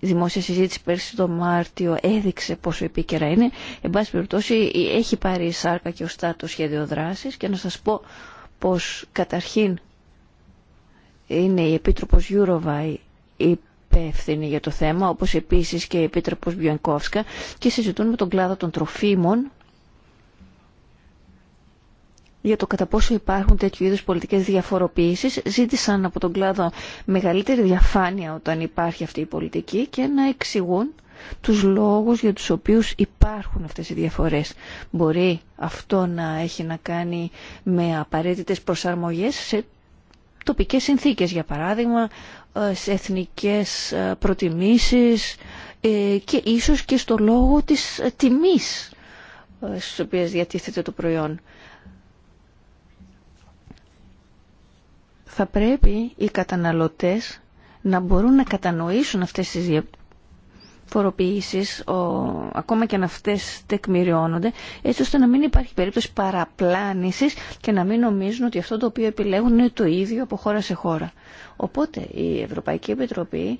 δημόσια συζήτηση πέρσι το Μάρτιο έδειξε πόσο επίκαιρα είναι. Εν πάση περιπτώσει έχει πάρει η σάρκα και ο το σχέδιο δράσης και να σας πω πως καταρχήν είναι η Επίτροπος Γιούροβα υπεύθυνη για το θέμα, όπως επίσης και η Επίτροπος Μπιονκόφσκα και συζητούν με τον κλάδο των τροφίμων για το κατά πόσο υπάρχουν τέτοιου είδους πολιτικές διαφοροποιήσεις. Ζήτησαν από τον κλάδο μεγαλύτερη διαφάνεια όταν υπάρχει αυτή η πολιτική και να εξηγούν τους λόγους για τους οποίους υπάρχουν αυτές οι διαφορές. Μπορεί αυτό να έχει να κάνει με απαραίτητες προσαρμογές σε τοπικές συνθήκες, για παράδειγμα, ε, εθνικές ε, προτιμήσεις ε, και ίσως και στο λόγο της τιμής στις οποίες διατίθεται το προϊόν. Θα πρέπει οι καταναλωτές να μπορούν να κατανοήσουν αυτές τις διαφοροποιήσεις ο, ακόμα και αν αυτές τεκμηριώνονται, έτσι ώστε να μην υπάρχει περίπτωση παραπλάνησης και να μην νομίζουν ότι αυτό το οποίο επιλέγουν είναι το ίδιο από χώρα σε χώρα. Οπότε η Ευρωπαϊκή Επιτροπή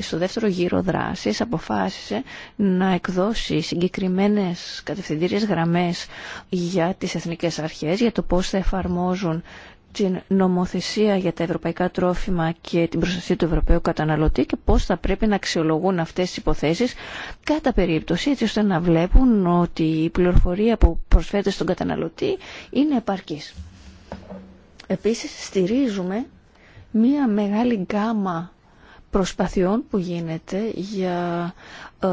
στο δεύτερο γύρο δράσης αποφάσισε να εκδώσει συγκεκριμένες κατευθυντήριες γραμμές για τις εθνικές αρχές, για το πώς θα εφαρμόζουν την νομοθεσία για τα ευρωπαϊκά τρόφιμα και την προστασία του ευρωπαίου καταναλωτή και πώς θα πρέπει να αξιολογούν αυτές τις υποθέσεις κατά περίπτωση έτσι ώστε να βλέπουν ότι η πληροφορία που προσφέρεται στον καταναλωτή είναι επαρκής. Επίσης στηρίζουμε μία μεγάλη γκάμα προσπαθειών που γίνεται για ε,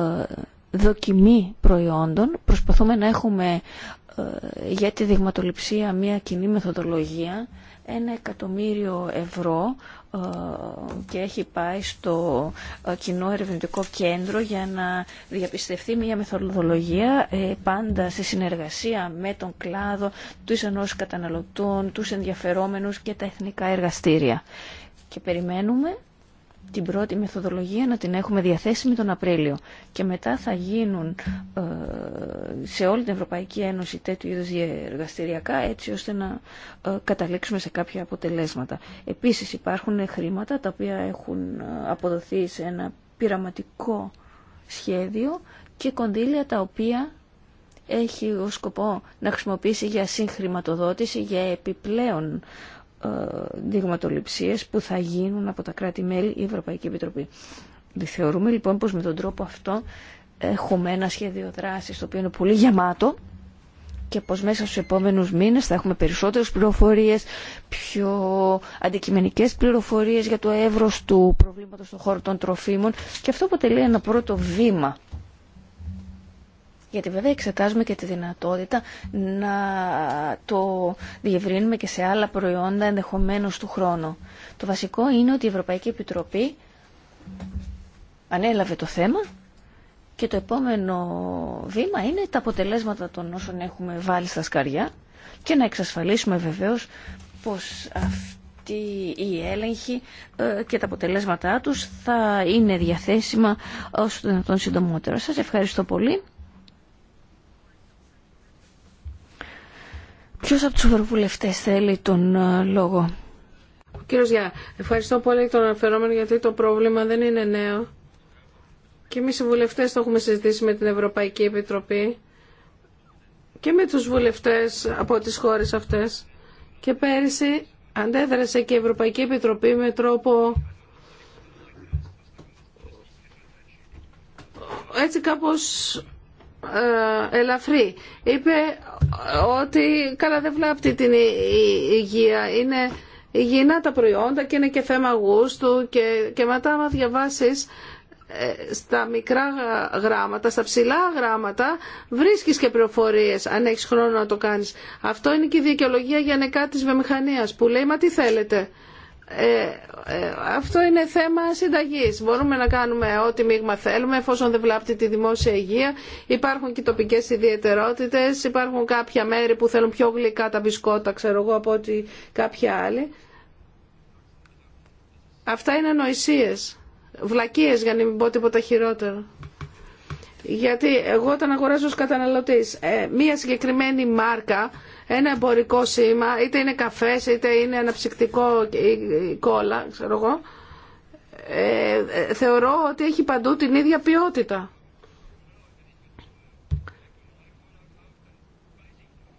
δοκιμή προϊόντων. Προσπαθούμε να έχουμε ε, για τη δειγματοληψία μια κοινή μεθοδολογία ένα εκατομμύριο ευρώ ε, και έχει πάει στο ε, κοινό ερευνητικό κέντρο για να διαπιστευτεί μια μεθοδολογία ε, πάντα σε συνεργασία με τον κλάδο, τους ενός καταναλωτών, τους ενδιαφερόμενους και τα εθνικά εργαστήρια. Και περιμένουμε την πρώτη μεθοδολογία να την έχουμε διαθέσιμη τον Απρίλιο και μετά θα γίνουν ε, σε όλη την Ευρωπαϊκή Ένωση τέτοιου είδους εργαστηριακά έτσι ώστε να ε, καταλήξουμε σε κάποια αποτελέσματα. Επίσης υπάρχουν χρήματα τα οποία έχουν ε, αποδοθεί σε ένα πειραματικό σχέδιο και κονδύλια τα οποία έχει ως σκοπό να χρησιμοποιήσει για συγχρηματοδότηση, για επιπλέον ε, δειγματοληψίες που θα γίνουν από τα κράτη-μέλη η Ευρωπαϊκή Επιτροπή. Θεωρούμε λοιπόν πως με τον τρόπο αυτό έχουμε ένα σχέδιο δράσης το οποίο είναι πολύ γεμάτο και πως μέσα στους επόμενους μήνες θα έχουμε περισσότερες πληροφορίες, πιο αντικειμενικές πληροφορίες για το εύρος του προβλήματος στον χώρο των τροφίμων και αυτό αποτελεί ένα πρώτο βήμα γιατί βέβαια εξετάζουμε και τη δυνατότητα να το διευρύνουμε και σε άλλα προϊόντα ενδεχομένως του χρόνου. Το βασικό είναι ότι η Ευρωπαϊκή Επιτροπή ανέλαβε το θέμα και το επόμενο βήμα είναι τα αποτελέσματα των όσων έχουμε βάλει στα σκαριά και να εξασφαλίσουμε βεβαίως πως αυτή η έλεγχη ε, και τα αποτελέσματά τους θα είναι διαθέσιμα όσο το δυνατόν συντομότερο. Σας ευχαριστώ πολύ. Ποιος από τους ευρωβουλευτές θέλει τον ε, λόγο. κύριος Γιά, ευχαριστώ πολύ τον αναφερόμενο γιατί το πρόβλημα δεν είναι νέο. Και εμείς οι βουλευτές το έχουμε συζητήσει με την Ευρωπαϊκή Επιτροπή και με τους βουλευτές από τις χώρες αυτές. Και πέρυσι αντέδρασε και η Ευρωπαϊκή Επιτροπή με τρόπο έτσι κάπως ε, ελαφρύ. Είπε ότι καλά δεν βλάπτει την υγεία, είναι υγιεινά τα προϊόντα και είναι και θέμα γούστου και, και μετά άμα διαβάσεις ε, στα μικρά γράμματα, στα ψηλά γράμματα βρίσκεις και πληροφορίες αν έχεις χρόνο να το κάνεις. Αυτό είναι και η δικαιολογία για νεκά της βιομηχανίας που λέει μα τι θέλετε ε, ε, αυτό είναι θέμα συνταγής. Μπορούμε να κάνουμε ό,τι μείγμα θέλουμε εφόσον δεν βλάπτει τη δημόσια υγεία. Υπάρχουν και τοπικές ιδιαιτερότητες, υπάρχουν κάποια μέρη που θέλουν πιο γλυκά τα μπισκότα, ξέρω εγώ, από ότι κάποια άλλη. Αυτά είναι νοησίες. βλακίες για να μην πω τίποτα χειρότερο. Γιατί εγώ όταν αγοράζω ως καταναλωτής ε, μία συγκεκριμένη μάρκα ένα εμπορικό σήμα, είτε είναι καφές, είτε είναι αναψυκτικό κόλλα, ξέρω εγώ, ε, θεωρώ ότι έχει παντού την ίδια ποιότητα.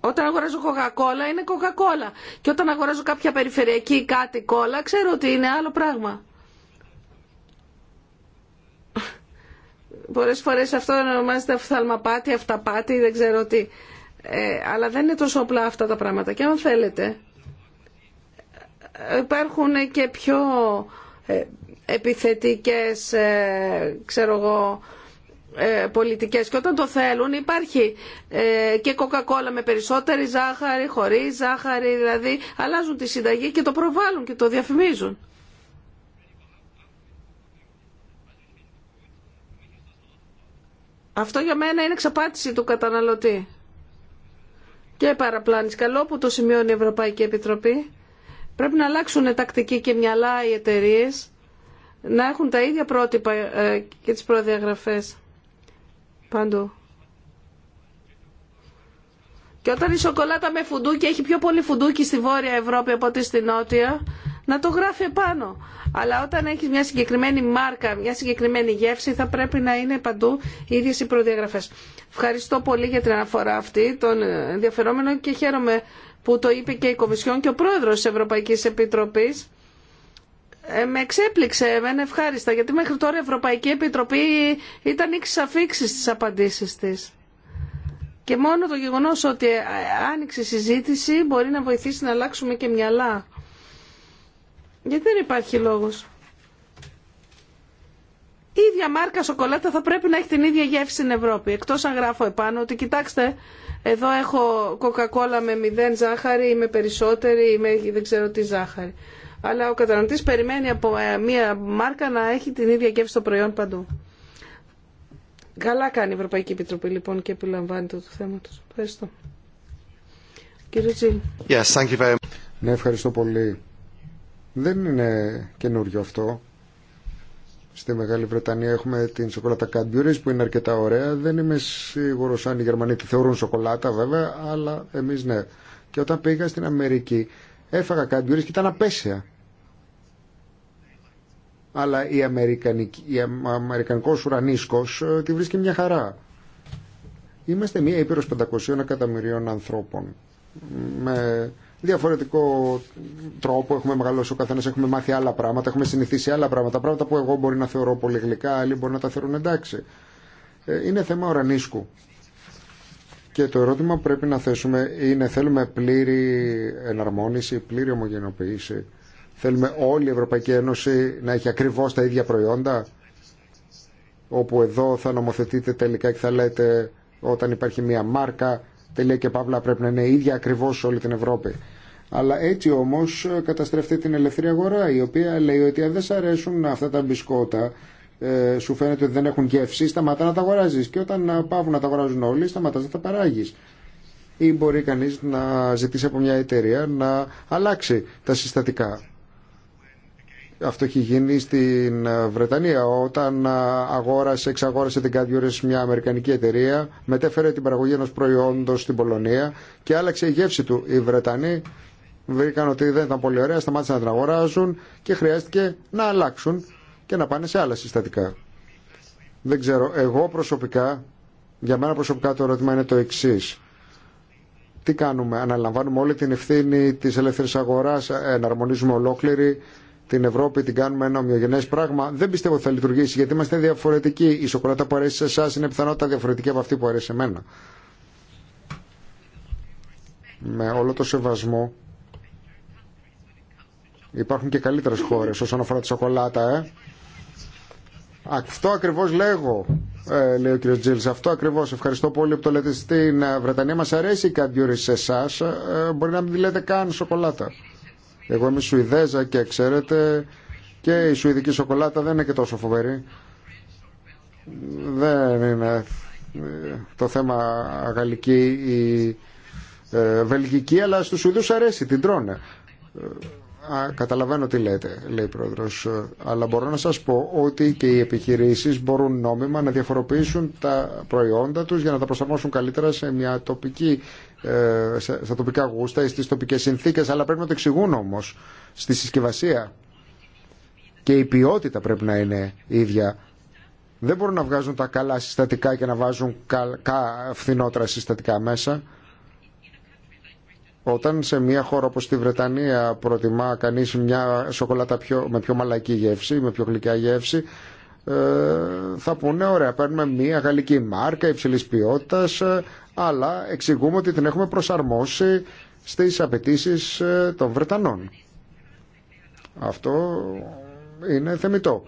Όταν αγοράζω κοκακόλα είναι κοκακόλα. Και όταν αγοράζω κάποια περιφερειακή κάτι κόλλα, ξέρω ότι είναι άλλο πράγμα. Πολλές φορές αυτό ονομάζεται αυθαλμαπάτη, αυταπάτη, δεν ξέρω τι. Ε, αλλά δεν είναι τόσο απλά αυτά τα πράγματα. Και αν θέλετε, υπάρχουν και πιο ε, επιθετικές, ε, ξέρω πολιτικές και όταν το θέλουν υπάρχει και κοκακόλα με περισσότερη ζάχαρη, χωρίς ζάχαρη, δηλαδή αλλάζουν τη συνταγή και το προβάλλουν και το διαφημίζουν. Αυτό για μένα είναι εξαπάτηση του καταναλωτή και παραπλάνης. Καλό που το σημειώνει η Ευρωπαϊκή Επιτροπή. Πρέπει να αλλάξουν τακτική και μυαλά οι εταιρείε να έχουν τα ίδια πρότυπα ε, και τις προδιαγραφές παντού. Και όταν η σοκολάτα με φουντούκι έχει πιο πολύ φουντούκι στη Βόρεια Ευρώπη από ό,τι στη Νότια, να το γράφει επάνω. Αλλά όταν έχει μια συγκεκριμένη μάρκα, μια συγκεκριμένη γεύση, θα πρέπει να είναι παντού οι ίδιε οι προδιαγραφέ. Ευχαριστώ πολύ για την αναφορά αυτή, τον ενδιαφερόμενο και χαίρομαι που το είπε και η Κομισιόν και ο πρόεδρο τη Ευρωπαϊκή Επίτροπή, Ε, με εξέπληξε εμένα ευχάριστα, γιατί μέχρι τώρα η Ευρωπαϊκή Επιτροπή ήταν ήξη αφήξη στις απαντήσεις της. Και μόνο το γεγονός ότι άνοιξε συζήτηση μπορεί να βοηθήσει να αλλάξουμε και μυαλά. Γιατί δεν υπάρχει λόγος. Η ίδια μάρκα σοκολάτα θα πρέπει να έχει την ίδια γεύση στην Ευρώπη. Εκτός αν γράφω επάνω ότι κοιτάξτε, εδώ έχω κοκακόλα με μηδέν ζάχαρη ή με περισσότερη ή με δεν ξέρω τι ζάχαρη. Αλλά ο καταναλωτής περιμένει από ε, μια μάρκα να έχει την ίδια γεύση στο προϊόν παντού. Καλά κάνει η Ευρωπαϊκή Επιτροπή λοιπόν και επιλαμβάνει το, θέμα του. Ευχαριστώ. Κύριε Τζίλ. Yes, Ναι, ευχαριστώ πολύ. Δεν είναι καινούριο αυτό. Στη Μεγάλη Βρετανία έχουμε την σοκολάτα Cadbury's που είναι αρκετά ωραία. Δεν είμαι σίγουρος αν οι Γερμανοί τη θεωρούν σοκολάτα βέβαια, αλλά εμείς ναι. Και όταν πήγα στην Αμερική έφαγα Cadbury's και ήταν απέσια. Αλλά η ο αμερικανικός ουρανίσκος ε, τη βρίσκει μια χαρά. Είμαστε μια ήπειρος 500 εκατομμυρίων ανθρώπων με διαφορετικό τρόπο, έχουμε μεγαλώσει ο καθένα, έχουμε μάθει άλλα πράγματα, έχουμε συνηθίσει άλλα πράγματα. Πράγματα που εγώ μπορεί να θεωρώ πολύ γλυκά, άλλοι μπορεί να τα θεωρούν εντάξει. Ε, είναι θέμα ορανίσκου. Και το ερώτημα που πρέπει να θέσουμε είναι θέλουμε πλήρη εναρμόνιση, πλήρη ομογενοποίηση. Θέλουμε όλη η Ευρωπαϊκή Ένωση να έχει ακριβώς τα ίδια προϊόντα, όπου εδώ θα νομοθετείτε τελικά και θα λέτε όταν υπάρχει μία μάρκα, τελεία και παύλα πρέπει να είναι ίδια ακριβώς σε όλη την Ευρώπη. Αλλά έτσι όμως καταστρέφεται την ελευθερία αγορά η οποία λέει ότι αν δεν σ' αρέσουν αυτά τα μπισκότα ε, σου φαίνεται ότι δεν έχουν γεύση, σταματά να τα αγοράζει. Και όταν πάβουν να τα αγοράζουν όλοι, σταματά να τα παράγει. Ή μπορεί κανεί να ζητήσει από μια εταιρεία να αλλάξει τα συστατικά. Αυτό έχει γίνει στην Βρετανία. Όταν αγόρασε, εξαγόρασε την Cadbury μια Αμερικανική εταιρεία, μετέφερε την παραγωγή ενό προϊόντο στην Πολωνία και άλλαξε η γεύση του. Οι Βρετανοί βρήκαν ότι δεν ήταν πολύ ωραία, σταμάτησαν να την αγοράζουν και χρειάστηκε να αλλάξουν και να πάνε σε άλλα συστατικά. Δεν ξέρω, εγώ προσωπικά, για μένα προσωπικά το ερώτημα είναι το εξή. Τι κάνουμε, αναλαμβάνουμε όλη την ευθύνη τη ελεύθερη αγορά, εναρμονίζουμε ολόκληρη την Ευρώπη, την κάνουμε ένα ομοιογενέ πράγμα. Δεν πιστεύω ότι θα λειτουργήσει γιατί είμαστε διαφορετικοί. Η σοκολάτα που αρέσει σε εσά είναι πιθανότατα διαφορετική από αυτή που αρέσει σε μένα. Με όλο το σεβασμό Υπάρχουν και καλύτερες χώρες όσον αφορά τη σοκολάτα, ε. Αυτό ακριβώς λέγω, ε, λέει ο κ. Τζίλς. Αυτό ακριβώς. Ευχαριστώ πολύ που το λέτε στην ε, Βρετανία. Μας αρέσει η καντιούρη σε εσά. Ε, μπορεί να μην τη λέτε καν σοκολάτα. Εγώ είμαι Σουηδέζα και ξέρετε και η Σουηδική σοκολάτα δεν είναι και τόσο φοβερή. Δεν είναι το θέμα γαλλική ή βελγική, αλλά στους Σουηδούς αρέσει, την τρώνε. Α, καταλαβαίνω τι λέτε, λέει η Πρόεδρος, αλλά μπορώ να σας πω ότι και οι επιχειρήσεις μπορούν νόμιμα να διαφοροποιήσουν τα προϊόντα τους για να τα προσαρμόσουν καλύτερα σε μια τοπική, ε, στα τοπικά γούστα ή στις τοπικές συνθήκες, αλλά πρέπει να το εξηγούν όμως στη συσκευασία. Και η ποιότητα πρέπει να είναι ίδια. Δεν μπορούν να βγάζουν τα καλά συστατικά και να βάζουν κα, κα, φθηνότερα συστατικά μέσα. Όταν σε μια χώρα όπως τη Βρετανία προτιμά κανείς μια σοκολάτα πιο, με πιο μαλακή γεύση, με πιο γλυκιά γεύση, ε, θα πούνε ωραία παίρνουμε μια γαλλική μάρκα υψηλής ποιότητας ε, αλλά εξηγούμε ότι την έχουμε προσαρμόσει στις απαιτήσει ε, των Βρετανών. Αυτό είναι θεμητό.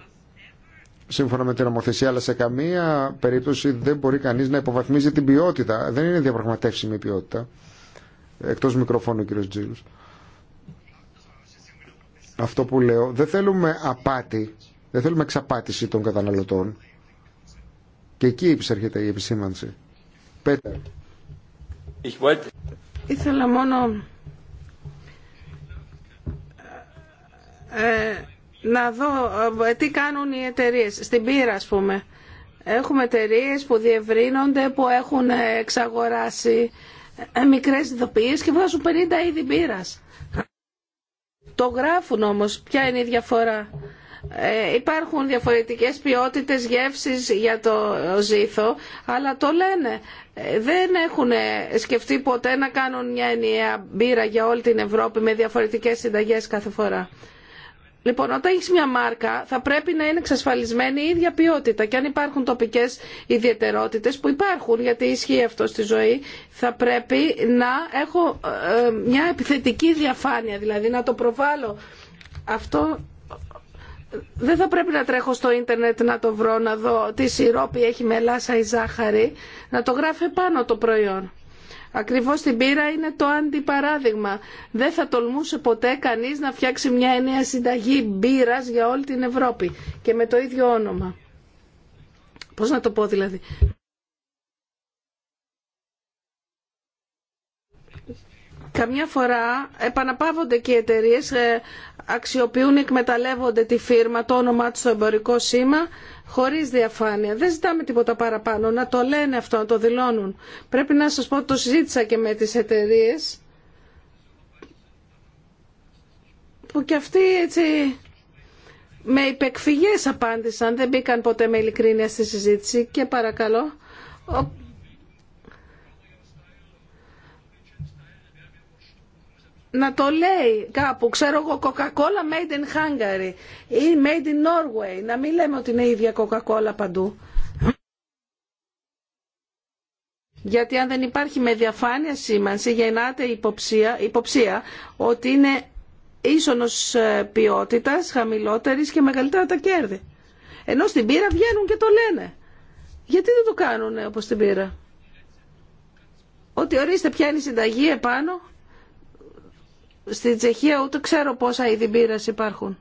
Σύμφωνα με την νομοθεσία, αλλά σε καμία περίπτωση δεν μπορεί κανείς να υποβαθμίζει την ποιότητα. Δεν είναι διαπραγματεύσιμη η ποιότητα. Εκτός μικροφώνου ο κύριος Τζίλους. Αυτό που λέω, δεν θέλουμε απάτη, δεν θέλουμε εξαπάτηση των καταναλωτών. Και εκεί έρχεται η επισήμανση. Πέτερ. Ήθελα μόνο ε, να δω ε, τι κάνουν οι εταιρείες. Στην πύρα, ας πούμε. Έχουμε εταιρείε που διευρύνονται, που έχουν εξαγοράσει ε, μικρές ειδοποιίες και βγάζουν 50 είδη μπύρας. Το γράφουν όμως. Ποια είναι η διαφορά. Ε, υπάρχουν διαφορετικές ποιότητες γεύσης για το ζήθο, αλλά το λένε. Ε, δεν έχουν σκεφτεί ποτέ να κάνουν μια ενιαία μπύρα για όλη την Ευρώπη με διαφορετικές συνταγές κάθε φορά. Λοιπόν, όταν έχει μια μάρκα, θα πρέπει να είναι εξασφαλισμένη η ίδια ποιότητα. Και αν υπάρχουν τοπικέ ιδιαιτερότητε που υπάρχουν, γιατί ισχύει αυτό στη ζωή, θα πρέπει να έχω ε, ε, μια επιθετική διαφάνεια, δηλαδή να το προβάλλω. Αυτό ε, δεν θα πρέπει να τρέχω στο ίντερνετ να το βρω, να δω τι σιρόπι έχει μελάσα ή ζάχαρη, να το γράφει πάνω το προϊόν. Ακριβώς την πείρα είναι το αντιπαράδειγμα. Δεν θα τολμούσε ποτέ κανείς να φτιάξει μια ενιαία συνταγή μπύρας για όλη την Ευρώπη και με το ίδιο όνομα. Πώς να το πω δηλαδή. Καμιά φορά επαναπαύονται και οι εταιρείε ε, αξιοποιούν, εκμεταλλεύονται τη φύρμα, το όνομά του στο εμπορικό σήμα χωρίς διαφάνεια. Δεν ζητάμε τίποτα παραπάνω, να το λένε αυτό, να το δηλώνουν. Πρέπει να σας πω ότι το συζήτησα και με τις εταιρείε. που και αυτοί έτσι με υπεκφυγές απάντησαν, δεν μπήκαν ποτέ με ειλικρίνεια στη συζήτηση και παρακαλώ να το λέει κάπου, ξέρω εγώ, Coca-Cola made in Hungary ή made in Norway, να μην λέμε ότι είναι η ίδια Coca-Cola παντού. Γιατί αν δεν υπάρχει με διαφάνεια σήμανση γεννάται υποψία, υποψία ότι είναι ίσονος ε, ποιότητας, χαμηλότερης και μεγαλύτερα τα κέρδη. Ενώ στην πύρα βγαίνουν και το λένε. Γιατί δεν το κάνουν όπως στην πύρα. Ότι ορίστε ποια η συνταγή επάνω Στη Τσεχία ούτε ξέρω πόσα είδη μπύρας υπάρχουν.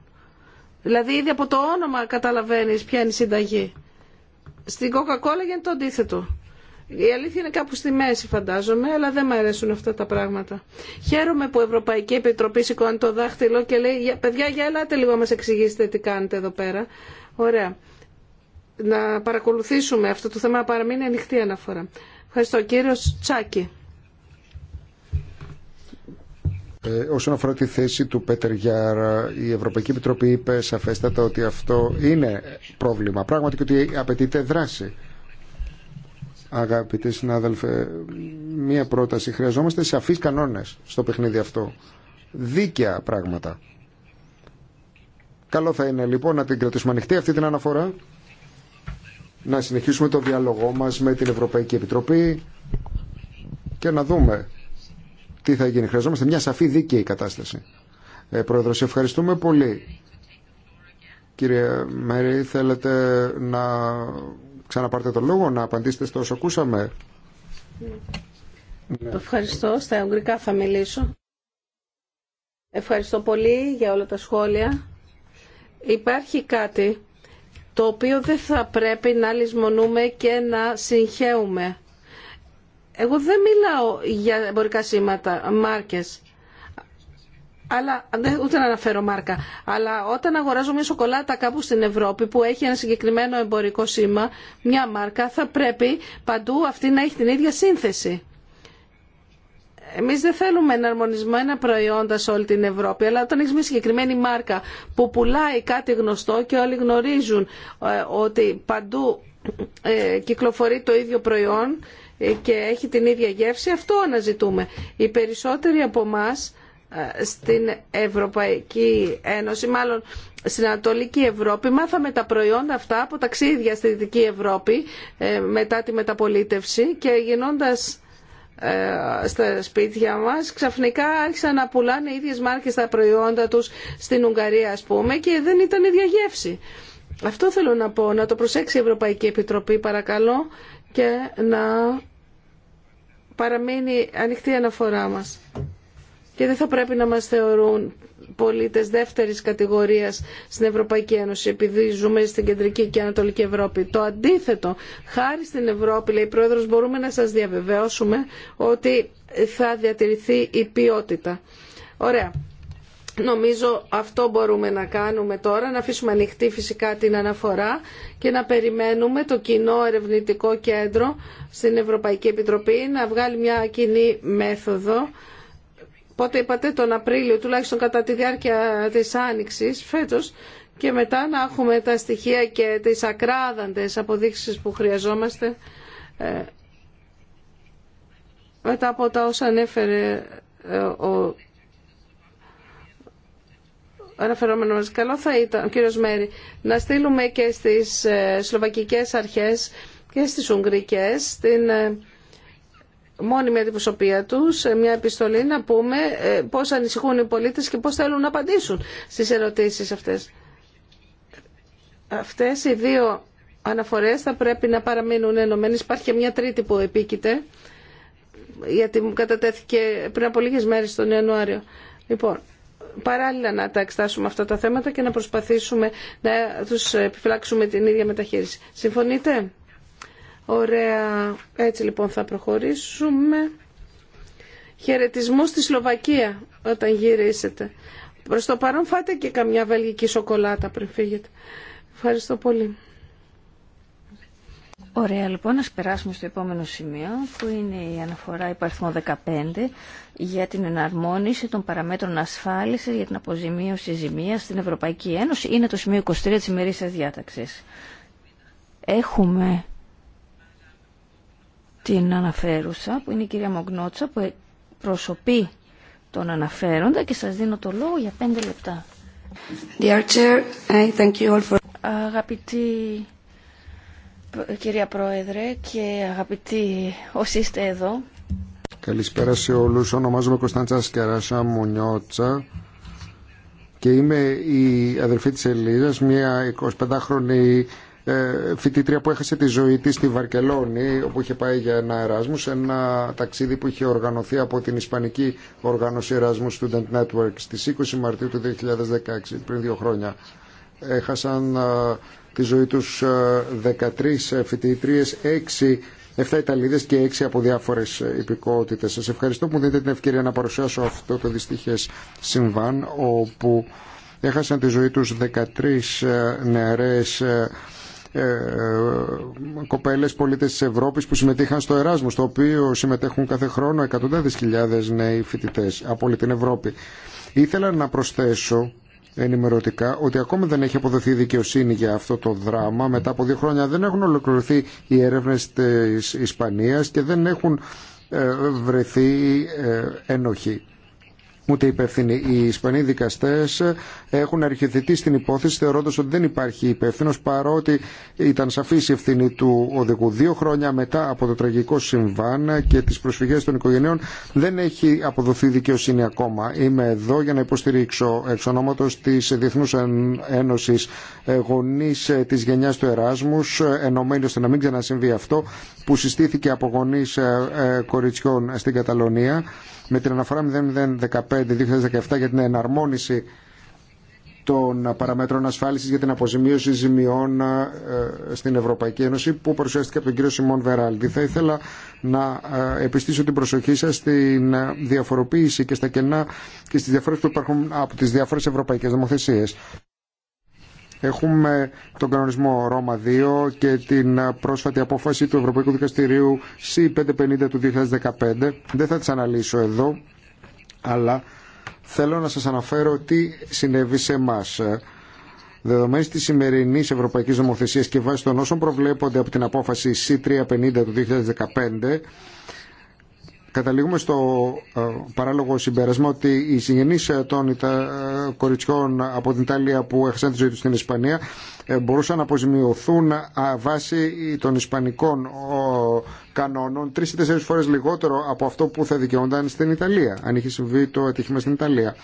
Δηλαδή ήδη από το όνομα καταλαβαίνεις ποια είναι η συνταγή. Στην Coca-Cola γίνεται το αντίθετο. Η αλήθεια είναι κάπου στη μέση φαντάζομαι, αλλά δεν μου αρέσουν αυτά τα πράγματα. Χαίρομαι που η Ευρωπαϊκή Επιτροπή σηκώνει το δάχτυλο και λέει «Παιδιά, για ελάτε λίγο να μας εξηγήσετε τι κάνετε εδώ πέρα». Ωραία. Να παρακολουθήσουμε αυτό το θέμα, παραμείνει ανοιχτή αναφορά. Ευχαριστώ. Κύριος Τσάκη. Ε, όσον αφορά τη θέση του Πέτερ Γιάρα, η Ευρωπαϊκή Επιτροπή είπε σαφέστατα ότι αυτό είναι πρόβλημα πράγματι και ότι απαιτείται δράση. Αγαπητοί συνάδελφε, μία πρόταση. Χρειαζόμαστε σαφεί κανόνε στο παιχνίδι αυτό. Δίκαια πράγματα. Καλό θα είναι λοιπόν να την κρατήσουμε ανοιχτή αυτή την αναφορά, να συνεχίσουμε το διάλογό μας με την Ευρωπαϊκή Επιτροπή και να δούμε τι θα γίνει. Χρειαζόμαστε μια σαφή δίκαιη κατάσταση. Ε, Πρόεδρο, ευχαριστούμε πολύ. Κύριε Μέρη, θέλετε να ξαναπάρτε το λόγο, να απαντήσετε στο όσο ακούσαμε. Ναι. Ευχαριστώ. Στα αγγλικά θα μιλήσω. Ευχαριστώ πολύ για όλα τα σχόλια. Υπάρχει κάτι το οποίο δεν θα πρέπει να λησμονούμε και να συγχαίουμε. Εγώ δεν μιλάω για εμπορικά σήματα, μάρκες. Αλλά, ούτε να αναφέρω μάρκα, αλλά όταν αγοράζω μια σοκολάτα κάπου στην Ευρώπη που έχει ένα συγκεκριμένο εμπορικό σήμα, μια μάρκα, θα πρέπει παντού αυτή να έχει την ίδια σύνθεση. Εμείς δεν θέλουμε αρμονισμένα προϊόντα σε όλη την Ευρώπη, αλλά όταν έχει μια συγκεκριμένη μάρκα που πουλάει κάτι γνωστό και όλοι γνωρίζουν ε, ότι παντού ε, κυκλοφορεί το ίδιο προϊόν, και έχει την ίδια γεύση, αυτό αναζητούμε. Οι περισσότεροι από εμά ε, στην Ευρωπαϊκή Ένωση, μάλλον στην Ανατολική Ευρώπη, μάθαμε τα προϊόντα αυτά από ταξίδια στη Δυτική Ευρώπη ε, μετά τη μεταπολίτευση και γινώντας ε, στα σπίτια μας ξαφνικά άρχισαν να πουλάνε ίδιες μάρκες τα προϊόντα τους στην Ουγγαρία ας πούμε και δεν ήταν ίδια γεύση. Αυτό θέλω να πω, να το προσέξει η Ευρωπαϊκή Επιτροπή παρακαλώ και να παραμείνει ανοιχτή η αναφορά μας. Και δεν θα πρέπει να μας θεωρούν πολίτες δεύτερης κατηγορίας στην Ευρωπαϊκή Ένωση επειδή ζούμε στην Κεντρική και Ανατολική Ευρώπη. Το αντίθετο, χάρη στην Ευρώπη, λέει η Πρόεδρος, μπορούμε να σας διαβεβαιώσουμε ότι θα διατηρηθεί η ποιότητα. Ωραία. Νομίζω αυτό μπορούμε να κάνουμε τώρα, να αφήσουμε ανοιχτή φυσικά την αναφορά και να περιμένουμε το κοινό ερευνητικό κέντρο στην Ευρωπαϊκή Επιτροπή να βγάλει μια κοινή μέθοδο. Πότε είπατε τον Απρίλιο, τουλάχιστον κατά τη διάρκεια της Άνοιξης φέτος και μετά να έχουμε τα στοιχεία και τις ακράδαντες αποδείξεις που χρειαζόμαστε ε, μετά από τα όσα ανέφερε ε, ο αναφερόμενο μας. Καλό θα ήταν, κύριος Μέρη, να στείλουμε και στις ε, σλοβακικές αρχές και στις ουγγρικές την ε, μόνιμη αντιπροσωπεία τους ε, μια επιστολή να πούμε πώς ανησυχούν οι πολίτες και πώς θέλουν να απαντήσουν στις ερωτήσεις αυτές. Αυτές οι δύο αναφορές θα πρέπει να παραμείνουν ενωμένες. Υπάρχει και μια τρίτη που επίκειται, γιατί μου κατατέθηκε πριν από λίγες μέρες τον Ιανουάριο. Λοιπόν, παράλληλα να τα εξτάσουμε αυτά τα θέματα και να προσπαθήσουμε να τους επιφυλάξουμε την ίδια μεταχείριση. Συμφωνείτε? Ωραία. Έτσι λοιπόν θα προχωρήσουμε. Χαιρετισμό στη Σλοβακία όταν γυρίσετε. Προς το παρόν φάτε και καμιά βελγική σοκολάτα πριν φύγετε. Ευχαριστώ πολύ. Ωραία, λοιπόν, να περάσουμε στο επόμενο σημείο, που είναι η αναφορά υπαριθμό 15 για την εναρμόνιση των παραμέτρων ασφάλισης για την αποζημίωση ζημίας στην Ευρωπαϊκή Ένωση. Είναι το σημείο 23 της ημερήσιας διάταξης. Έχουμε την αναφέρουσα, που είναι η κυρία Μογνώτσα, που προσωπεί τον αναφέροντα και σας δίνω το λόγο για 5 λεπτά. Αγαπητοί κυρία Πρόεδρε και αγαπητοί όσοι είστε εδώ. Καλησπέρα σε όλους. Ονομάζομαι Κωνσταντζά Σκεράσα Μουνιώτσα και είμαι η αδερφή της Ελίζας, μια 25χρονη ε, φοιτήτρια που έχασε τη ζωή της στη Βαρκελόνη όπου είχε πάει για ένα Εράσμους ένα ταξίδι που είχε οργανωθεί από την Ισπανική Οργάνωση Εράσμους Student Network στις 20 Μαρτίου του 2016 πριν δύο χρόνια έχασαν ε, τη ζωή τους 13 ε, φοιτήτριε, 6 7 Ιταλίδες και 6 από διάφορες υπηκότητες. Σας ευχαριστώ που μου δίνετε την ευκαιρία να παρουσιάσω αυτό το δυστυχές συμβάν όπου έχασαν τη ζωή τους 13 ε, νεαρές ε, κοπέλες πολίτες της Ευρώπης που συμμετείχαν στο Εράσμο στο οποίο συμμετέχουν κάθε χρόνο εκατοντάδες χιλιάδες νέοι φοιτητές από όλη την Ευρώπη. Ήθελα να προσθέσω ενημερωτικά ότι ακόμα δεν έχει αποδοθεί δικαιοσύνη για αυτό το δράμα. Μετά από δύο χρόνια δεν έχουν ολοκληρωθεί οι έρευνες της Ισπανίας και δεν έχουν ε, βρεθεί ε, ενοχή ούτε υπεύθυνοι. Οι Ισπανοί δικαστέ έχουν αρχιθετεί στην υπόθεση θεωρώντα ότι δεν υπάρχει υπεύθυνο παρότι ήταν σαφή η ευθύνη του οδηγού. Δύο χρόνια μετά από το τραγικό συμβάν και τι προσφυγέ των οικογενειών δεν έχει αποδοθεί δικαιοσύνη ακόμα. Είμαι εδώ για να υποστηρίξω εξ ονόματο τη Διεθνού Ένωση Γονεί τη Γενιά του Εράσμου, ενωμένοι ώστε να μην ξανασυμβεί αυτό που συστήθηκε από γονεί ε, ε, κοριτσιών στην Καταλωνία με την αναφορά 0015-2017 για την εναρμόνιση των παραμέτρων ασφάλισης για την αποζημίωση ζημιών ε, στην Ευρωπαϊκή Ένωση που παρουσιάστηκε από τον κύριο Σιμών Βεράλτη. Θα ήθελα να ε, επιστήσω την προσοχή σας στην διαφοροποίηση και στα κενά και στις διαφορές που υπάρχουν από τις διάφορες ευρωπαϊκές νομοθεσίες. Έχουμε τον κανονισμό Ρώμα 2 και την πρόσφατη απόφαση του Ευρωπαϊκού Δικαστηρίου C550 του 2015. Δεν θα τις αναλύσω εδώ, αλλά θέλω να σας αναφέρω τι συνέβη σε εμά. Δεδομένη τη σημερινή ευρωπαϊκή νομοθεσία και βάσει των όσων προβλέπονται από την απόφαση C350 του 2015, Καταλήγουμε στο ε, παράλογο συμπέρασμα ότι οι συγγενείς ε, των ε, κοριτσιών από την Ιταλία που έχασαν τη ζωή τους στην Ισπανία μπορούσαν να αποζημιωθούν βάσει των ισπανικών κανόνων τρεις ή τέσσερις φορές λιγότερο από αυτό που θα δικαιούνταν στην Ιταλία, αν είχε συμβεί το ατύχημα στην Ιταλία.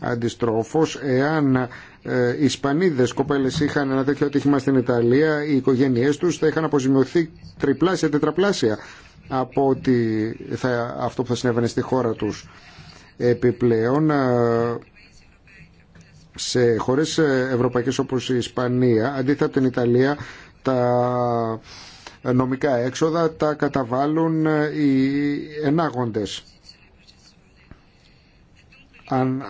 Αντιστρόφως, εάν οι Ισπανίδες κοπέλες είχαν ένα τέτοιο ατύχημα στην Ιταλία, οι οικογένειές τους θα είχαν αποζημιωθεί τριπλάσια, τετραπλάσια από ότι θα, αυτό που θα συνέβαινε στη χώρα τους. Επιπλέον, ε, σε χώρες ε, ευρωπαϊκές όπως η Ισπανία, αντίθετα την Ιταλία, τα νομικά έξοδα τα καταβάλουν ε, οι ενάγοντες. Αν,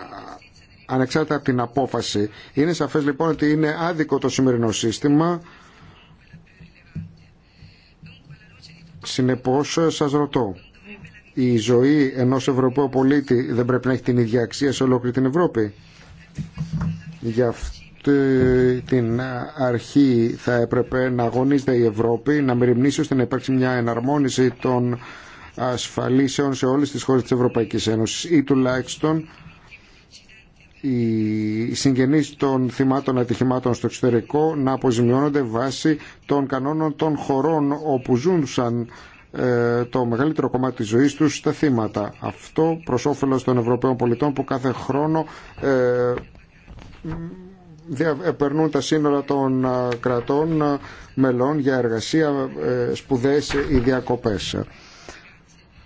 ανεξάρτητα από την απόφαση. Είναι σαφές λοιπόν ότι είναι άδικο το σημερινό σύστημα Συνεπώς σας ρωτώ, η ζωή ενός Ευρωπαίου πολίτη δεν πρέπει να έχει την ίδια αξία σε ολόκληρη την Ευρώπη. Γι' αυτή την αρχή θα έπρεπε να αγωνίζεται η Ευρώπη, να μεριμνήσει ώστε να υπάρξει μια εναρμόνιση των ασφαλίσεων σε όλες τις χώρες της Ευρωπαϊκής Ένωσης ή τουλάχιστον οι συγγενείς των θυμάτων ατυχημάτων στο εξωτερικό να αποζημιώνονται βάσει των κανόνων των χωρών όπου ζούσαν ε, το μεγαλύτερο κομμάτι της ζωής τους στα θύματα. Αυτό προς όφελος των Ευρωπαίων πολιτών που κάθε χρόνο ε, ε, περνούν τα σύνορα των κρατών μελών για εργασία, σπουδές ή διακοπές.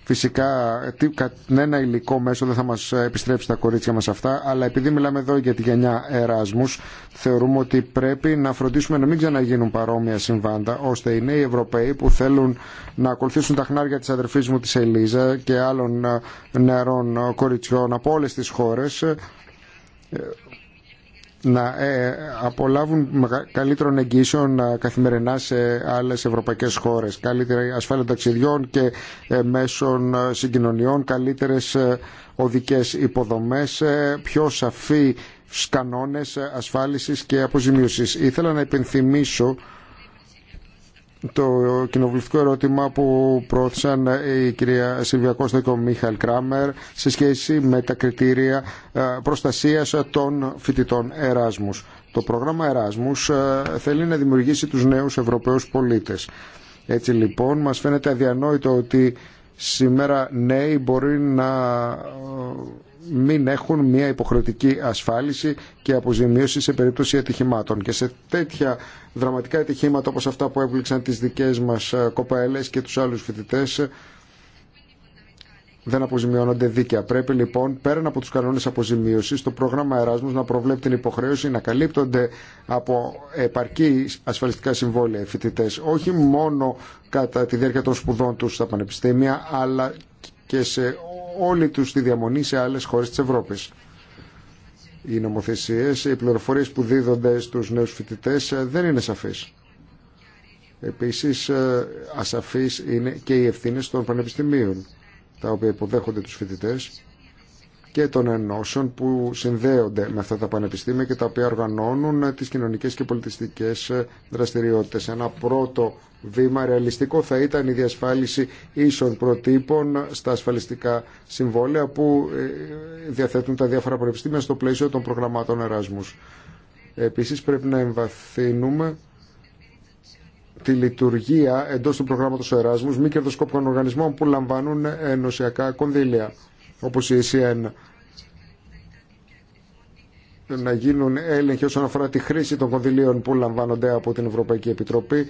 Φυσικά ε, κανένα ναι, υλικό μέσο δεν θα μας ε, επιστρέψει τα κορίτσια μας αυτά, αλλά επειδή μιλάμε εδώ για τη γενιά Εράσμους, θεωρούμε ότι πρέπει να φροντίσουμε να μην ξαναγίνουν παρόμοια συμβάντα, ώστε οι νέοι Ευρωπαίοι που θέλουν να ακολουθήσουν τα χνάρια της αδερφής μου της Ελίζα και άλλων ε, νεαρών κοριτσιών από όλες τις χώρες, να ε, απολάβουν καλύτερων εγγύσεων ε, καθημερινά σε άλλες ευρωπαϊκές χώρες. Καλύτερη ασφάλεια ταξιδιών και ε, μέσων συγκοινωνιών, καλύτερες οδικές υποδομές, πιο σαφή κανόνες ασφάλισης και αποζημίωσης. Ήθελα να υπενθυμίσω το κοινοβουλευτικό ερώτημα που πρόθεσαν η κυρία Σιλβία Κώστα και ο Μίχαλ Κράμερ σε σχέση με τα κριτήρια ε, προστασίας των φοιτητών Εράσμους. Το πρόγραμμα Εράσμους ε, θέλει να δημιουργήσει τους νέους Ευρωπαίους πολίτες. Έτσι λοιπόν μας φαίνεται αδιανόητο ότι σήμερα νέοι μπορεί να ε, μην έχουν μια υποχρεωτική ασφάλιση και αποζημίωση σε περίπτωση ατυχημάτων. Και σε τέτοια δραματικά ατυχήματα όπως αυτά που έβληξαν τις δικές μας ε, κοπαέλες και τους άλλους φοιτητές δεν αποζημιώνονται δίκαια. Πρέπει λοιπόν πέραν από τους κανόνες αποζημίωσης το πρόγραμμα Εράσμους να προβλέπει την υποχρέωση να καλύπτονται από επαρκή ασφαλιστικά συμβόλαια οι φοιτητές όχι μόνο κατά τη διάρκεια των σπουδών τους στα πανεπιστήμια αλλά και σε όλη του τη διαμονή σε άλλες χώρες της Ευρώπης. Οι νομοθεσίες, οι πληροφορίες που δίδονται στους νέους φοιτητέ ε, δεν είναι σαφείς. Επίσης, ε, ασαφείς είναι και οι ευθύνες των πανεπιστημίων, τα οποία υποδέχονται τους φοιτητέ και των ενώσεων που συνδέονται με αυτά τα πανεπιστήμια και τα οποία οργανώνουν τις κοινωνικές και πολιτιστικές δραστηριότητες. Ένα πρώτο βήμα ρεαλιστικό θα ήταν η διασφάλιση ίσων προτύπων στα ασφαλιστικά συμβόλαια που ε, διαθέτουν τα διάφορα πανεπιστήμια στο πλαίσιο των προγραμμάτων Εράσμους. Επίσης πρέπει να εμβαθύνουμε τη λειτουργία εντός του προγράμματος Εράσμους μη κερδοσκόπων οργανισμών που λαμβάνουν ενωσιακά κονδύλια όπως η ECN να γίνουν έλεγχοι όσον αφορά τη χρήση των κονδυλίων που λαμβάνονται από την Ευρωπαϊκή Επιτροπή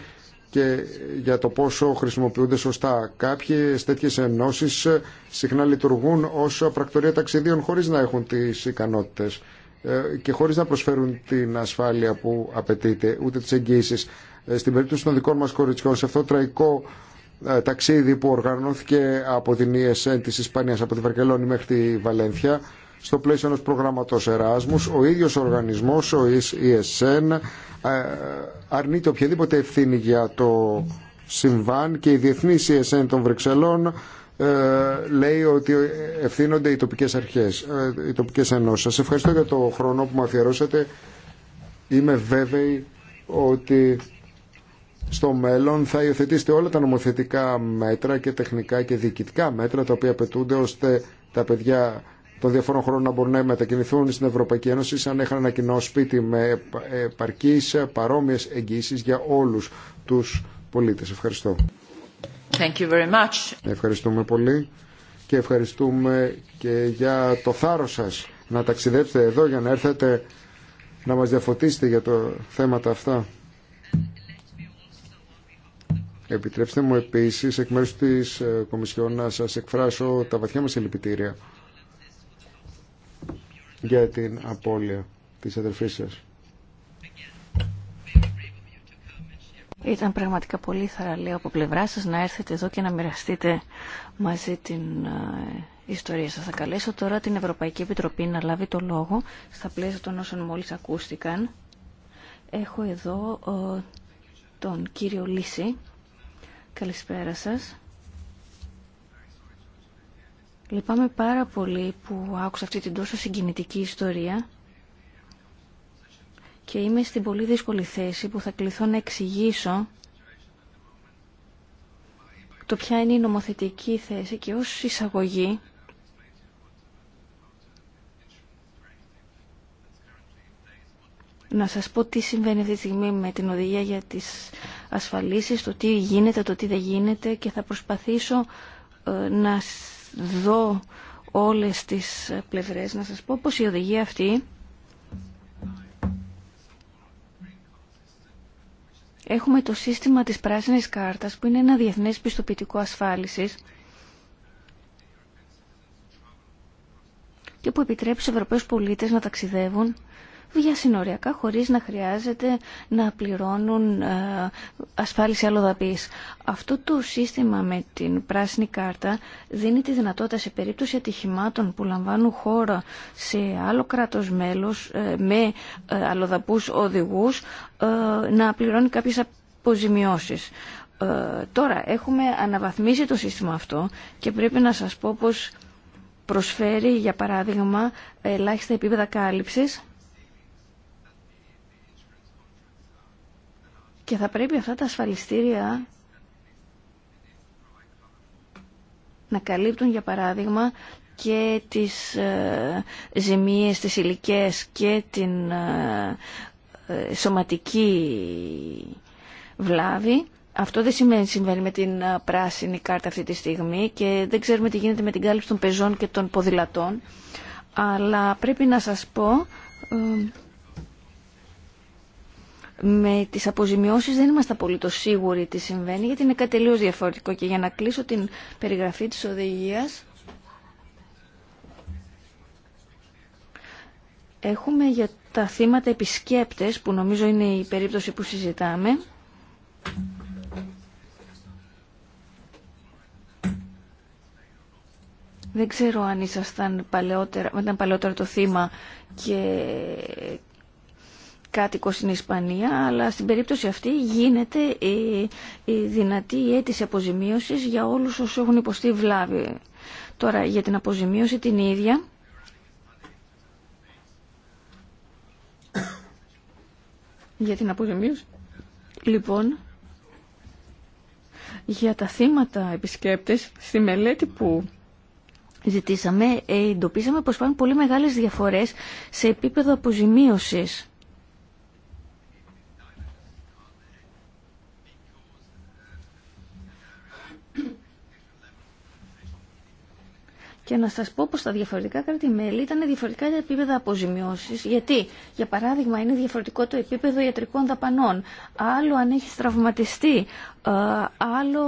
και για το πόσο χρησιμοποιούνται σωστά. Κάποιες τέτοιες ενώσεις συχνά λειτουργούν ως πρακτορία ταξιδίων χωρίς να έχουν τις ικανότητες ε, και χωρίς να προσφέρουν την ασφάλεια που απαιτείται, ούτε τις εγγύησεις. Ε, στην περίπτωση των δικών μας κοριτσιών, σε αυτό το τραϊκό ε, ταξίδι που οργανώθηκε από την ESN της Ισπανίας από τη Βαρκελόνη μέχρι τη Βαλένθια στο πλαίσιο ενός προγραμματός Εράσμους. Ο ίδιος ο οργανισμός, ο ESN, ε, αρνείται οποιαδήποτε ευθύνη για το συμβάν και η διεθνής ESN των Βρυξελών ε, λέει ότι ευθύνονται οι τοπικές αρχές, οι τοπικές ενώσεις. Σας ευχαριστώ για το χρόνο που μου αφιερώσατε. Είμαι βέβαιη ότι στο μέλλον θα υιοθετήσετε όλα τα νομοθετικά μέτρα και τεχνικά και διοικητικά μέτρα τα οποία απαιτούνται ώστε τα παιδιά των διαφόρων χρόνων να μπορούν να μετακινηθούν στην Ευρωπαϊκή Ένωση σαν να είχαν ένα κοινό σπίτι με επαρκείς παρόμοιες εγγύσεις για όλους τους πολίτες. Ευχαριστώ. Thank you very much. Ευχαριστούμε πολύ και ευχαριστούμε και για το θάρρος σας να ταξιδέψετε εδώ για να έρθετε να μας διαφωτίσετε για το θέματα αυτά. Επιτρέψτε μου επίσης εκ μέρους της ε, Κομισιόν να σας εκφράσω τα βαθιά μας ελληπιτήρια για την απώλεια της αδερφής σας. Ήταν πραγματικά πολύ θαραλέο από πλευρά σας να έρθετε εδώ και να μοιραστείτε μαζί την ε, ιστορία σας. Θα καλέσω τώρα την Ευρωπαϊκή Επιτροπή να λάβει το λόγο στα πλαίσια των όσων μόλις ακούστηκαν. Έχω εδώ ε, τον κύριο Λύση Καλησπέρα σας. Λυπάμαι πάρα πολύ που άκουσα αυτή την τόσο συγκινητική ιστορία και είμαι στην πολύ δύσκολη θέση που θα κληθώ να εξηγήσω το ποια είναι η νομοθετική θέση και ως εισαγωγή να σας πω τι συμβαίνει αυτή τη στιγμή με την οδηγία για τις ασφαλίσεις, το τι γίνεται, το τι δεν γίνεται και θα προσπαθήσω ε, να δω όλες τις ε, πλευρές να σας πω πως η οδηγία αυτή έχουμε το σύστημα της πράσινης κάρτας που είναι ένα διεθνές πιστοποιητικό ασφάλισης και που επιτρέπει στους Ευρωπαίους πολίτες να ταξιδεύουν διασυνοριακά χωρίς να χρειάζεται να πληρώνουν ε, ασφάλιση αλλοδαπής. Αυτό το σύστημα με την πράσινη κάρτα δίνει τη δυνατότητα σε περίπτωση ατυχημάτων που λαμβάνουν χώρα σε άλλο κράτος μέλος ε, με ε, αλλοδαπούς οδηγούς να πληρώνει κάποιες αποζημιώσεις. Τώρα έχουμε αναβαθμίσει το σύστημα αυτό και πρέπει να σας πω πως προσφέρει για παράδειγμα ελάχιστα επίπεδα κάλυψης Και θα πρέπει αυτά τα ασφαλιστήρια να καλύπτουν για παράδειγμα και τις ε, ζημίες, τις και την ε, ε, σωματική βλάβη. Αυτό δεν σημαίνει συμβαίνει με την ε, πράσινη κάρτα αυτή τη στιγμή και δεν ξέρουμε τι γίνεται με την κάλυψη των πεζών και των ποδηλατών. Αλλά πρέπει να σας πω με τις αποζημιώσεις δεν είμαστε απολύτως σίγουροι τι συμβαίνει γιατί είναι κάτι διαφορετικό και για να κλείσω την περιγραφή της οδηγίας έχουμε για τα θύματα επισκέπτες που νομίζω είναι η περίπτωση που συζητάμε Δεν ξέρω αν ήσασταν παλαιότερα, ήταν παλαιότερα το θύμα και κάτοικο στην Ισπανία, αλλά στην περίπτωση αυτή γίνεται η, δυνατή η αίτηση αποζημίωσης για όλους όσους έχουν υποστεί βλάβη. Τώρα, για την αποζημίωση την ίδια, για την αποζημίωση, λοιπόν, για τα θύματα επισκέπτες, στη μελέτη που ζητήσαμε, ε, εντοπίσαμε πως υπάρχουν πολύ μεγάλες διαφορές σε επίπεδο αποζημίωσης Και να σας πω πως τα διαφορετικά κράτη-μέλη ήταν διαφορετικά για επίπεδα αποζημιώσεις. Γιατί, για παράδειγμα, είναι διαφορετικό το επίπεδο ιατρικών δαπανών. Άλλο αν έχει τραυματιστεί, ε, άλλο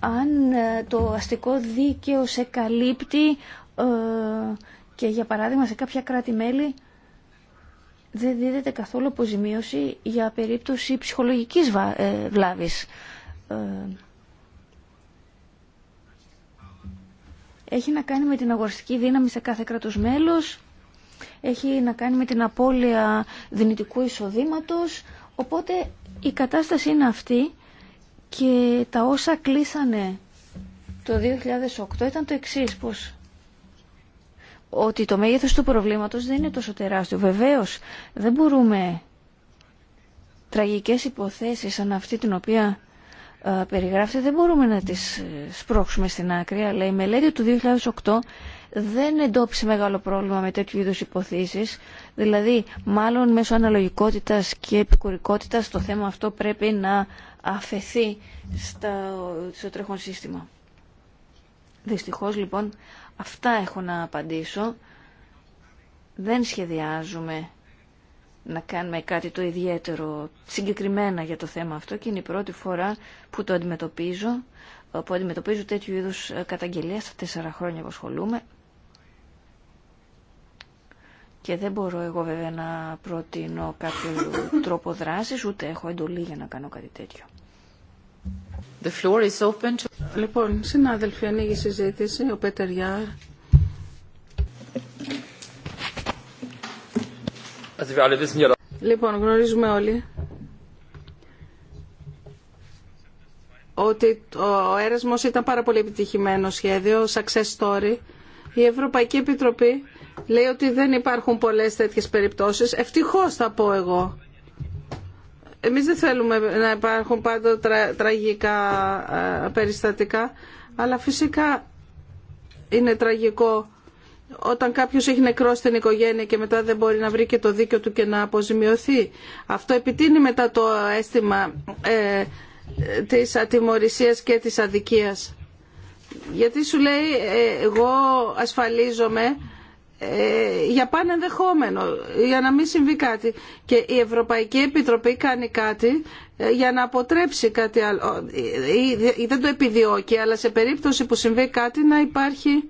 αν ε, το αστικό δίκαιο σε καλύπτει ε, και, για παράδειγμα, σε κάποια κράτη-μέλη δεν δίδεται καθόλου αποζημίωση για περίπτωση ψυχολογικής βλάβης. έχει να κάνει με την αγοραστική δύναμη σε κάθε κράτος μέλος, έχει να κάνει με την απώλεια δυνητικού εισοδήματος, οπότε η κατάσταση είναι αυτή και τα όσα κλείσανε το 2008 ήταν το εξή πως ότι το μέγεθος του προβλήματος δεν είναι τόσο τεράστιο. Βεβαίως δεν μπορούμε τραγικές υποθέσεις σαν αυτή την οποία ε, περιγράφεται δεν μπορούμε να τις ε, σπρώξουμε στην άκρη, αλλά η μελέτη του 2008 δεν εντόπισε μεγάλο πρόβλημα με τέτοιου είδους υποθέσεις. Δηλαδή, μάλλον μέσω αναλογικότητας και επικουρικότητας το θέμα αυτό πρέπει να αφαιθεί στο τρέχον σύστημα. Δυστυχώς, λοιπόν, αυτά έχω να απαντήσω. Δεν σχεδιάζουμε να κάνουμε κάτι το ιδιαίτερο συγκεκριμένα για το θέμα αυτό και είναι η πρώτη φορά που το αντιμετωπίζω, που αντιμετωπίζω τέτοιου είδους ε, καταγγελία στα τέσσερα χρόνια που ασχολούμαι. Και δεν μπορώ εγώ βέβαια να προτείνω κάποιο τρόπο δράσης, ούτε έχω εντολή για να κάνω κάτι τέτοιο. The floor is open Λοιπόν, συνάδελφοι, ανοίγει η συζήτηση. Ο Πέτερ Λοιπόν, γνωρίζουμε όλοι ότι ο Έρεσμος ήταν πάρα πολύ επιτυχημένο σχέδιο, success story. Η Ευρωπαϊκή Επιτροπή λέει ότι δεν υπάρχουν πολλές τέτοιες περιπτώσεις. Ευτυχώς θα πω εγώ. Εμείς δεν θέλουμε να υπάρχουν πάντα τραγικά ε, περιστατικά, αλλά φυσικά είναι τραγικό όταν κάποιο έχει νεκρό στην οικογένεια και μετά δεν μπορεί να βρει και το δίκιο του και να αποζημιωθεί. Αυτό επιτείνει μετά το αίσθημα ε, της ατιμορρησίας και της αδικίας. Γιατί σου λέει ε, εγώ ασφαλίζομαι ε, για πάνε ενδεχόμενο, για να μην συμβεί κάτι. Και η Ευρωπαϊκή Επιτροπή κάνει κάτι για να αποτρέψει κάτι άλλο. Ή δεν το επιδιώκει, αλλά σε περίπτωση που συμβεί κάτι να υπάρχει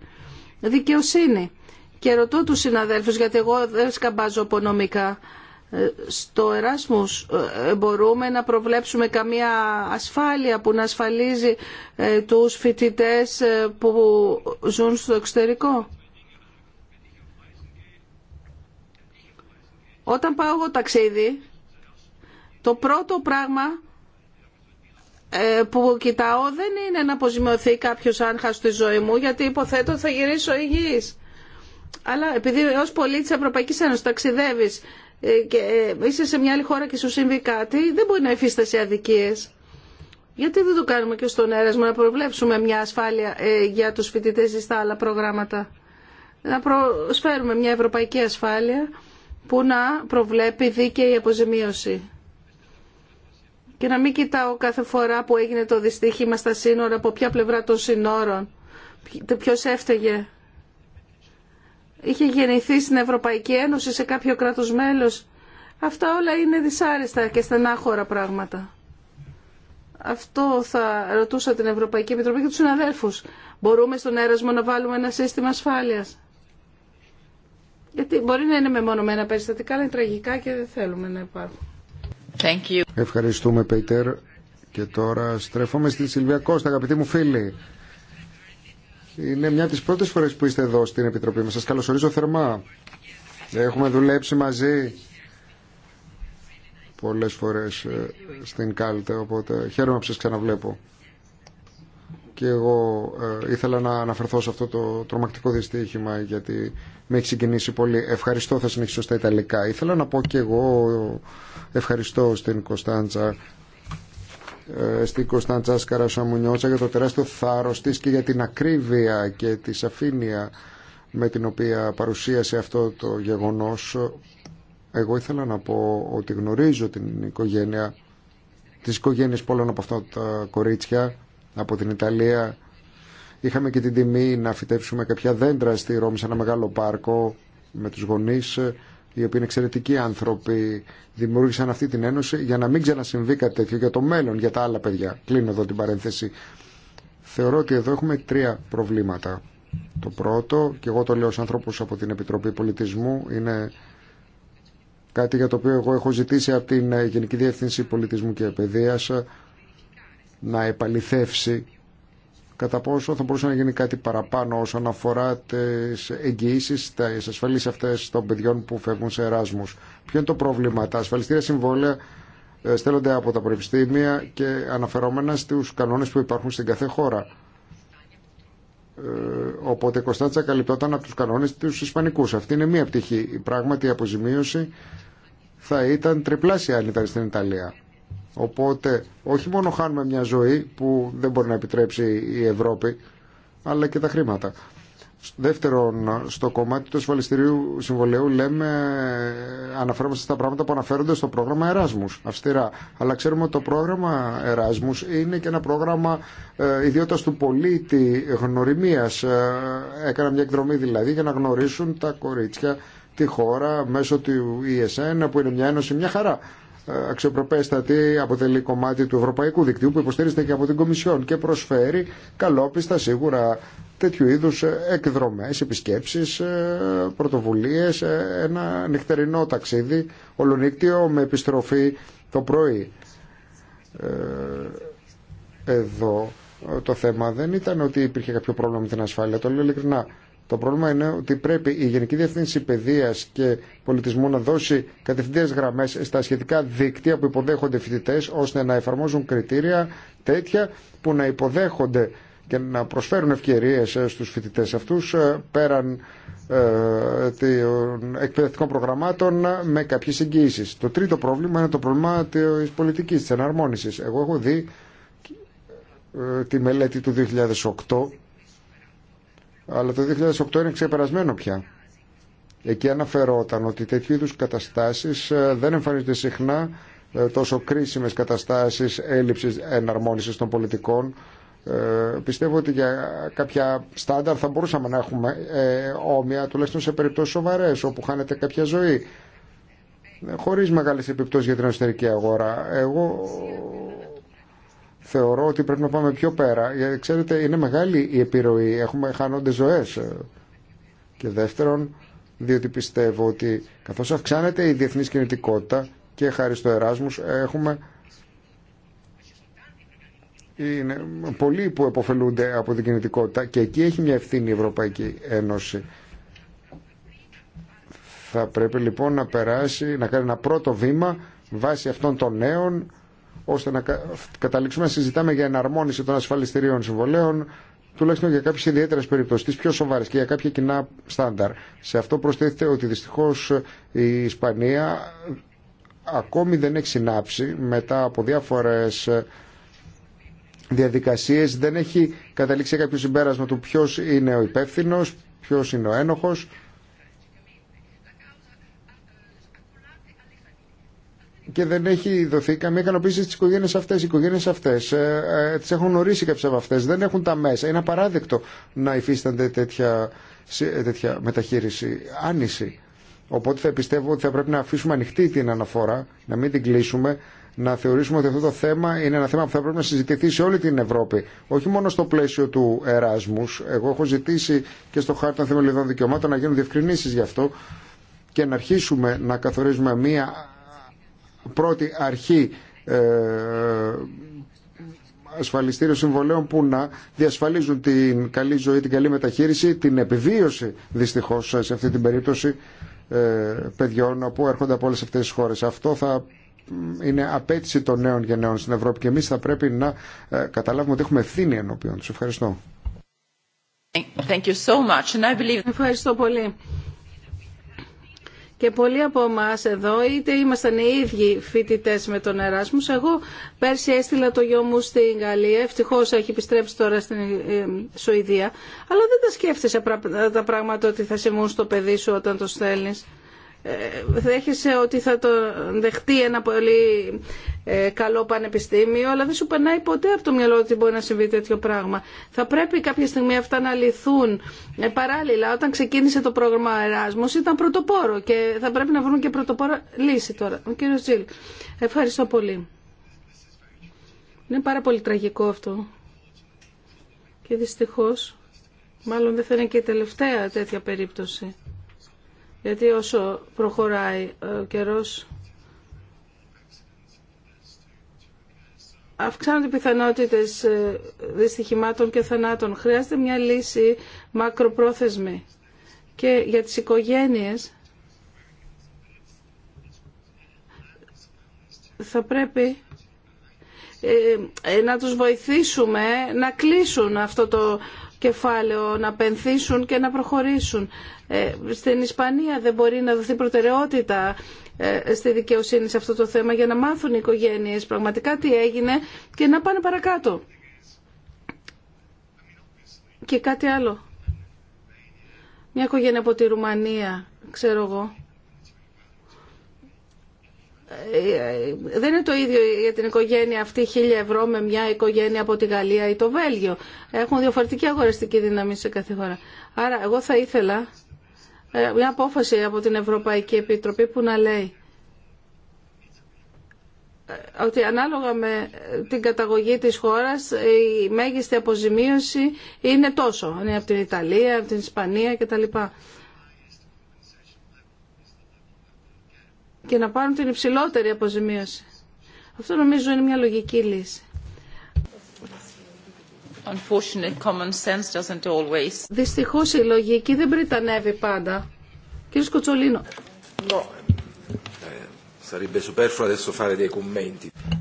δικαιοσύνη. Και ρωτώ τους συναδέλφους, γιατί εγώ δεν σκαμπάζω απονομικά, ε, στο Εράσμους ε, μπορούμε να προβλέψουμε καμία ασφάλεια που να ασφαλίζει ε, τους φοιτητές που ζουν στο εξωτερικό. Όταν πάω εγώ ταξίδι, το πρώτο πράγμα ε, που κοιτάω δεν είναι να αποζημιωθεί κάποιος αν στη τη ζωή μου γιατί υποθέτω θα γυρίσω υγιής. Αλλά επειδή ως πολίτης Ευρωπαϊκής Ένωσης ταξιδεύεις ε, και ε, είσαι σε μια άλλη χώρα και σου συμβεί κάτι, δεν μπορεί να υφίστασει αδικίες. Γιατί δεν το κάνουμε και στον έρασμο να προβλέψουμε μια ασφάλεια για τους φοιτητές ή στα άλλα προγράμματα. Να προσφέρουμε μια ευρωπαϊκή ασφάλεια που να προβλέπει δίκαιη αποζημίωση και να μην κοιτάω κάθε φορά που έγινε το δυστύχημα στα σύνορα, από ποια πλευρά των σύνορων, ποιο έφταιγε. Είχε γεννηθεί στην Ευρωπαϊκή Ένωση, σε κάποιο κράτος μέλος. Αυτά όλα είναι δυσάρεστα και στενάχωρα πράγματα. Αυτό θα ρωτούσα την Ευρωπαϊκή Επιτροπή και τους συναδέλφους. Μπορούμε στον έρασμο να βάλουμε ένα σύστημα ασφάλειας. Γιατί μπορεί να είναι μεμονωμένα περιστατικά, αλλά είναι τραγικά και δεν θέλουμε να υπάρχουν. Ευχαριστούμε, Πέιτερ. Και τώρα στρέφομαι στη Σιλβία Κώστα, αγαπητοί μου φίλοι. Είναι μια από τις πρώτες φορές που είστε εδώ στην Επιτροπή μας. Σας καλωσορίζω θερμά. Έχουμε δουλέψει μαζί πολλές φορές ε, στην Κάλτε, οπότε χαίρομαι που σας ξαναβλέπω και εγώ ε, ήθελα να αναφερθώ σε αυτό το τρομακτικό δυστύχημα γιατί με έχει συγκινήσει πολύ. Ευχαριστώ, θα συνεχίσω στα Ιταλικά. Ήθελα να πω και εγώ ευχαριστώ στην Κωνσταντζα ε, στην Κωνσταντζα Σκαρασαμουνιώτσα για το τεράστιο θάρρος της και για την ακρίβεια και τη σαφήνεια με την οποία παρουσίασε αυτό το γεγονός. Εγώ ήθελα να πω ότι γνωρίζω την οικογένεια, τις οικογένειες πολλών από αυτά τα κορίτσια από την Ιταλία. Είχαμε και την τιμή να φυτέψουμε κάποια δέντρα στη Ρώμη σε ένα μεγάλο πάρκο με τους γονείς οι οποίοι είναι εξαιρετικοί άνθρωποι, δημιούργησαν αυτή την ένωση για να μην ξανασυμβεί κάτι τέτοιο για το μέλλον, για τα άλλα παιδιά. Κλείνω εδώ την παρένθεση. Θεωρώ ότι εδώ έχουμε τρία προβλήματα. Το πρώτο, και εγώ το λέω ως άνθρωπος από την Επιτροπή Πολιτισμού, είναι κάτι για το οποίο εγώ έχω ζητήσει από την Γενική Διεύθυνση Πολιτισμού και Παιδείας να επαληθεύσει κατά πόσο θα μπορούσε να γίνει κάτι παραπάνω όσον αφορά τις εγγυήσεις, τα ασφαλείς αυτές των παιδιών που φεύγουν σε εράσμους. Ποιο είναι το πρόβλημα, τα ασφαλιστήρια συμβόλαια ε, στέλνονται από τα προεπιστήμια και αναφερόμενα στους κανόνες που υπάρχουν στην κάθε χώρα. Ε, οπότε η Κωνστάτσα καλυπτόταν από τους κανόνες τους Ισπανικούς. Αυτή είναι μία πτυχή. Η πράγματι αποζημίωση θα ήταν τριπλάσια αν ήταν στην Ιταλία. Οπότε όχι μόνο χάνουμε μια ζωή που δεν μπορεί να επιτρέψει η Ευρώπη, αλλά και τα χρήματα. Δεύτερον, στο κομμάτι του ασφαλιστηρίου συμβολέου λέμε, αναφέρομαστε στα πράγματα που αναφέρονται στο πρόγραμμα Εράσμους, αυστηρά. Αλλά ξέρουμε ότι το πρόγραμμα Εράσμους είναι και ένα πρόγραμμα ε, ιδιότητας του πολίτη, γνωριμίας. Ε, έκανα μια εκδρομή δηλαδή για να γνωρίσουν τα κορίτσια τη χώρα μέσω του ESN που είναι μια ένωση, μια χαρά. Αξιοπροπέστατη αποτελεί κομμάτι του ευρωπαϊκού δικτύου που υποστηρίζεται και από την Κομισιόν και προσφέρει καλόπιστα σίγουρα τέτοιου είδους ε, εκδρομές, επισκέψεις, ε, πρωτοβουλίες, ε, ένα νυχτερινό ταξίδι ολονύκτιο με επιστροφή το πρωί. Εδώ το θέμα δεν ήταν ότι υπήρχε κάποιο πρόβλημα με την ασφάλεια, το λέω ειλικρινά. Το πρόβλημα είναι ότι πρέπει η Γενική Διευθύνση Παιδεία και Πολιτισμού να δώσει κατευθυντέ γραμμέ στα σχετικά δίκτυα που υποδέχονται φοιτητέ, ώστε να εφαρμόζουν κριτήρια τέτοια που να υποδέχονται και να προσφέρουν ευκαιρίε ε, στου φοιτητέ αυτού ε, πέραν ε, των εκπαιδευτικών προγραμμάτων με κάποιε εγγύησει. Το τρίτο πρόβλημα είναι το πρόβλημα τη πολιτική, τη εναρμόνιση. Εγώ έχω δει τη μελέτη του 2008 αλλά το 2008 είναι ξεπερασμένο πια. Εκεί αναφερόταν ότι τέτοιου είδου καταστάσεις ε, δεν εμφανίζονται συχνά ε, τόσο κρίσιμες καταστάσεις έλλειψης εναρμόνισης των πολιτικών. Ε, πιστεύω ότι για κάποια στάνταρ θα μπορούσαμε να έχουμε όμοια, τουλάχιστον σε περιπτώσεις σοβαρές, όπου χάνεται κάποια ζωή χωρίς μεγάλε επιπτώσεις για την εσωτερική αγορά. Εγώ θεωρώ ότι πρέπει να πάμε πιο πέρα. Γιατί ε, ξέρετε, είναι μεγάλη η επιρροή. Έχουμε χάνονται ζωέ. Και δεύτερον, διότι πιστεύω ότι καθώς αυξάνεται η διεθνής κινητικότητα και χάρη στο Εράσμους έχουμε είναι πολλοί που επωφελούνται από την κινητικότητα και εκεί έχει μια ευθύνη η Ευρωπαϊκή Ένωση. Θα πρέπει λοιπόν να περάσει, να κάνει ένα πρώτο βήμα βάσει αυτών των νέων ώστε να καταλήξουμε να συζητάμε για εναρμόνιση των ασφαλιστηρίων συμβολέων τουλάχιστον για κάποιε ιδιαίτερε περιπτώσει, τι πιο σοβαρέ και για κάποια κοινά στάνταρ. Σε αυτό προσθέτεται ότι δυστυχώ η Ισπανία ακόμη δεν έχει συνάψει μετά από διάφορε διαδικασίε, δεν έχει καταλήξει κάποιο συμπέρασμα του ποιο είναι ο υπεύθυνο, ποιο είναι ο ένοχο. και δεν έχει δοθεί καμία ικανοποίηση στι οικογένειε αυτέ. Οι οικογένειε αυτέ ε, ε τι έχουν ορίσει κάποιε από αυτέ. Δεν έχουν τα μέσα. Είναι απαράδεκτο να υφίστανται τέτοια, ε, τέτοια μεταχείριση, άνηση. Οπότε θα πιστεύω ότι θα πρέπει να αφήσουμε ανοιχτή την αναφορά, να μην την κλείσουμε, να θεωρήσουμε ότι αυτό το θέμα είναι ένα θέμα που θα πρέπει να συζητηθεί σε όλη την Ευρώπη. Όχι μόνο στο πλαίσιο του Εράσμου. Εγώ έχω ζητήσει και στο χάρτη των θεμελιωδών δικαιωμάτων να γίνουν διευκρινήσει γι' αυτό και να αρχίσουμε να καθορίζουμε μία πρώτη αρχή ε, ασφαλιστήριο συμβολέων που να διασφαλίζουν την καλή ζωή, την καλή μεταχείριση, την επιβίωση δυστυχώς σε αυτή την περίπτωση ε, παιδιών που έρχονται από όλες αυτές τις χώρες. Αυτό θα είναι απέτηση των νέων γενναίων στην Ευρώπη και εμείς θα πρέπει να ε, καταλάβουμε ότι έχουμε ευθύνη ενώπιον τους. Ευχαριστώ. Thank you so much. And I believe... Ευχαριστώ πολύ και πολλοί από εμά εδώ είτε ήμασταν οι ίδιοι φοιτητέ με τον Εράσμους. Εγώ πέρσι έστειλα το γιο μου στην Γαλλία, ευτυχώ έχει επιστρέψει τώρα στην ε, Σουηδία, αλλά δεν τα σκέφτεσαι τα πράγματα ότι θα σημούν στο παιδί σου όταν το στέλνει δέχεσαι ότι θα το δεχτεί ένα πολύ ε, καλό πανεπιστήμιο, αλλά δεν σου περνάει ποτέ από το μυαλό ότι μπορεί να συμβεί τέτοιο πράγμα. Θα πρέπει κάποια στιγμή αυτά να λυθούν. Ε, παράλληλα, όταν ξεκίνησε το πρόγραμμα Εράσμο, ήταν πρωτοπόρο και θα πρέπει να βρούμε και πρωτοπόρο λύση τώρα. Ο κύριος Τζιλ, ευχαριστώ πολύ. Είναι πάρα πολύ τραγικό αυτό. Και δυστυχώς, μάλλον δεν θα είναι και η τελευταία τέτοια περίπτωση γιατί όσο προχωράει ο καιρός αυξάνονται οι πιθανότητες ε, δυστυχημάτων και θανάτων. Χρειάζεται μια λύση μακροπρόθεσμη και για τις οικογένειες θα πρέπει ε, ε, να τους βοηθήσουμε να κλείσουν αυτό το κεφάλαιο να πενθήσουν και να προχωρήσουν. Ε, στην Ισπανία δεν μπορεί να δοθεί προτεραιότητα ε, στη δικαιοσύνη σε αυτό το θέμα για να μάθουν οι οικογένειες πραγματικά τι έγινε και να πάνε παρακάτω. Και κάτι άλλο. Μια οικογένεια από τη Ρουμανία, ξέρω εγώ, ε, ε, δεν είναι το ίδιο για την οικογένεια αυτή 1000 ευρώ με μια οικογένεια από τη Γαλλία ή το Βέλγιο. Έχουν διαφορετική αγοραστική δύναμη σε κάθε χώρα. Άρα εγώ θα ήθελα ε, μια απόφαση από την Ευρωπαϊκή Επιτροπή που να λέει ότι ανάλογα με την καταγωγή της χώρας η μέγιστη αποζημίωση είναι τόσο. Είναι από την Ιταλία, από την Ισπανία κτλ. και να πάρουν την υψηλότερη αποζημίωση. Αυτό νομίζω είναι μια λογική λύση. Δυστυχώ η λογική δεν πριτανεύει πάντα. Κύριε Σκοτσολίνο. Ε,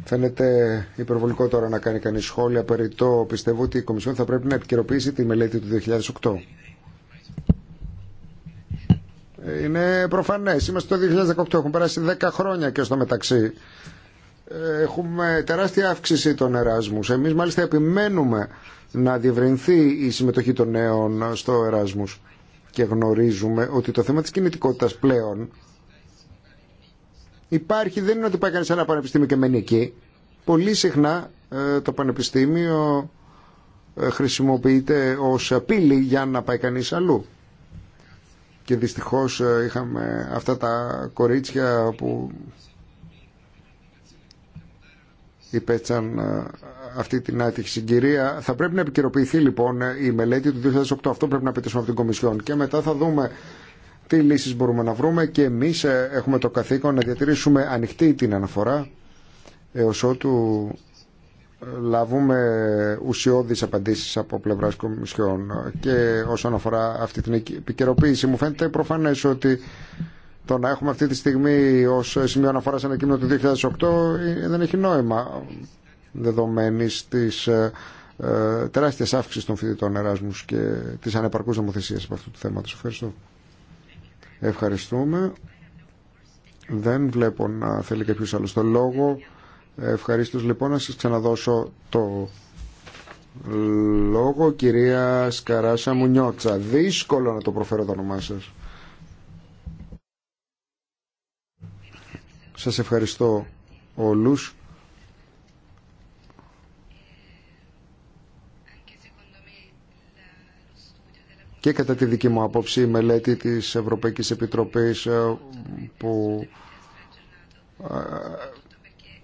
Φαίνεται υπερβολικό τώρα να κάνει κανεί σχόλια περί το πιστεύω ότι η Κομισιόν θα πρέπει να επικαιροποιήσει τη μελέτη του 2008. Είναι προφανές. Είμαστε το 2018, έχουν περάσει 10 χρόνια και στο μεταξύ. Ε, έχουμε τεράστια αύξηση των Εράσμου. Εμείς μάλιστα επιμένουμε να διευρυνθεί η συμμετοχή των νέων στο Εράσμους. Και γνωρίζουμε ότι το θέμα της κινητικότητα πλέον υπάρχει, δεν είναι ότι πάει κανεί σε ένα πανεπιστήμιο και μένει εκεί. Πολύ συχνά ε, το πανεπιστήμιο ε, χρησιμοποιείται ως πύλη για να πάει κανείς αλλού και δυστυχώς ε, είχαμε αυτά τα κορίτσια που υπέτσαν ε, αυτή την άτυχη συγκυρία. Θα πρέπει να επικαιροποιηθεί λοιπόν ε, η μελέτη του 2008. Αυτό πρέπει να απαιτήσουμε από την Κομισιόν. Και μετά θα δούμε τι λύσεις μπορούμε να βρούμε και εμείς έχουμε το καθήκον να διατηρήσουμε ανοιχτή την αναφορά έως ότου λάβουμε ουσιώδεις απαντήσεις από πλευράς κομισιών και όσον αφορά αυτή την επικαιροποίηση μου φαίνεται προφανές ότι το να έχουμε αυτή τη στιγμή ως σημείο αναφορά σε ένα κείμενο του 2008 ε, δεν έχει νόημα δεδομένης της ε, ε, τεράστιας αύξησης των φοιτητών Εράσμους και της ανεπαρκούς νομοθεσίας από αυτού του θέματος. Ευχαριστώ. Ευχαριστούμε. Δεν βλέπω να θέλει κάποιο άλλο το λόγο. Ευχαριστώ λοιπόν να σας ξαναδώσω το λόγο κυρία Σκαράσα Μουνιώτσα. Δύσκολο να το προφέρω το όνομά σας. Σας ευχαριστώ όλους. Και κατά τη δική μου απόψη η μελέτη της Ευρωπαϊκής Επιτροπής ε, που ε,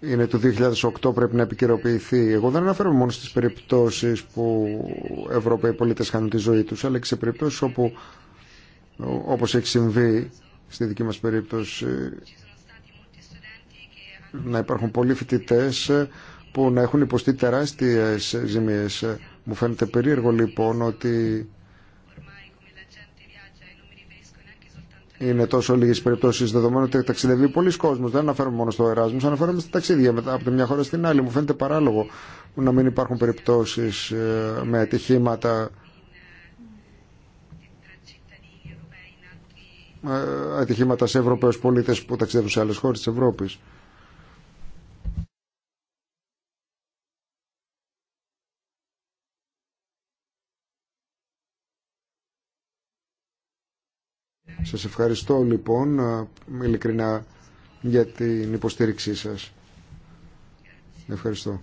είναι το 2008 πρέπει να επικαιροποιηθεί. Εγώ δεν αναφέρομαι μόνο στις περιπτώσεις που Ευρωπαίοι πολίτες χάνουν τη ζωή τους, αλλά και σε περιπτώσεις όπου, όπως έχει συμβεί στη δική μας περίπτωση, να υπάρχουν πολλοί φοιτητέ που να έχουν υποστεί τεράστιες ζημίες. Μου φαίνεται περίεργο λοιπόν ότι είναι τόσο λίγε περιπτώσει δεδομένου ότι ταξιδεύει πολλοί κόσμο. Δεν αναφέρομαι μόνο στο Εράσμο, αναφέρομαι στα ταξίδια από τη μια χώρα στην άλλη. Μου φαίνεται παράλογο να μην υπάρχουν περιπτώσει ε, με ατυχήματα. Ε, ατυχήματα σε Ευρωπαίου πολίτες που ταξιδεύουν σε άλλες χώρες της Ευρώπης. Σας ευχαριστώ λοιπόν ειλικρινά για την υποστήριξή σας. Ευχαριστώ.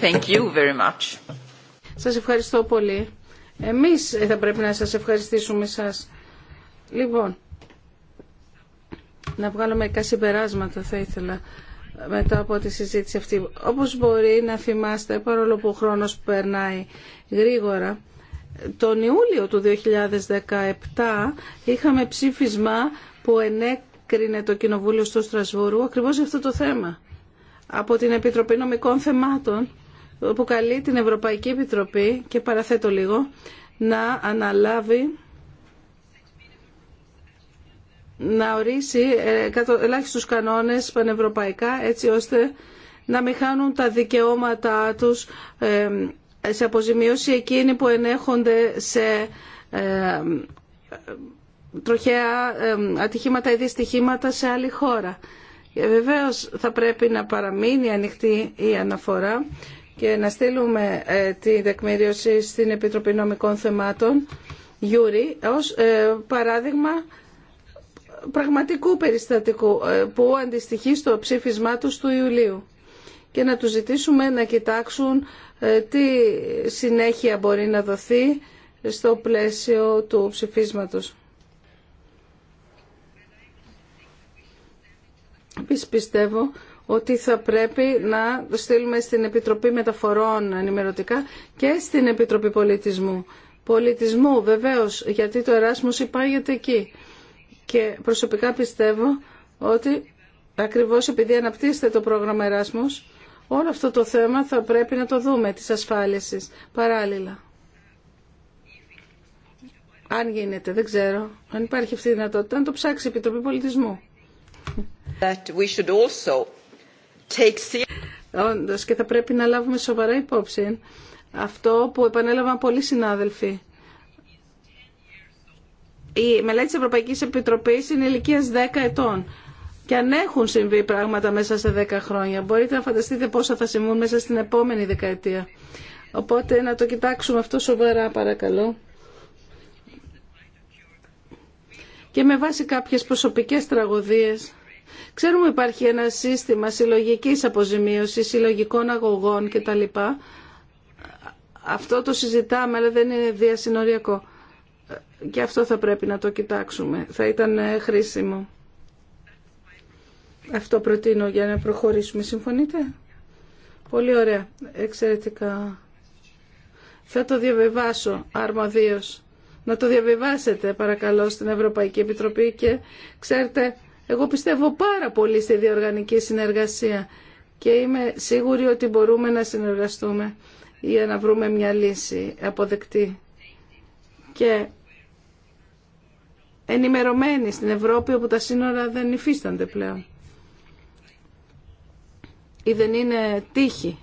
Thank you very much. Σας ευχαριστώ πολύ. Εμείς θα πρέπει να σας ευχαριστήσουμε σας. Λοιπόν, να βγάλουμε μερικά συμπεράσματα θα ήθελα μετά από τη συζήτηση αυτή. Όπως μπορεί να θυμάστε, παρόλο που ο χρόνος περνάει γρήγορα, τον Ιούλιο του 2017 είχαμε ψήφισμα που ενέκρινε το Κοινοβούλιο στο Στρασβούργο ακριβώς για αυτό το θέμα. Από την Επιτροπή Νομικών Θεμάτων που καλεί την Ευρωπαϊκή Επιτροπή και παραθέτω λίγο να αναλάβει να ορίσει ε, ελάχιστους κανόνες πανευρωπαϊκά έτσι ώστε να μην χάνουν τα δικαιώματά τους ε, σε αποζημίωση εκείνοι που ενέχονται σε ε, τροχαία ατυχήματα ή δυστυχήματα σε άλλη χώρα. Βεβαίως θα πρέπει να παραμείνει ανοιχτή η αναφορά και να στείλουμε τη δεκμήριωση στην Επιτροπή Νομικών Θεμάτων Γιούρι ως παράδειγμα πραγματικού περιστατικού ε, που αντιστοιχεί στο ψήφισμά τους του Ιουλίου και να τους ζητήσουμε να κοιτάξουν ε, τι συνέχεια μπορεί να δοθεί στο πλαίσιο του ψηφίσματος. Επίσης πιστεύω ότι θα πρέπει να στείλουμε στην Επιτροπή Μεταφορών ενημερωτικά και στην Επιτροπή Πολιτισμού. Πολιτισμού βεβαίως, γιατί το Εράσμος υπάγεται εκεί. Και προσωπικά πιστεύω ότι ακριβώς επειδή αναπτύσσεται το πρόγραμμα Εράσμος, όλο αυτό το θέμα θα πρέπει να το δούμε, της ασφάλισης, παράλληλα. Αν γίνεται, δεν ξέρω. Αν υπάρχει αυτή η δυνατότητα, να το ψάξει η Επιτροπή Πολιτισμού. That we also take... Όντως, και θα πρέπει να λάβουμε σοβαρά υπόψη αυτό που επανέλαβαν πολλοί συνάδελφοι η μελέτη της Ευρωπαϊκής Επιτροπής είναι ηλικίας 10 ετών. Και αν έχουν συμβεί πράγματα μέσα σε 10 χρόνια, μπορείτε να φανταστείτε πόσα θα συμβούν μέσα στην επόμενη δεκαετία. Οπότε να το κοιτάξουμε αυτό σοβαρά παρακαλώ. Και με βάση κάποιες προσωπικές τραγωδίες. Ξέρουμε υπάρχει ένα σύστημα συλλογικής αποζημίωσης, συλλογικών αγωγών κτλ. Αυτό το συζητάμε, αλλά δεν είναι διασυνοριακό. Και αυτό θα πρέπει να το κοιτάξουμε. Θα ήταν ε, χρήσιμο. Αυτό προτείνω για να προχωρήσουμε. Συμφωνείτε? Πολύ ωραία. Εξαιρετικά. Θα το διαβεβάσω αρμοδίως. Να το διαβιβάσετε παρακαλώ στην Ευρωπαϊκή Επιτροπή και ξέρετε, εγώ πιστεύω πάρα πολύ στη διοργανική συνεργασία και είμαι σίγουρη ότι μπορούμε να συνεργαστούμε για να βρούμε μια λύση αποδεκτή. Και ενημερωμένοι στην Ευρώπη όπου τα σύνορα δεν υφίστανται πλέον ή δεν είναι τύχη.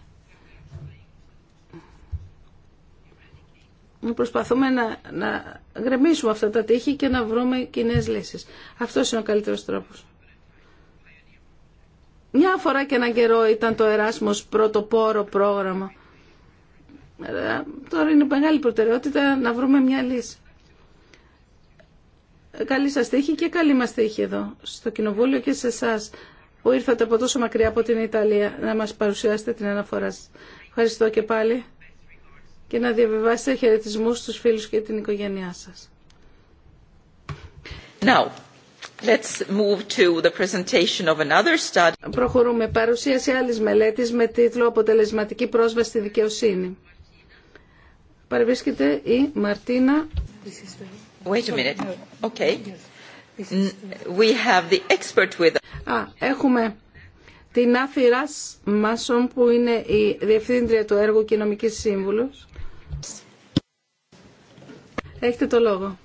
Προσπαθούμε να, να γρεμίσουμε αυτά τα τύχη και να βρούμε κοινέ λύσεις. Αυτό είναι ο καλύτερος τρόπος. Μια φορά και έναν καιρό ήταν το Εράσμος πρωτοπόρο πρόγραμμα. Ε, τώρα είναι μεγάλη προτεραιότητα να βρούμε μια λύση. Καλή σας τύχη και καλή μας τύχη εδώ στο Κοινοβούλιο και σε εσά που ήρθατε από τόσο μακριά από την Ιταλία να μας παρουσιάσετε την αναφορά σας. Ευχαριστώ και πάλι και να διαβιβάσετε χαιρετισμού στους φίλους και την οικογένειά σας. Now, let's move to the presentation of another study. Προχωρούμε. Παρουσίαση άλλης μελέτης με τίτλο «Αποτελεσματική πρόσβαση στη δικαιοσύνη». Παρευρίσκεται η Μαρτίνα Wait a minute. Okay. We have the expert with us. Α, έχουμε την Άφηρα Μάσον που είναι η Διευθύντρια του Έργου και Νομική Σύμβουλος. Έχετε το λόγο.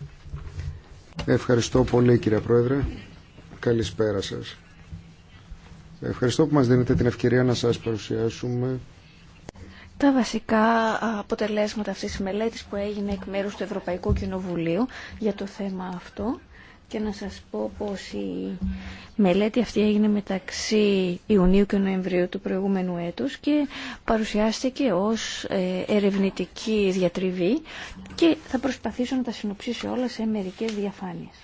Ευχαριστώ πολύ κύριε Πρόεδρε. Καλησπέρα σας. Ευχαριστώ που μας δίνετε την ευκαιρία να σας παρουσιάσουμε τα βασικά αποτελέσματα αυτής της μελέτης που έγινε εκ μέρους του Ευρωπαϊκού Κοινοβουλίου για το θέμα αυτό και να σας πω πως η μελέτη αυτή έγινε μεταξύ Ιουνίου και Νοεμβρίου του προηγούμενου έτους και παρουσιάστηκε ως ε, ερευνητική διατριβή και θα προσπαθήσω να τα συνοψίσω όλα σε μερικές διαφάνειες.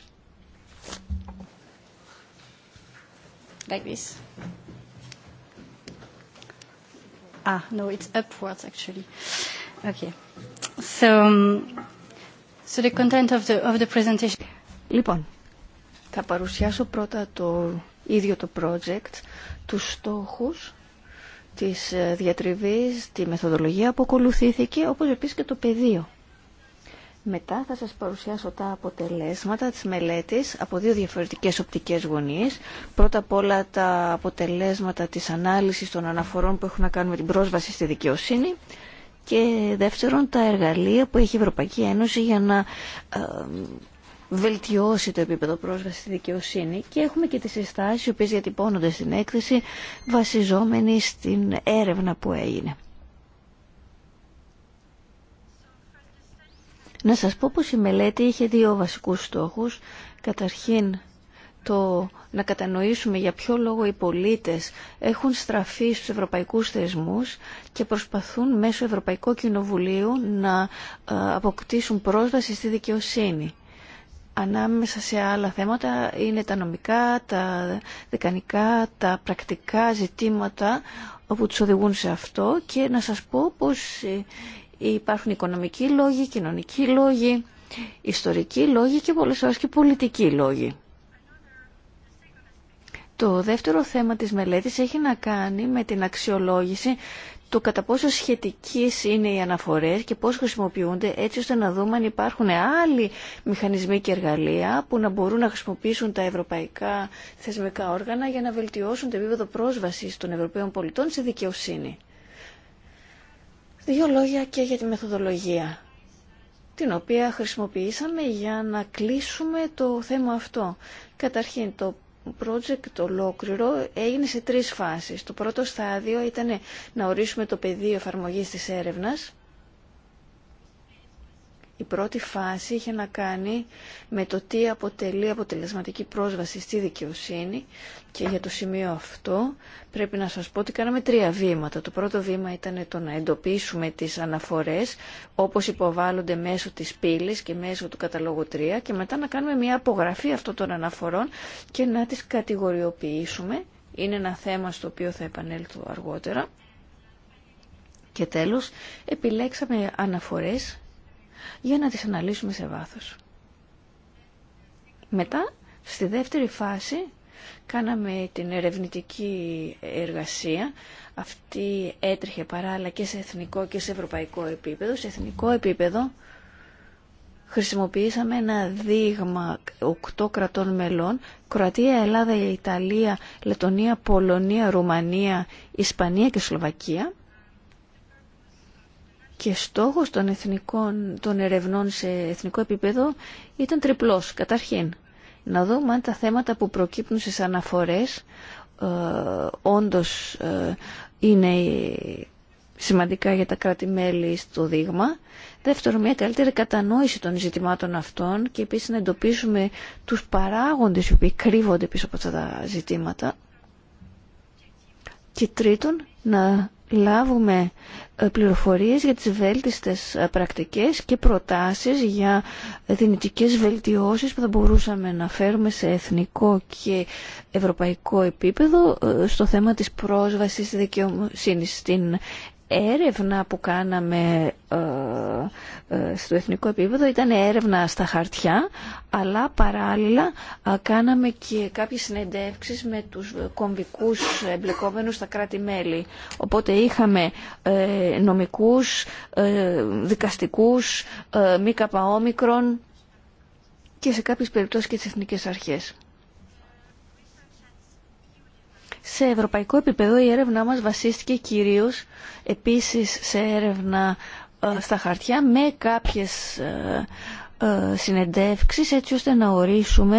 Like Ah, no, it's upwards actually. Okay. So, um, so the content of the, of the presentation. Λοιπόν, θα παρουσιάσω πρώτα το ίδιο το project, τους στόχους της ε, διατριβής, τη μεθοδολογία που ακολουθήθηκε, όπως επίσης και το πεδίο. Μετά θα σας παρουσιάσω τα αποτελέσματα της μελέτης από δύο διαφορετικές οπτικές γωνίες. Πρώτα απ' όλα τα αποτελέσματα της ανάλυσης των αναφορών που έχουν να κάνουν με την πρόσβαση στη δικαιοσύνη και δεύτερον τα εργαλεία που έχει η Ευρωπαϊκή Ένωση για να ε, βελτιώσει το επίπεδο πρόσβαση στη δικαιοσύνη και έχουμε και τις συστάσεις οι οποίες διατυπώνονται στην έκθεση βασιζόμενοι στην έρευνα που έγινε. Να σας πω πως η μελέτη είχε δύο βασικούς στόχους. Καταρχήν, το να κατανοήσουμε για ποιο λόγο οι πολίτες έχουν στραφεί στους ευρωπαϊκούς θεσμούς και προσπαθούν μέσω Ευρωπαϊκού Κοινοβουλίου να ε, αποκτήσουν πρόσβαση στη δικαιοσύνη. Ανάμεσα σε άλλα θέματα είναι τα νομικά, τα δικανικά, τα πρακτικά ζητήματα όπου τους οδηγούν σε αυτό και να σας πω πως Υπάρχουν οικονομικοί λόγοι, κοινωνικοί λόγοι, ιστορικοί λόγοι και πολλές φορές και πολιτικοί λόγοι. Το δεύτερο θέμα της μελέτης έχει να κάνει με την αξιολόγηση του κατά πόσο σχετικής είναι οι αναφορές και πώς χρησιμοποιούνται έτσι ώστε να δούμε αν υπάρχουν άλλοι μηχανισμοί και εργαλεία που να μπορούν να χρησιμοποιήσουν τα ευρωπαϊκά θεσμικά όργανα για να βελτιώσουν το επίπεδο πρόσβασης των Ευρωπαίων πολιτών σε δικαιοσύνη. Δύο λόγια και για τη μεθοδολογία, την οποία χρησιμοποιήσαμε για να κλείσουμε το θέμα αυτό. Καταρχήν, το project ολόκληρο έγινε σε τρεις φάσεις. Το πρώτο στάδιο ήταν να ορίσουμε το πεδίο εφαρμογής της έρευνας, η πρώτη φάση είχε να κάνει με το τι αποτελεί αποτελεσματική πρόσβαση στη δικαιοσύνη και για το σημείο αυτό πρέπει να σας πω ότι κάναμε τρία βήματα. Το πρώτο βήμα ήταν το να εντοπίσουμε τις αναφορές όπως υποβάλλονται μέσω της πύλης και μέσω του καταλόγου 3 και μετά να κάνουμε μια απογραφή αυτών των αναφορών και να τις κατηγοριοποιήσουμε. Είναι ένα θέμα στο οποίο θα επανέλθω αργότερα. Και τέλος, επιλέξαμε αναφορές για να τις αναλύσουμε σε βάθος. Μετά, στη δεύτερη φάση, κάναμε την ερευνητική εργασία. Αυτή έτρεχε παράλληλα και σε εθνικό και σε ευρωπαϊκό επίπεδο. Σε εθνικό επίπεδο χρησιμοποιήσαμε ένα δείγμα οκτώ κρατών μελών, Κροατία, Ελλάδα, Ιταλία, Λετωνία, Πολωνία, Ρουμανία, Ισπανία και Σλοβακία και στόχος των, εθνικών, των ερευνών σε εθνικό επίπεδο ήταν τριπλός. Καταρχήν, να δούμε αν τα θέματα που προκύπτουν στις αναφορές ε, όντως ε, είναι σημαντικά για τα κράτη-μέλη στο δείγμα. Δεύτερον, μια καλύτερη κατανόηση των ζητημάτων αυτών και επίσης να εντοπίσουμε τους παράγοντες οι οποίοι κρύβονται πίσω από αυτά τα ζητήματα. Και τρίτον, να λάβουμε ε, πληροφορίες για τις βέλτιστες ε, πρακτικές και προτάσεις για δυνητικές βελτιώσεις που θα μπορούσαμε να φέρουμε σε εθνικό και ευρωπαϊκό επίπεδο ε, στο θέμα της πρόσβασης δικαιοσύνης στην έρευνα που κάναμε ε, ε, στο εθνικό επίπεδο ήταν έρευνα στα χαρτιά αλλά παράλληλα ε, κάναμε και κάποιες συνεντεύξεις με τους κομβικούς εμπλεκόμενους στα κράτη-μέλη. Οπότε είχαμε νομικούς, δικαστικούς, μη καπαόμικρον και σε κάποιες περιπτώσεις και τις εθνικές αρχές. Σε ευρωπαϊκό επίπεδο η έρευνά μας βασίστηκε κυρίως επίσης σε έρευνα ε, στα χαρτιά με κάποιες ε, ε, συνεντεύξεις έτσι ώστε να ορίσουμε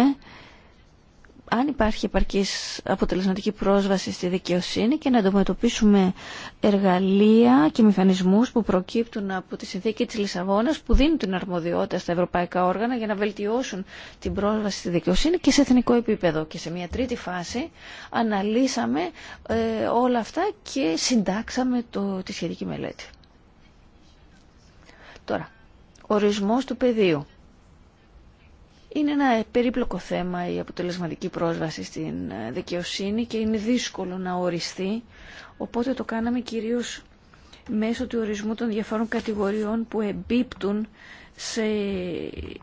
αν υπάρχει επαρκής αποτελεσματική πρόσβαση στη δικαιοσύνη και να αντιμετωπίσουμε εργαλεία και μηχανισμούς που προκύπτουν από τη συνθήκη της Λισαβόνας που δίνουν την αρμοδιότητα στα ευρωπαϊκά όργανα για να βελτιώσουν την πρόσβαση στη δικαιοσύνη και σε εθνικό επίπεδο. Και σε μια τρίτη φάση αναλύσαμε ε, όλα αυτά και συντάξαμε το, τη σχετική μελέτη. Τώρα, ορισμός του πεδίου. Είναι ένα περίπλοκο θέμα η αποτελεσματική πρόσβαση στην ε, δικαιοσύνη και είναι δύσκολο να οριστεί, οπότε το κάναμε κυρίως μέσω του ορισμού των διαφόρων κατηγοριών που εμπίπτουν σε,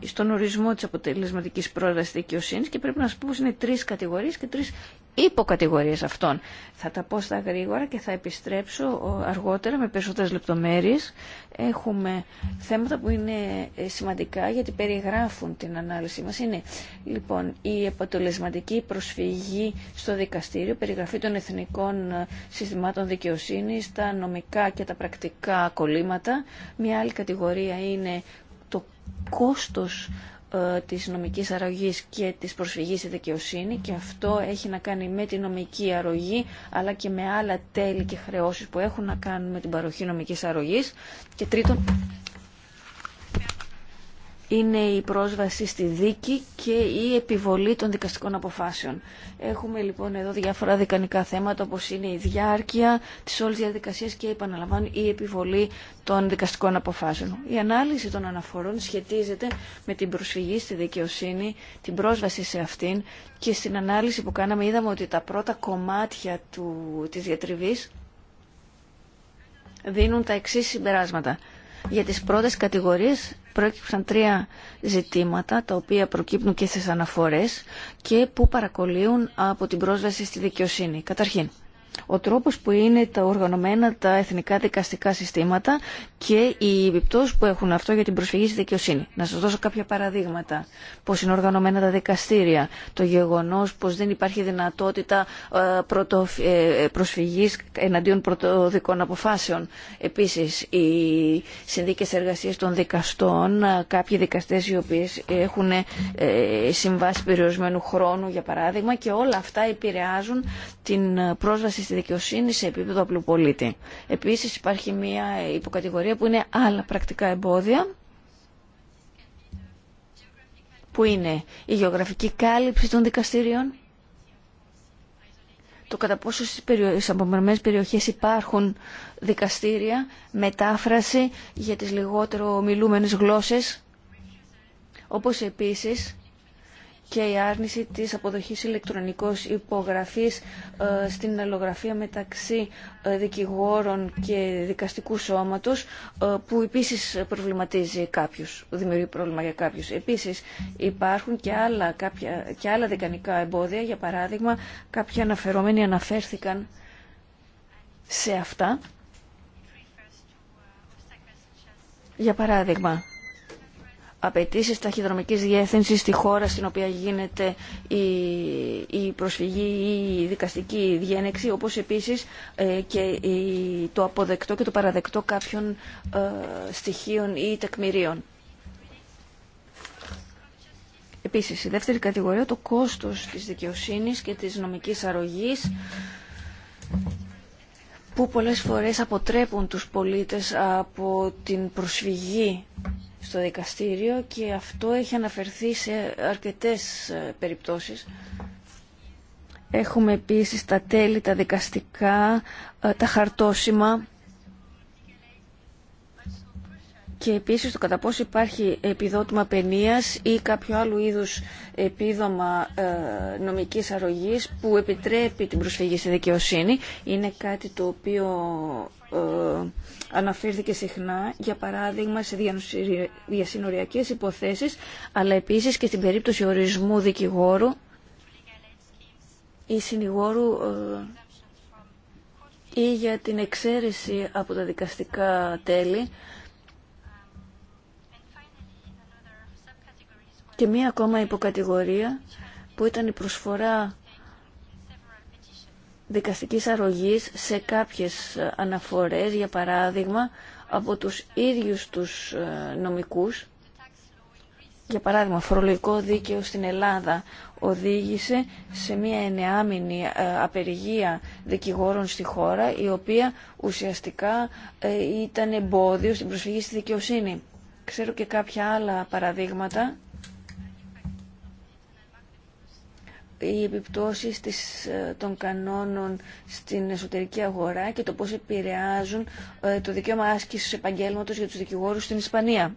στον ορισμό της αποτελεσματικής πρόσβασης δικαιοσύνης και πρέπει να σας πω πως είναι τρεις κατηγορίες και τρεις υποκατηγορίες αυτών. Θα τα πω στα γρήγορα και θα επιστρέψω αργότερα με περισσότερες λεπτομέρειες. Έχουμε θέματα που είναι ε, σημαντικά γιατί περιγράφουν την ανάλυση μας. Είναι λοιπόν η αποτελεσματική προσφυγή στο δικαστήριο, περιγραφή των εθνικών ε, συστημάτων δικαιοσύνης, τα νομικά και τα πρακτικά κολλήματα. Μια άλλη κατηγορία είναι το κόστος ε, της νομικής αρρωγής και της προσφυγής σε δικαιοσύνη και αυτό έχει να κάνει με τη νομική αρρωγή αλλά και με άλλα τέλη και χρεώσεις που έχουν να κάνουν με την παροχή νομικής αρρωγής και τρίτον είναι η πρόσβαση στη δίκη και η επιβολή των δικαστικών αποφάσεων. Έχουμε λοιπόν εδώ διάφορα δικανικά θέματα όπως είναι η διάρκεια της όλης διαδικασίας και επαναλαμβάνω η επιβολή των δικαστικών αποφάσεων. Η ανάλυση των αναφορών σχετίζεται με την προσφυγή στη δικαιοσύνη, την πρόσβαση σε αυτήν και στην ανάλυση που κάναμε είδαμε ότι τα πρώτα κομμάτια του, της διατριβής δίνουν τα εξής συμπεράσματα. Για τις πρώτες κατηγορίες προέκυψαν τρία ζητήματα τα οποία προκύπτουν και στις αναφορές και που παρακολύουν από την πρόσβαση στη δικαιοσύνη. Καταρχήν, ο τρόπος που είναι τα οργανωμένα τα εθνικά δικαστικά συστήματα και οι επιπτώσει που έχουν αυτό για την προσφυγή στη δικαιοσύνη. Να σας δώσω κάποια παραδείγματα. Πώς είναι οργανωμένα τα δικαστήρια, το γεγονός πως δεν υπάρχει δυνατότητα ε, ε, προσφυγής εναντίον πρωτοδικών αποφάσεων. Επίσης, οι συνδίκες εργασίας των δικαστών, ε, κάποιοι δικαστές οι οποίες έχουν συμβάσει περιορισμένου χρόνου, για παράδειγμα, και όλα αυτά επηρεάζουν την πρόσβαση στη δικαιοσύνη σε επίπεδο απλού πολίτη. Επίσης υπάρχει μια υποκατηγορία που είναι άλλα πρακτικά εμπόδια που είναι η γεωγραφική κάλυψη των δικαστήριων, το κατά πόσο στις απομονωμένες περιοχές υπάρχουν δικαστήρια, μετάφραση για τις λιγότερο μιλούμενες γλώσσες, όπως επίσης και η άρνηση της αποδοχής ηλεκτρονικός υπογραφής ε, στην αλλογραφία μεταξύ ε, δικηγόρων και δικαστικού σώματος ε, που επίσης προβληματίζει κάποιους, δημιουργεί πρόβλημα για κάποιους. Επίσης υπάρχουν και άλλα, κάποια, και άλλα δικανικά εμπόδια, για παράδειγμα κάποιοι αναφερόμενοι αναφέρθηκαν σε αυτά. Για παράδειγμα, απαιτήσει ταχυδρομικής διεύθυνση στη χώρα στην οποία γίνεται η, η προσφυγή ή η δικαστική διένεξη, όπως επίσης ε, και το αποδεκτό και το παραδεκτό κάποιων ε, στοιχείων ή τεκμηρίων. Επίσης, η δεύτερη κατηγορία, το κόστος της δικαιοσύνης και της νομικής αρρωγής που πολλές φορές αποτρέπουν τους πολίτες από την προσφυγή στο δικαστήριο και αυτό έχει αναφερθεί σε αρκετές ε, περιπτώσεις. Έχουμε επίσης τα τέλη, τα δικαστικά, ε, τα χαρτόσημα και επίσης το κατά πόσο υπάρχει επιδότημα πενίας ή κάποιο άλλο είδους επίδομα ε, νομικής αρρωγής που επιτρέπει την προσφυγή στη δικαιοσύνη. Είναι κάτι το οποίο αναφέρθηκε συχνά, για παράδειγμα σε διασυνοριακές υποθέσεις, αλλά επίσης και στην περίπτωση ορισμού δικηγόρου ή συνηγόρου ε, ή για την εξαίρεση από τα δικαστικά τέλη. Και μία ακόμα υποκατηγορία που ήταν η προσφορά δικαστικής αρρωγής σε κάποιες ε, αναφορές, για παράδειγμα, από τους ίδιους τους ε, νομικούς. Για παράδειγμα, φορολογικό δίκαιο στην Ελλάδα οδήγησε σε μια ενεάμινη ε, απεργία δικηγόρων στη χώρα, η οποία ουσιαστικά ήταν εμπόδιο στην προσφυγή στη δικαιοσύνη. Ξέρω και κάποια άλλα παραδείγματα οι επιπτώσεις της, ε, των κανόνων στην εσωτερική αγορά και το πώς επηρεάζουν ε, το δικαίωμα άσκησης επαγγέλματος για τους δικηγόρους στην Ισπανία.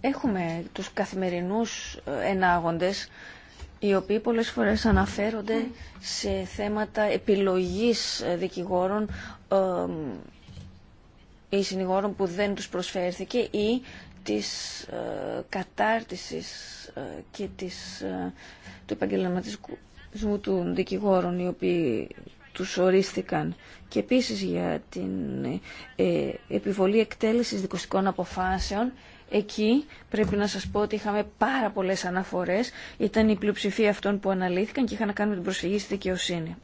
Έχουμε τους καθημερινούς ε, ενάγοντες οι οποίοι πολλές φορές αναφέρονται σε θέματα επιλογής δικηγόρων ή συνηγόρων που δεν τους προσφέρθηκε ή της ε, κατάρτισης ε, και της, ε, του επαγγελματισμού του δικηγόρων οι οποίοι τους ορίστηκαν και επίσης για την επιβολή εκτέλεσης δικοστικών αποφάσεων Εκεί πρέπει να σας πω ότι είχαμε πάρα πολλές αναφορές. Ήταν η πλειοψηφία αυτών που αναλύθηκαν και είχαν να κάνουν την προσφυγή στη δικαιοσύνη.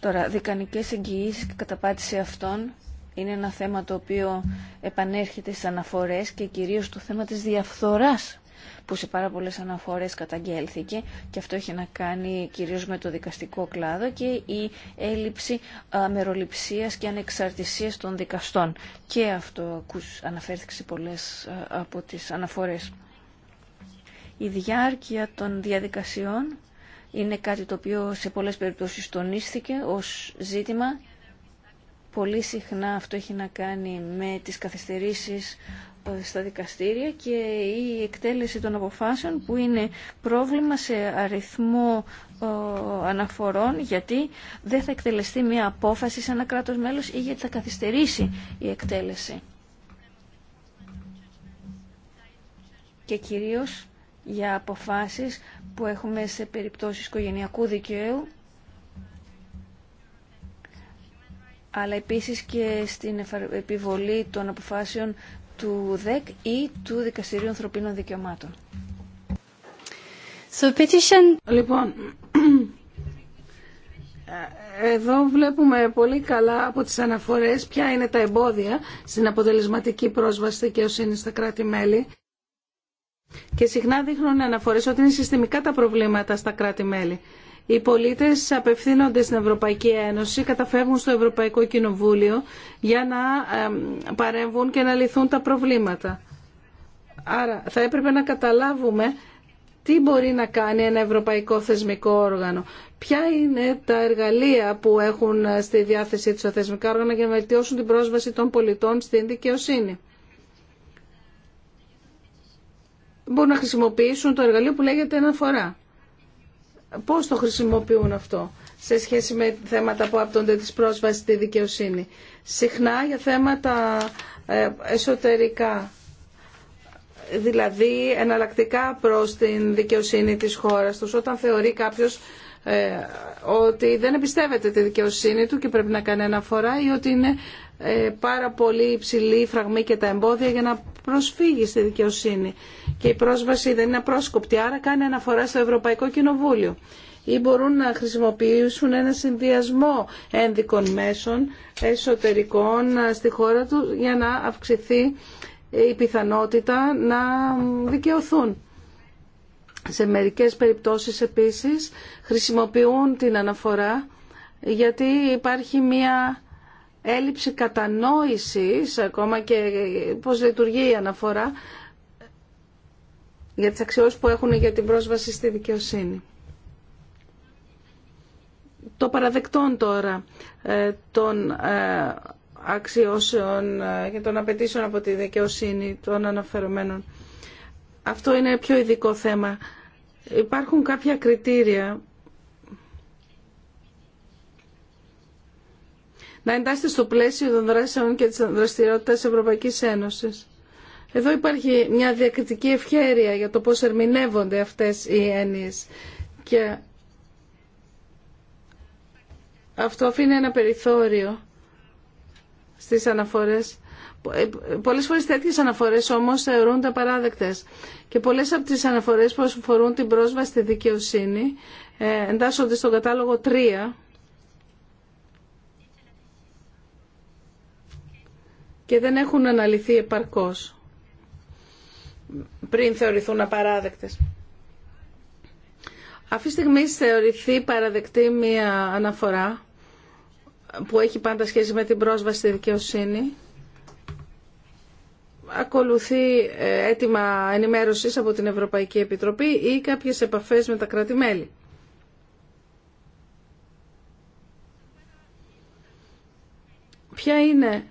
Τώρα, δικανικές εγγυήσεις και καταπάτηση αυτών είναι ένα θέμα το οποίο επανέρχεται στις αναφορές και κυρίως το θέμα της διαφθοράς που σε πάρα πολλές αναφορές καταγγέλθηκε και αυτό έχει να κάνει κυρίως με το δικαστικό κλάδο και η έλλειψη μεροληψίας και ανεξαρτησίας των δικαστών. Και αυτό αναφέρθηκε σε πολλές ε, από τις αναφορές. Η διάρκεια των διαδικασιών είναι κάτι το οποίο σε πολλές περιπτώσεις τονίστηκε ως ζήτημα Πολύ συχνά αυτό έχει να κάνει με τις καθυστερήσεις ε, στα δικαστήρια και η εκτέλεση των αποφάσεων που είναι πρόβλημα σε αριθμό ε, αναφορών γιατί δεν θα εκτελεστεί μια απόφαση σε ένα κράτος μέλος ή γιατί θα καθυστερήσει η εκτέλεση. Και κυρίως για αποφάσεις που έχουμε σε περιπτώσεις οικογενειακού δικαίου αλλά επίσης και στην επιβολή των αποφάσεων του ΔΕΚ ή του Δικαστηρίου Ανθρωπίνων Δικαιωμάτων. So petition... Λοιπόν, ε, εδώ βλέπουμε πολύ καλά από τις αναφορές ποια είναι τα εμπόδια στην αποτελεσματική πρόσβαση δικαιοσύνη στα κράτη-μέλη. Και συχνά δείχνουν αναφορές ότι είναι συστημικά τα προβλήματα στα κράτη-μέλη. Οι πολίτες απευθύνονται στην Ευρωπαϊκή Ένωση, καταφεύγουν στο Ευρωπαϊκό Κοινοβούλιο για να παρέμβουν και να λυθούν τα προβλήματα. Άρα θα έπρεπε να καταλάβουμε τι μπορεί να κάνει ένα ευρωπαϊκό θεσμικό όργανο. Ποια είναι τα εργαλεία που έχουν στη διάθεσή τους τα θεσμικά όργανα για να βελτιώσουν την πρόσβαση των πολιτών στην δικαιοσύνη. Μπορούν να χρησιμοποιήσουν το εργαλείο που λέγεται αναφορά πώς το χρησιμοποιούν αυτό σε σχέση με θέματα που απτώνται της πρόσβασης στη δικαιοσύνη. Συχνά για θέματα ε, εσωτερικά, δηλαδή εναλλακτικά προς την δικαιοσύνη της χώρας τους, όταν θεωρεί κάποιος ε, ότι δεν εμπιστεύεται τη δικαιοσύνη του και πρέπει να κάνει αναφορά ή ότι είναι ε, πάρα πολύ υψηλή φραγμή και τα εμπόδια για να προσφύγει στη δικαιοσύνη. Και η πρόσβαση δεν είναι απρόσκοπτη, άρα κάνει αναφορά στο Ευρωπαϊκό Κοινοβούλιο. Ή μπορούν να χρησιμοποιήσουν ένα συνδυασμό ένδικων μέσων εσωτερικών ε, στη χώρα του για να αυξηθεί η πιθανότητα να δικαιωθούν. Σε μερικές περιπτώσεις επίσης χρησιμοποιούν την αναφορά γιατί υπάρχει μία έλλειψη κατανόησης, ακόμα και πώς λειτουργεί η αναφορά, για τις αξιώσεις που έχουν για την πρόσβαση στη δικαιοσύνη. Το παραδεκτόν τώρα ε, των ε, αξιώσεων ε, και των απαιτήσεων από τη δικαιοσύνη των αναφερομένων. Αυτό είναι πιο ειδικό θέμα. Υπάρχουν κάποια κριτήρια να εντάσσεται στο πλαίσιο των δράσεων και της δραστηριότητας Ευρωπαϊκής Ένωσης. Εδώ υπάρχει μια διακριτική ευχέρεια για το πώς ερμηνεύονται αυτές οι έννοιες. Και αυτό αφήνει ένα περιθώριο στις αναφορές. Ε, πολλές φορές τέτοιες αναφορές όμως θεωρούνται παράδεκτες. Και πολλές από τις αναφορές που αφορούν την πρόσβαση στη δικαιοσύνη ε, εντάσσονται στον κατάλογο 3 και δεν έχουν αναλυθεί επαρκώς πριν θεωρηθούν απαράδεκτες. Αυτή τη στιγμή θεωρηθεί παραδεκτή μία αναφορά που έχει πάντα σχέση με την πρόσβαση στη δικαιοσύνη. Ακολουθεί ε, αίτημα ενημέρωσης από την Ευρωπαϊκή Επιτροπή ή κάποιες επαφές με τα κράτη-μέλη. Ποια είναι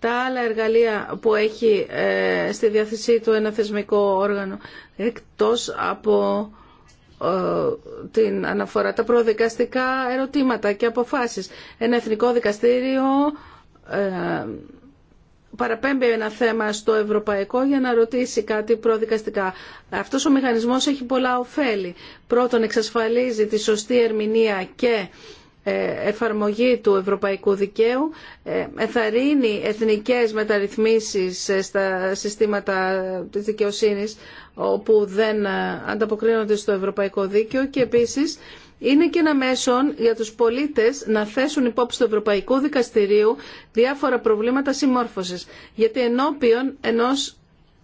τα άλλα εργαλεία που έχει ε, στη διάθεσή του ένα θεσμικό όργανο εκτός από ε, την αναφορά τα προδικαστικά ερωτήματα και αποφάσεις. Ένα εθνικό δικαστήριο ε, παραπέμπει ένα θέμα στο ευρωπαϊκό για να ρωτήσει κάτι προδικαστικά. Αυτός ο μηχανισμός έχει πολλά ωφέλη. Πρώτον, εξασφαλίζει τη σωστή ερμηνεία και ε, εφαρμογή του ευρωπαϊκού δικαίου εθαρρύνει εθνικές μεταρρυθμίσεις ε, στα συστήματα της δικαιοσύνης όπου δεν ε, ανταποκρίνονται στο ευρωπαϊκό δίκαιο και επίσης είναι και ένα μέσον για τους πολίτες να θέσουν υπόψη του Ευρωπαϊκού Δικαστηρίου διάφορα προβλήματα συμμόρφωσης. Γιατί ενώπιον ενός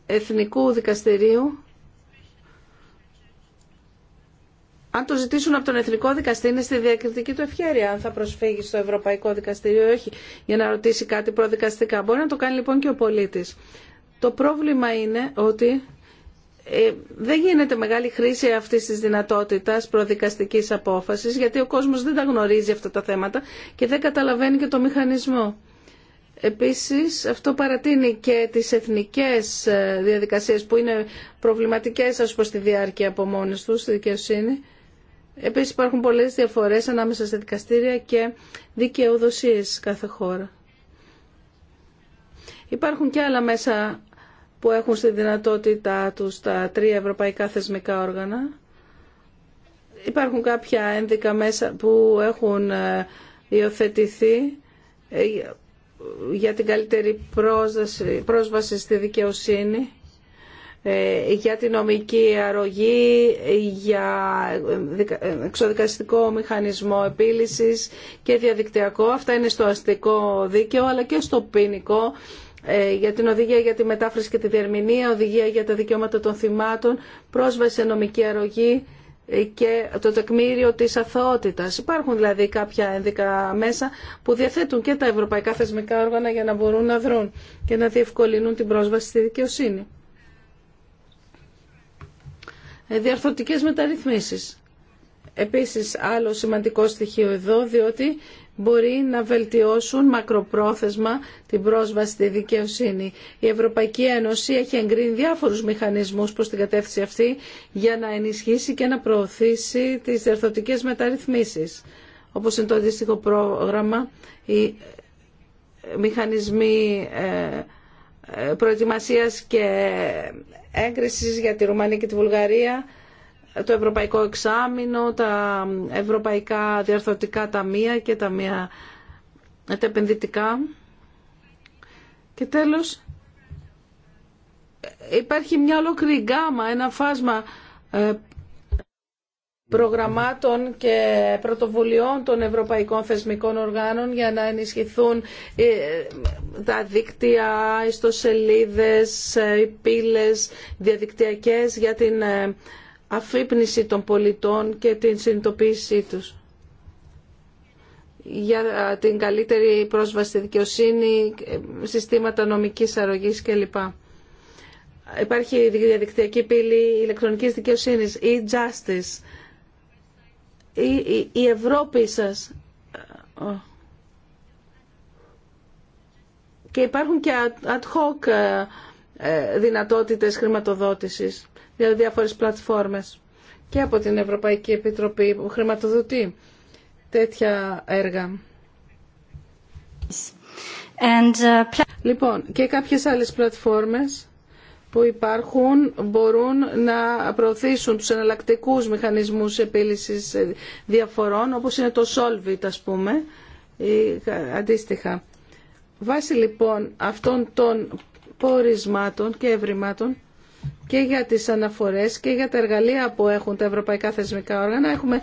εθνικού δικαστηρίου αν το ζητήσουν από τον Εθνικό Δικαστή είναι στη διακριτική του ευχαίρεια αν θα προσφύγει στο Ευρωπαϊκό Δικαστήριο ή όχι για να ρωτήσει κάτι προδικαστικά. Μπορεί να το κάνει λοιπόν και ο πολίτη. Το πρόβλημα είναι ότι ε, δεν γίνεται μεγάλη χρήση αυτή τη δυνατότητα προδικαστική απόφαση, γιατί ο κόσμο δεν τα γνωρίζει αυτά τα θέματα και δεν καταλαβαίνει και το μηχανισμό. Επίσης, αυτό παρατείνει και τις εθνικές ε, διαδικασίες που είναι προβληματικές ας πω στη διάρκεια από μόνες τους στη δικαιοσύνη Επίσης υπάρχουν πολλές διαφορές ανάμεσα στα δικαστήρια και δικαιοδοσίες κάθε χώρα. Υπάρχουν και άλλα μέσα που έχουν στη δυνατότητά τους τα τρία ευρωπαϊκά θεσμικά όργανα. Υπάρχουν κάποια ένδικα μέσα που έχουν ε, υιοθετηθεί ε, για την καλύτερη πρόσβαση στη δικαιοσύνη ε, για την νομική αρρωγή, για ε, ε, εξοδικαστικό μηχανισμό επίλυσης και διαδικτυακό. Αυτά είναι στο αστικό δίκαιο αλλά και στο ποινικό για την οδηγία για τη μετάφραση και τη διερμηνία, οδηγία για τα δικαιώματα των θυμάτων, πρόσβαση σε νομική αρρωγή και το τεκμήριο της αθωότητας. Υπάρχουν δηλαδή κάποια ένδικα μέσα που διαθέτουν και τα ευρωπαϊκά θεσμικά όργανα για να μπορούν να δρουν και να διευκολύνουν την πρόσβαση στη δικαιοσύνη. Ε, διαρθρωτικές μεταρρυθμίσεις. Επίσης άλλο σημαντικό στοιχείο εδώ διότι μπορεί να βελτιώσουν μακροπρόθεσμα την πρόσβαση στη δικαιοσύνη. Η Ευρωπαϊκή Ένωση έχει εγκρίνει διάφορους μηχανισμούς προς την κατεύθυνση αυτή για να ενισχύσει και να προωθήσει τις διαρθρωτικές μεταρρυθμίσεις. Όπως είναι το αντίστοιχο πρόγραμμα, οι ε, μηχανισμοί ε, προετοιμασίας και έγκρισης για τη Ρουμανία και τη Βουλγαρία, το Ευρωπαϊκό Εξάμεινο, τα Ευρωπαϊκά Διαρθρωτικά Ταμεία και ταμεία τα επενδυτικά. Και τέλος, υπάρχει μια ολόκληρη γκάμα, ένα φάσμα ε, προγραμμάτων και πρωτοβουλειών των ευρωπαϊκών θεσμικών οργάνων για να ενισχυθούν ε, τα δίκτυα, ιστοσελίδες, ε, οι πύλες διαδικτυακές για την ε, αφύπνιση των πολιτών και την συνειδητοποίησή τους για την καλύτερη πρόσβαση στη δικαιοσύνη, συστήματα νομικής αρρωγής κλπ. Υπάρχει η διαδικτυακή πύλη ηλεκτρονικής δικαιοσύνης, e-justice, η, η Ευρώπη σας. Ε, και υπάρχουν και ad hoc ε, ε, δυνατότητες χρηματοδότησης για διάφορες πλατφόρμες και από την Ευρωπαϊκή Επιτροπή που χρηματοδοτεί τέτοια έργα. λοιπόν, και κάποιες άλλες πλατφόρμες που υπάρχουν μπορούν να προωθήσουν τους εναλλακτικού μηχανισμούς επίλυσης διαφορών, όπως είναι το Solvit, ας πούμε, ή αντίστοιχα. Βάσει λοιπόν αυτών των πορισμάτων και ευρημάτων και για τις αναφορές και για τα εργαλεία που έχουν τα ευρωπαϊκά θεσμικά όργανα έχουμε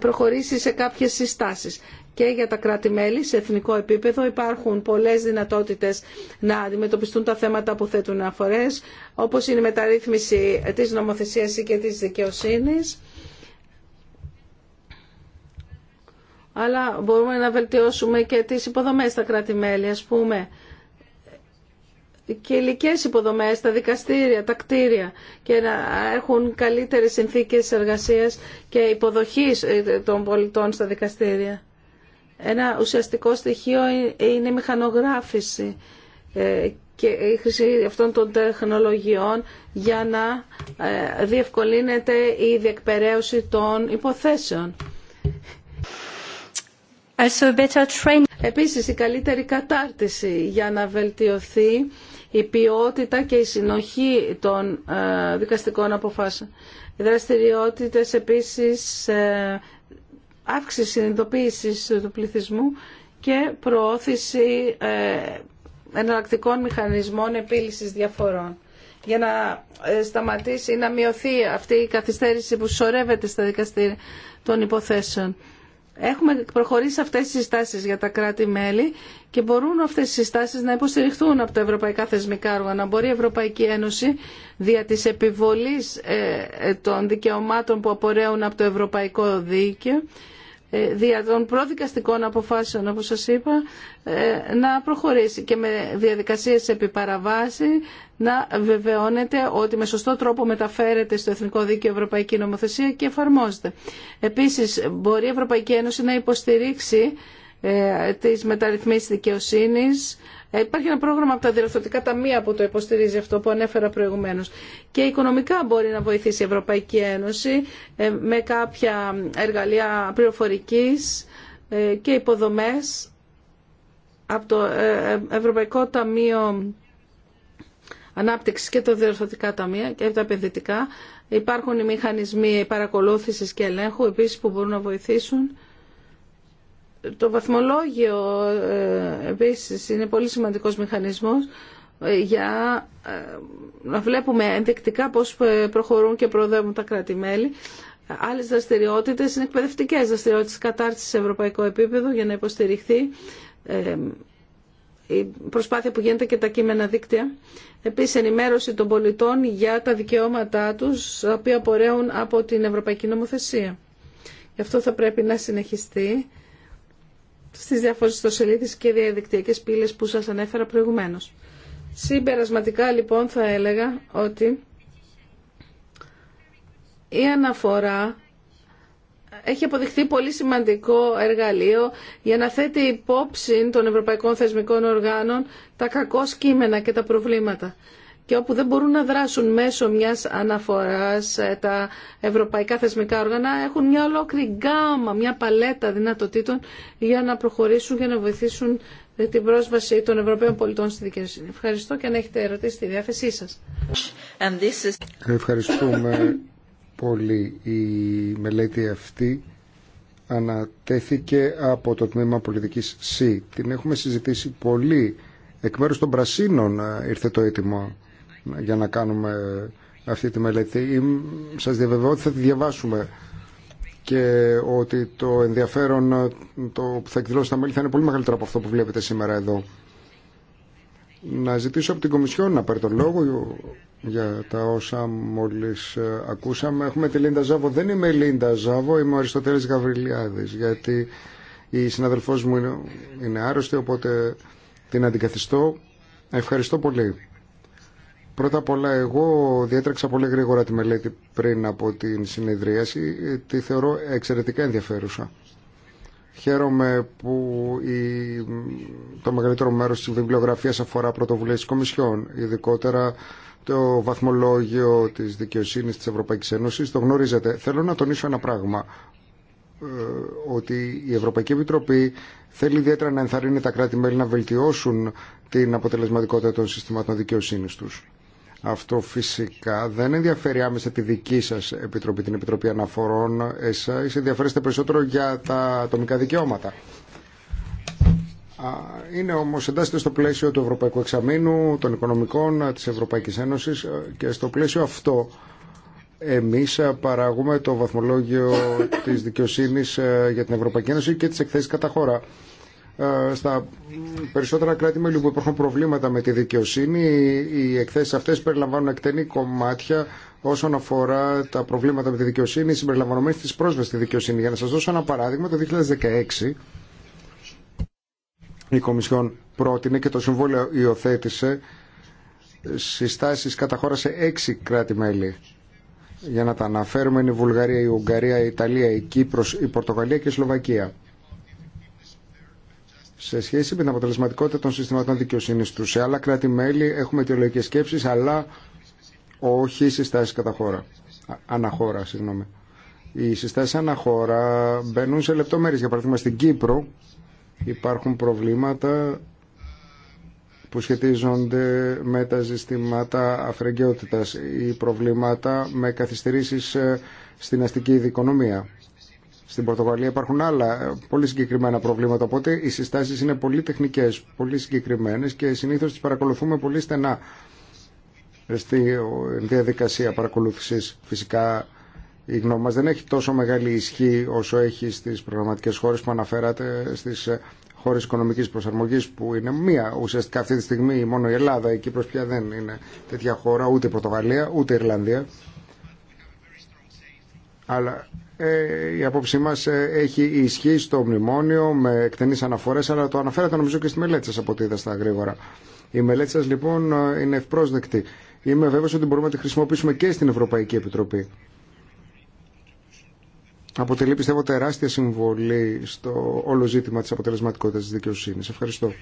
προχωρήσει σε κάποιες συστάσεις και για τα κράτη-μέλη σε εθνικό επίπεδο. Υπάρχουν πολλές δυνατότητες να αντιμετωπιστούν τα θέματα που θέτουν αφορές, όπως είναι η μεταρρύθμιση της νομοθεσίας και της δικαιοσύνης. Αλλά μπορούμε να βελτιώσουμε και τις υποδομές στα κράτη-μέλη, ας πούμε και υλικέ υποδομέ, τα δικαστήρια, τα κτίρια και να έχουν καλύτερε συνθήκε εργασία και υποδοχή ε, των πολιτών στα δικαστήρια. Ένα ουσιαστικό στοιχείο ε, είναι η μηχανογράφηση ε, και η χρήση αυτών των τεχνολογιών για να ε, διευκολύνεται η διεκπαιρέωση των υποθέσεων. Επίσης, η καλύτερη κατάρτιση για να βελτιωθεί η ποιότητα και η συνοχή των δικαστικών αποφάσεων. Οι δραστηριότητες επίσης αύξηση συνειδητοποίηση του πληθυσμού και προώθηση ε, εναλλακτικών μηχανισμών επίλυσης διαφορών για να ε, σταματήσει ή να μειωθεί αυτή η καθυστέρηση που σωρεύεται στα δικαστήρια των υποθέσεων. Έχουμε προχωρήσει αυτές τις συστάσεις για τα κράτη-μέλη και μπορούν αυτές οι συστάσεις να υποστηριχθούν από τα ευρωπαϊκά θεσμικά όργανα. Μπορεί η Ευρωπαϊκή Ένωση δια της επιβολής ε, των δικαιωμάτων που απορρέουν από το ευρωπαϊκό δίκαιο ε, δια των προδικαστικών αποφάσεων, όπως σας είπα, ε, να προχωρήσει και με διαδικασίες επί παραβάση να βεβαιώνεται ότι με σωστό τρόπο μεταφέρεται στο Εθνικό Δίκαιο Ευρωπαϊκή Νομοθεσία και εφαρμόζεται. Επίσης, μπορεί η Ευρωπαϊκή Ένωση να υποστηρίξει ε, τις μεταρρυθμίσεις δικαιοσύνης, ε, υπάρχει ένα πρόγραμμα από τα διευθυντικά ταμεία που το υποστηρίζει αυτό που ανέφερα προηγουμένω. Και οικονομικά μπορεί να βοηθήσει η Ευρωπαϊκή Ένωση ε, με κάποια εργαλεία πληροφορική ε, και υποδομέ από το Ευρωπαϊκό Ταμείο Ανάπτυξη και τα διευθυντικά ταμεία και τα επενδυτικά. Υπάρχουν οι μηχανισμοί παρακολούθηση και ελέγχου επίση που μπορούν να βοηθήσουν το βαθμολόγιο ε, επίσης είναι πολύ σημαντικός μηχανισμός ε, για ε, να βλέπουμε ενδεικτικά πώς προχωρούν και προοδεύουν τα κράτη-μέλη. Άλλες δραστηριότητες είναι εκπαιδευτικές δραστηριότητες κατάρτισης σε ευρωπαϊκό επίπεδο για να υποστηριχθεί η προσπάθεια που γίνεται και τα κείμενα δίκτυα. Επίσης ενημέρωση των πολιτών για τα δικαιώματά τους, τα οποία απορρέουν από την Ευρωπαϊκή Νομοθεσία. Γι' αυτό θα πρέπει να συνεχιστεί στις διάφορες ιστοσελίδες και διαδικτυακές πύλες που σας ανέφερα προηγουμένως. Συμπερασματικά λοιπόν θα έλεγα ότι η αναφορά έχει αποδειχθεί πολύ σημαντικό εργαλείο για να θέτει υπόψη των ευρωπαϊκών θεσμικών οργάνων τα κακό κείμενα και τα προβλήματα και όπου δεν μπορούν να δράσουν μέσω μιας αναφοράς ε, τα ευρωπαϊκά θεσμικά όργανα έχουν μια ολόκληρη γκάμα, μια παλέτα δυνατοτήτων για να προχωρήσουν και να βοηθήσουν ε, την πρόσβαση των Ευρωπαίων πολιτών στη δικαιοσύνη. Ευχαριστώ και αν έχετε ερωτήσει τη διάθεσή σας. Ευχαριστούμε πολύ η μελέτη αυτή ανατέθηκε από το τμήμα πολιτικής ΣΥ. Την έχουμε συζητήσει πολύ. Εκ μέρους των Πρασίνων ε, ήρθε το έτοιμο για να κάνουμε αυτή τη μελέτη. Σας διαβεβαιώ ότι θα τη διαβάσουμε και ότι το ενδιαφέρον το που θα εκδηλώσει τα μέλη θα είναι πολύ μεγαλύτερο από αυτό που βλέπετε σήμερα εδώ. Να ζητήσω από την Κομισιόν να πάρει τον λόγο για τα όσα μόλις ε, ακούσαμε. Έχουμε τη Λίντα Ζάβο. Δεν είμαι Λίντα Ζάβο, είμαι ο Αριστοτέλης Γαβριλιάδης, γιατί η συναδελφός μου είναι άρρωστη, οπότε την αντικαθιστώ. Ευχαριστώ πολύ. Πρώτα απ' όλα εγώ διέτρεξα πολύ γρήγορα τη μελέτη πριν από την συνεδρίαση. Τη θεωρώ εξαιρετικά ενδιαφέρουσα. Χαίρομαι που η, το μεγαλύτερο μέρος της βιβλιογραφίας αφορά πρωτοβουλίες τη Κομισιόν, ειδικότερα το βαθμολόγιο της δικαιοσύνης της Ευρωπαϊκής Ένωσης. Το γνωρίζετε. Θέλω να τονίσω ένα πράγμα ε, ότι η Ευρωπαϊκή Επιτροπή θέλει ιδιαίτερα να ενθαρρύνει τα κράτη-μέλη να βελτιώσουν την αποτελεσματικότητα των συστημάτων δικαιοσύνης τους. Αυτό φυσικά δεν ενδιαφέρει άμεσα τη δική σας επιτροπή, την Επιτροπή Αναφορών. Εσά ενδιαφέρεστε περισσότερο για τα ατομικά δικαιώματα. Είναι όμως εντάσσεται στο πλαίσιο του Ευρωπαϊκού Εξαμήνου, των οικονομικών της Ευρωπαϊκής Ένωσης και στο πλαίσιο αυτό εμείς παράγουμε το βαθμολόγιο της δικαιοσύνης για την Ευρωπαϊκή Ένωση και τις εκθέσεις κατά χώρα. Ε, στα περισσότερα κράτη-μέλη που υπάρχουν προβλήματα με τη δικαιοσύνη, οι εκθέσει αυτέ περιλαμβάνουν εκτενή κομμάτια όσον αφορά τα προβλήματα με τη δικαιοσύνη, συμπεριλαμβανομένη τη πρόσβαση στη δικαιοσύνη. Για να σα δώσω ένα παράδειγμα, το 2016 η Κομισιόν πρότεινε και το Συμβούλιο υιοθέτησε συστάσεις κατά χώρα σε έξι κράτη-μέλη. Για να τα αναφέρουμε είναι η Βουλγαρία, η Ουγγαρία, η Ιταλία, η Κύπρος, η Πορτογαλία και η Σλοβακία. Σε σχέση με την αποτελεσματικότητα των συστημάτων δικαιοσύνη του, σε άλλα κράτη-μέλη έχουμε αιτιολογικέ σκέψει, αλλά όχι συστάσει κατά χώρα. Αναχώρα, συγγνώμη. Οι συστάσει αναχώρα μπαίνουν σε λεπτομέρειε. Για παράδειγμα, στην Κύπρο υπάρχουν προβλήματα που σχετίζονται με τα ζητήματα αφρεγγιότητας ή προβλήματα με καθυστερήσει ε, στην αστική δικονομία. Στην Πορτογαλία υπάρχουν άλλα ε, πολύ συγκεκριμένα προβλήματα, οπότε οι συστάσει είναι πολύ τεχνικέ, πολύ συγκεκριμένε και συνήθω τι παρακολουθούμε πολύ στενά στη διαδικασία παρακολούθηση Φυσικά η γνώμη μα. δεν έχει τόσο μεγάλη ισχύ όσο έχει στι προγραμματικέ χώρε που αναφέρατε, στι ε, χώρε οικονομική προσαρμογή, που είναι μία ουσιαστικά αυτή τη στιγμή μόνο η Ελλάδα, η Κύπρος πια δεν είναι τέτοια χώρα, ούτε η Πορτογαλία, ούτε η Ιρλανδία. Αλλά ε, η απόψη μα ε, έχει ισχύ στο μνημόνιο με εκτενείς αναφορές, αλλά το αναφέρατε νομίζω και στη μελέτη σας από ό,τι είδα στα γρήγορα. Η μελέτη σας λοιπόν ε, είναι ευπρόσδεκτη. Είμαι βέβαιος ότι μπορούμε να τη χρησιμοποιήσουμε και στην Ευρωπαϊκή Επιτροπή. Αποτελεί πιστεύω τεράστια συμβολή στο όλο ζήτημα της αποτελεσματικότητας της δικαιοσύνης. Ευχαριστώ.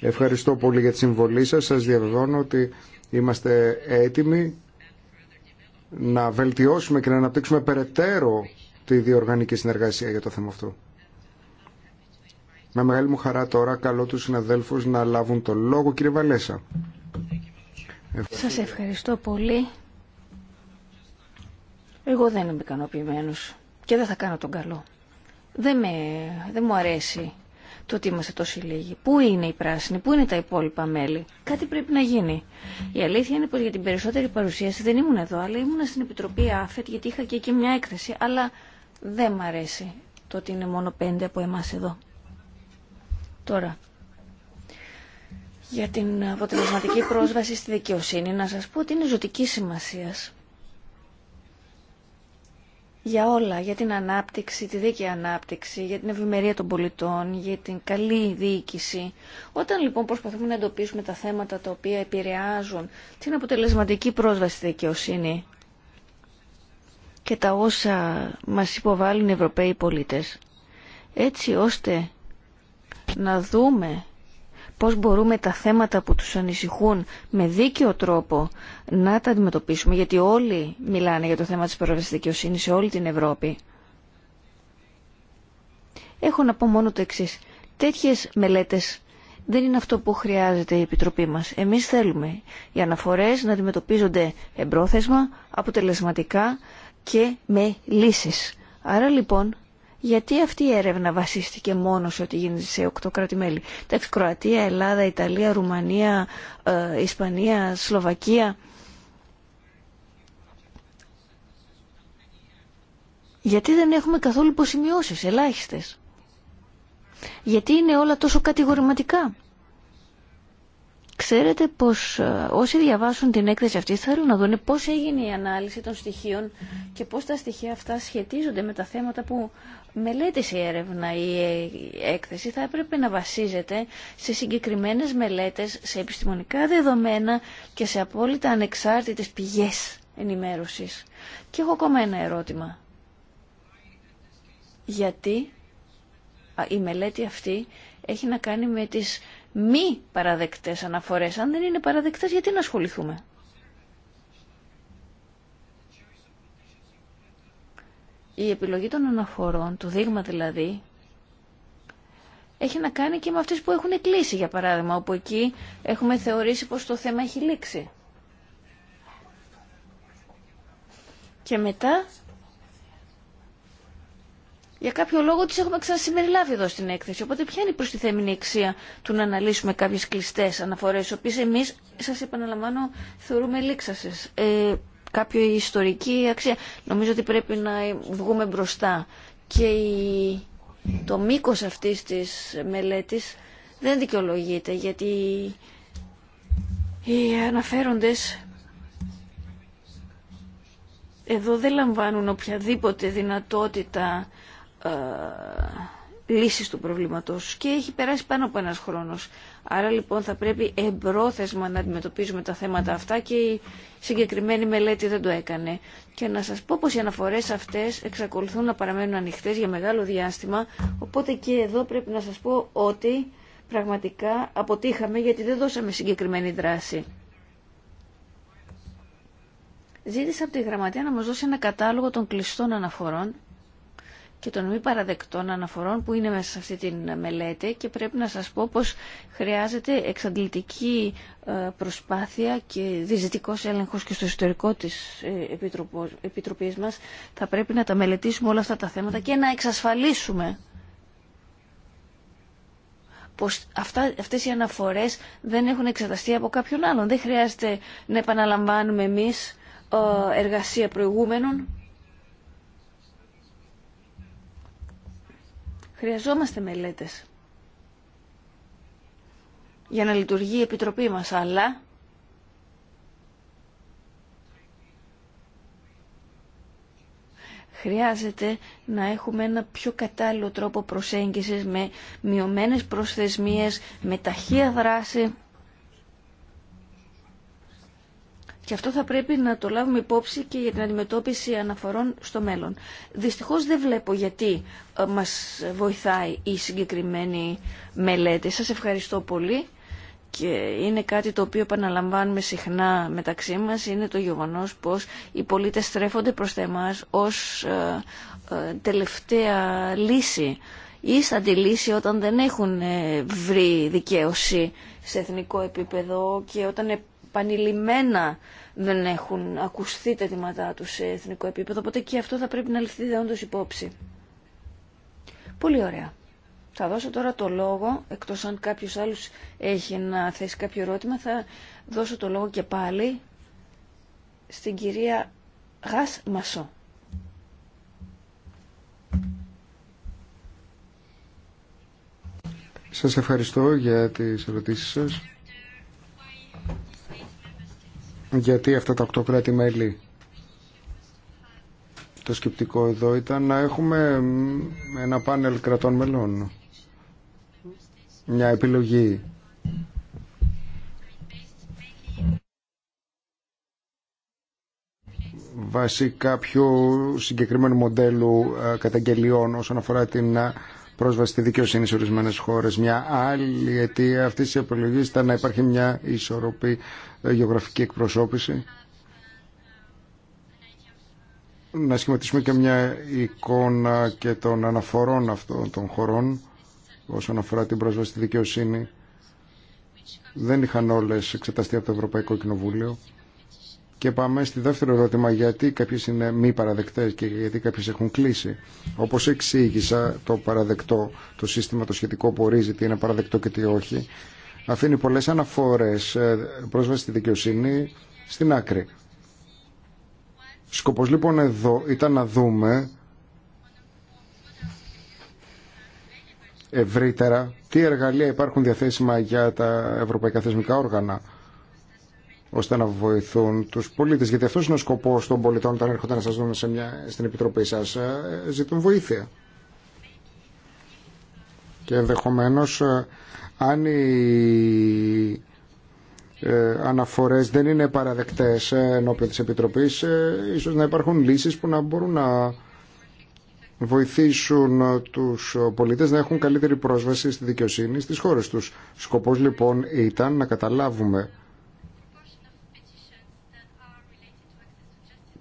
Ευχαριστώ πολύ για τη συμβολή σας. Σας διαβεβαιώνω ότι είμαστε έτοιμοι να βελτιώσουμε και να αναπτύξουμε περαιτέρω τη διοργανική συνεργασία για το θέμα αυτό. Με μεγάλη μου χαρά τώρα καλώ τους συναδέλφους να λάβουν το λόγο. Κύριε Βαλέσα. Σας ευχαριστώ πολύ. Εγώ δεν είμαι ικανοποιημένο και δεν θα κάνω τον καλό. Δεν, με, δεν μου αρέσει το ότι είμαστε τόσοι λίγοι. Πού είναι οι πράσινοι, πού είναι τα υπόλοιπα μέλη. Κάτι πρέπει να γίνει. Η αλήθεια είναι πως για την περισσότερη παρουσίαση δεν ήμουν εδώ, αλλά ήμουν στην Επιτροπή ΑΦΕΤ γιατί είχα και εκεί μια έκθεση, αλλά δεν μ' αρέσει το ότι είναι μόνο πέντε από εμάς εδώ. Τώρα, για την αποτελεσματική πρόσβαση στη δικαιοσύνη, να σας πω ότι είναι ζωτική σημασίας για όλα, για την ανάπτυξη, τη δίκαιη ανάπτυξη, για την ευημερία των πολιτών, για την καλή διοίκηση. Όταν λοιπόν προσπαθούμε να εντοπίσουμε τα θέματα τα οποία επηρεάζουν την αποτελεσματική πρόσβαση στη δικαιοσύνη και τα όσα μας υποβάλλουν οι Ευρωπαίοι πολίτες, έτσι ώστε να δούμε πώς μπορούμε τα θέματα που τους ανησυχούν με δίκαιο τρόπο να τα αντιμετωπίσουμε, γιατί όλοι μιλάνε για το θέμα της πρόσβασης δικαιοσύνης σε όλη την Ευρώπη. Έχω να πω μόνο το εξής. Τέτοιες μελέτες δεν είναι αυτό που χρειάζεται η Επιτροπή μας. Εμείς θέλουμε οι αναφορές να αντιμετωπίζονται εμπρόθεσμα, αποτελεσματικά και με λύσεις. Άρα λοιπόν γιατί αυτή η έρευνα βασίστηκε μόνο σε ό,τι γίνεται σε οκτω κράτη-μέλη. Εντάξει, Κροατία, Ελλάδα, Ιταλία, Ρουμανία, ε, Ισπανία, Σλοβακία. Γιατί δεν έχουμε καθόλου υποσημειώσεις, ελάχιστες. Γιατί είναι όλα τόσο κατηγορηματικά. Ξέρετε πως ε, όσοι διαβάσουν την έκθεση αυτή θέλουν να δουν πώς έγινε η ανάλυση των στοιχείων και πώς τα στοιχεία αυτά σχετίζονται με τα θέματα που μελέτης η έρευνα ή η έκθεση θα έπρεπε να βασίζεται σε συγκεκριμένες μελέτες, σε επιστημονικά δεδομένα και σε απόλυτα ανεξάρτητες πηγές ενημέρωσης. Και έχω ακόμα ένα ερώτημα. Γιατί η μελέτη αυτή έχει να κάνει με τις μη παραδεκτές αναφορές. Αν δεν είναι παραδεκτές, γιατί να ασχοληθούμε. η επιλογή των αναφορών, του δείγμα δηλαδή, έχει να κάνει και με αυτές που έχουν κλείσει, για παράδειγμα, όπου εκεί έχουμε θεωρήσει πως το θέμα έχει λήξει. Και μετά, για κάποιο λόγο τις έχουμε ξανασημεριλάβει εδώ στην έκθεση. Οπότε ποια είναι η προστιθέμενη αξία του να αναλύσουμε κάποιες κλειστές αναφορές, τις οποίες εμείς, σας επαναλαμβάνω, θεωρούμε λήξασες. Ε, κάποια ιστορική αξία. Νομίζω ότι πρέπει να βγούμε μπροστά. Και το μήκος αυτής της μελέτης δεν δικαιολογείται γιατί οι αναφέροντες εδώ δεν λαμβάνουν οποιαδήποτε δυνατότητα ε, λύσης του προβλήματος και έχει περάσει πάνω από ένας χρόνος. Άρα λοιπόν θα πρέπει εμπρόθεσμα να αντιμετωπίζουμε τα θέματα αυτά και η συγκεκριμένη μελέτη δεν το έκανε. Και να σας πω πως οι αναφορές αυτές εξακολουθούν να παραμένουν ανοιχτές για μεγάλο διάστημα, οπότε και εδώ πρέπει να σας πω ότι πραγματικά αποτύχαμε γιατί δεν δώσαμε συγκεκριμένη δράση. Ζήτησα από τη Γραμματεία να μας δώσει ένα κατάλογο των κλειστών αναφορών και των μη παραδεκτών αναφορών που είναι μέσα σε αυτή τη μελέτη και πρέπει να σας πω πως χρειάζεται εξαντλητική ε, προσπάθεια και διζητικός έλεγχος και στο ιστορικό της ε, Επιτροπής μας θα πρέπει να τα μελετήσουμε όλα αυτά τα θέματα και να εξασφαλίσουμε πως αυτά, αυτές οι αναφορές δεν έχουν εξεταστεί από κάποιον άλλον. Δεν χρειάζεται να επαναλαμβάνουμε εμείς ε, εργασία προηγούμενων Χρειαζόμαστε μελέτες για να λειτουργεί η Επιτροπή μας, αλλά χρειάζεται να έχουμε ένα πιο κατάλληλο τρόπο προσέγγισης με μειωμένες προσθεσμίες, με ταχεία δράση. Και αυτό θα πρέπει να το λάβουμε υπόψη και για την αντιμετώπιση αναφορών στο μέλλον. Δυστυχώς δεν βλέπω γιατί ε, μας βοηθάει η συγκεκριμένη μελέτη. Σας ευχαριστώ πολύ και είναι κάτι το οποίο επαναλαμβάνουμε συχνά μεταξύ μας είναι το γεγονός πως οι πολίτες στρέφονται προς εμάς ως ε, ε, τελευταία λύση ή σαν τη λύση όταν δεν έχουν βρει δικαίωση σε εθνικό επίπεδο και όταν επανειλημμένα δεν έχουν ακουστεί τα αιτήματά τους σε εθνικό επίπεδο, οπότε και αυτό θα πρέπει να ληφθεί δεόντως υπόψη. Πολύ ωραία. Θα δώσω τώρα το λόγο, εκτός αν κάποιος άλλος έχει να θέσει κάποιο ερώτημα, θα δώσω το λόγο και πάλι στην κυρία Γας Μασό. Σας ευχαριστώ για τις ερωτήσεις σας γιατί αυτά τα οκτώ κράτη-μέλη το σκεπτικό εδώ ήταν να έχουμε ένα πάνελ κρατών μελών μια επιλογή βάσει κάποιου συγκεκριμένου μοντέλου ε, καταγγελιών όσον αφορά την ε, πρόσβαση στη δικαιοσύνη σε ορισμένε χώρε. Μια άλλη αιτία αυτή τη επιλογή ήταν να υπάρχει μια ισορροπή ε, γεωγραφική εκπροσώπηση. Να σχηματίσουμε και μια εικόνα και των αναφορών αυτών των χωρών όσον αφορά την πρόσβαση στη δικαιοσύνη. Δεν είχαν όλες εξεταστεί από το Ευρωπαϊκό Κοινοβούλιο. Και πάμε στη δεύτερη ερώτημα, γιατί κάποιες είναι μη παραδεκτές και γιατί κάποιες έχουν κλείσει. Όπως εξήγησα, το παραδεκτό, το σύστημα το σχετικό που ορίζει τι είναι παραδεκτό και τι όχι, αφήνει πολλές αναφορές ε, πρόσβαση στη δικαιοσύνη στην άκρη. Σκοπός λοιπόν εδώ ήταν να δούμε ευρύτερα τι εργαλεία υπάρχουν διαθέσιμα για τα ευρωπαϊκά θεσμικά όργανα ώστε να βοηθούν του πολίτε. Γιατί αυτό είναι ο σκοπό των πολιτών όταν έρχονται να σα δουν σε μια, στην επιτροπή σα. Ε, ζητούν βοήθεια. Και ενδεχομένω, ε, αν οι ε, αναφορές δεν είναι παραδεκτές ενώπιον της Επιτροπής, ίσως να υπάρχουν λύσεις που να μπορούν να βοηθήσουν τους πολίτες να έχουν καλύτερη πρόσβαση στη δικαιοσύνη στις χώρες τους. Σκοπός λοιπόν ήταν να καταλάβουμε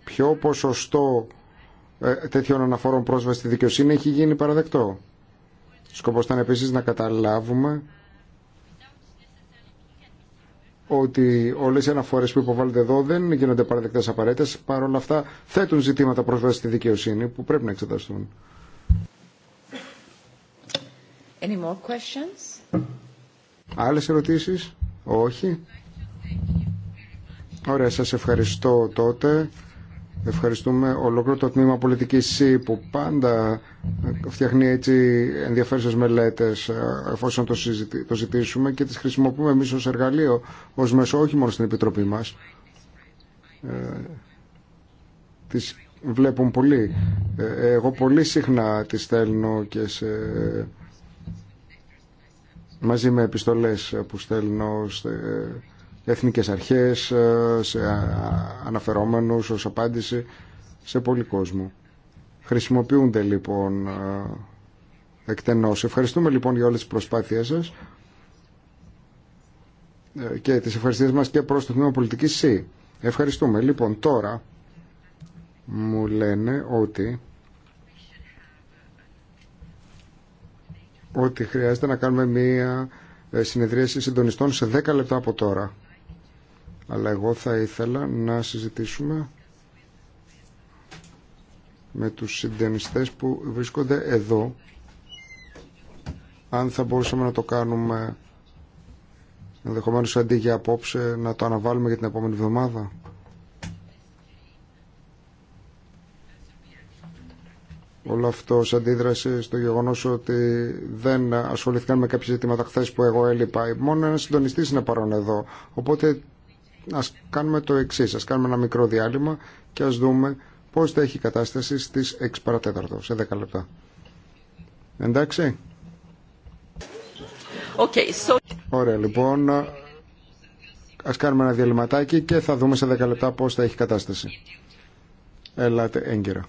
ποιο ποσοστό ε, τέτοιων αναφορών πρόσβαση στη δικαιοσύνη έχει γίνει παραδεκτό. Σκοπός ήταν επίσης να καταλάβουμε ότι όλες οι αναφορές που υποβάλλονται εδώ δεν γίνονται παραδεκτές απαραίτητες, παρόλα αυτά θέτουν ζητήματα πρόσβαση στη δικαιοσύνη που πρέπει να εξεταστούν. Any more questions? Άλλες ερωτήσεις? Όχι. Ωραία, σας ευχαριστώ τότε. Ευχαριστούμε ολόκληρο το τμήμα πολιτική ΣΥ που πάντα φτιάχνει έτσι ενδιαφέρουσες μελέτες ε, εφόσον το, ζητήσουμε και τις χρησιμοποιούμε εμεί ως εργαλείο, ως μέσο όχι μόνο στην Επιτροπή μας. Ε, τις βλέπουν πολύ. Ε, εγώ πολύ συχνά τις στέλνω και μαζί με επιστολές που στέλνω εθνικές αρχές, ε, σε ε, αναφερόμενους ως απάντηση σε πολλοί κόσμο. Χρησιμοποιούνται λοιπόν ε, εκτενώς. Ευχαριστούμε λοιπόν για όλες τις προσπάθειές σας και τις ευχαριστίες μας και προς το Τμήμα Πολιτικής ΣΥ. Ευχαριστούμε. Λοιπόν, τώρα μου λένε ότι ότι χρειάζεται να κάνουμε μία συνεδρίαση συντονιστών σε 10 λεπτά από τώρα αλλά εγώ θα ήθελα να συζητήσουμε με τους συντενιστές που βρίσκονται εδώ αν θα μπορούσαμε να το κάνουμε ενδεχομένως αντί για απόψε να το αναβάλουμε για την επόμενη εβδομάδα όλο αυτό ως αντίδραση στο γεγονός ότι δεν ασχοληθήκαν με κάποια ζητήματα χθε που εγώ έλειπα. Μόνο ένα συντονιστή είναι παρόν εδώ. Οπότε ας κάνουμε το εξή, ας κάνουμε ένα μικρό διάλειμμα και ας δούμε πώς θα έχει η κατάσταση στις 6 παρατέταρτο, σε 10 λεπτά. Εντάξει. Ωραία, λοιπόν, ας κάνουμε ένα διαλυματάκι και θα δούμε σε 10 λεπτά πώς θα έχει η κατάσταση. Ελάτε έγκυρα.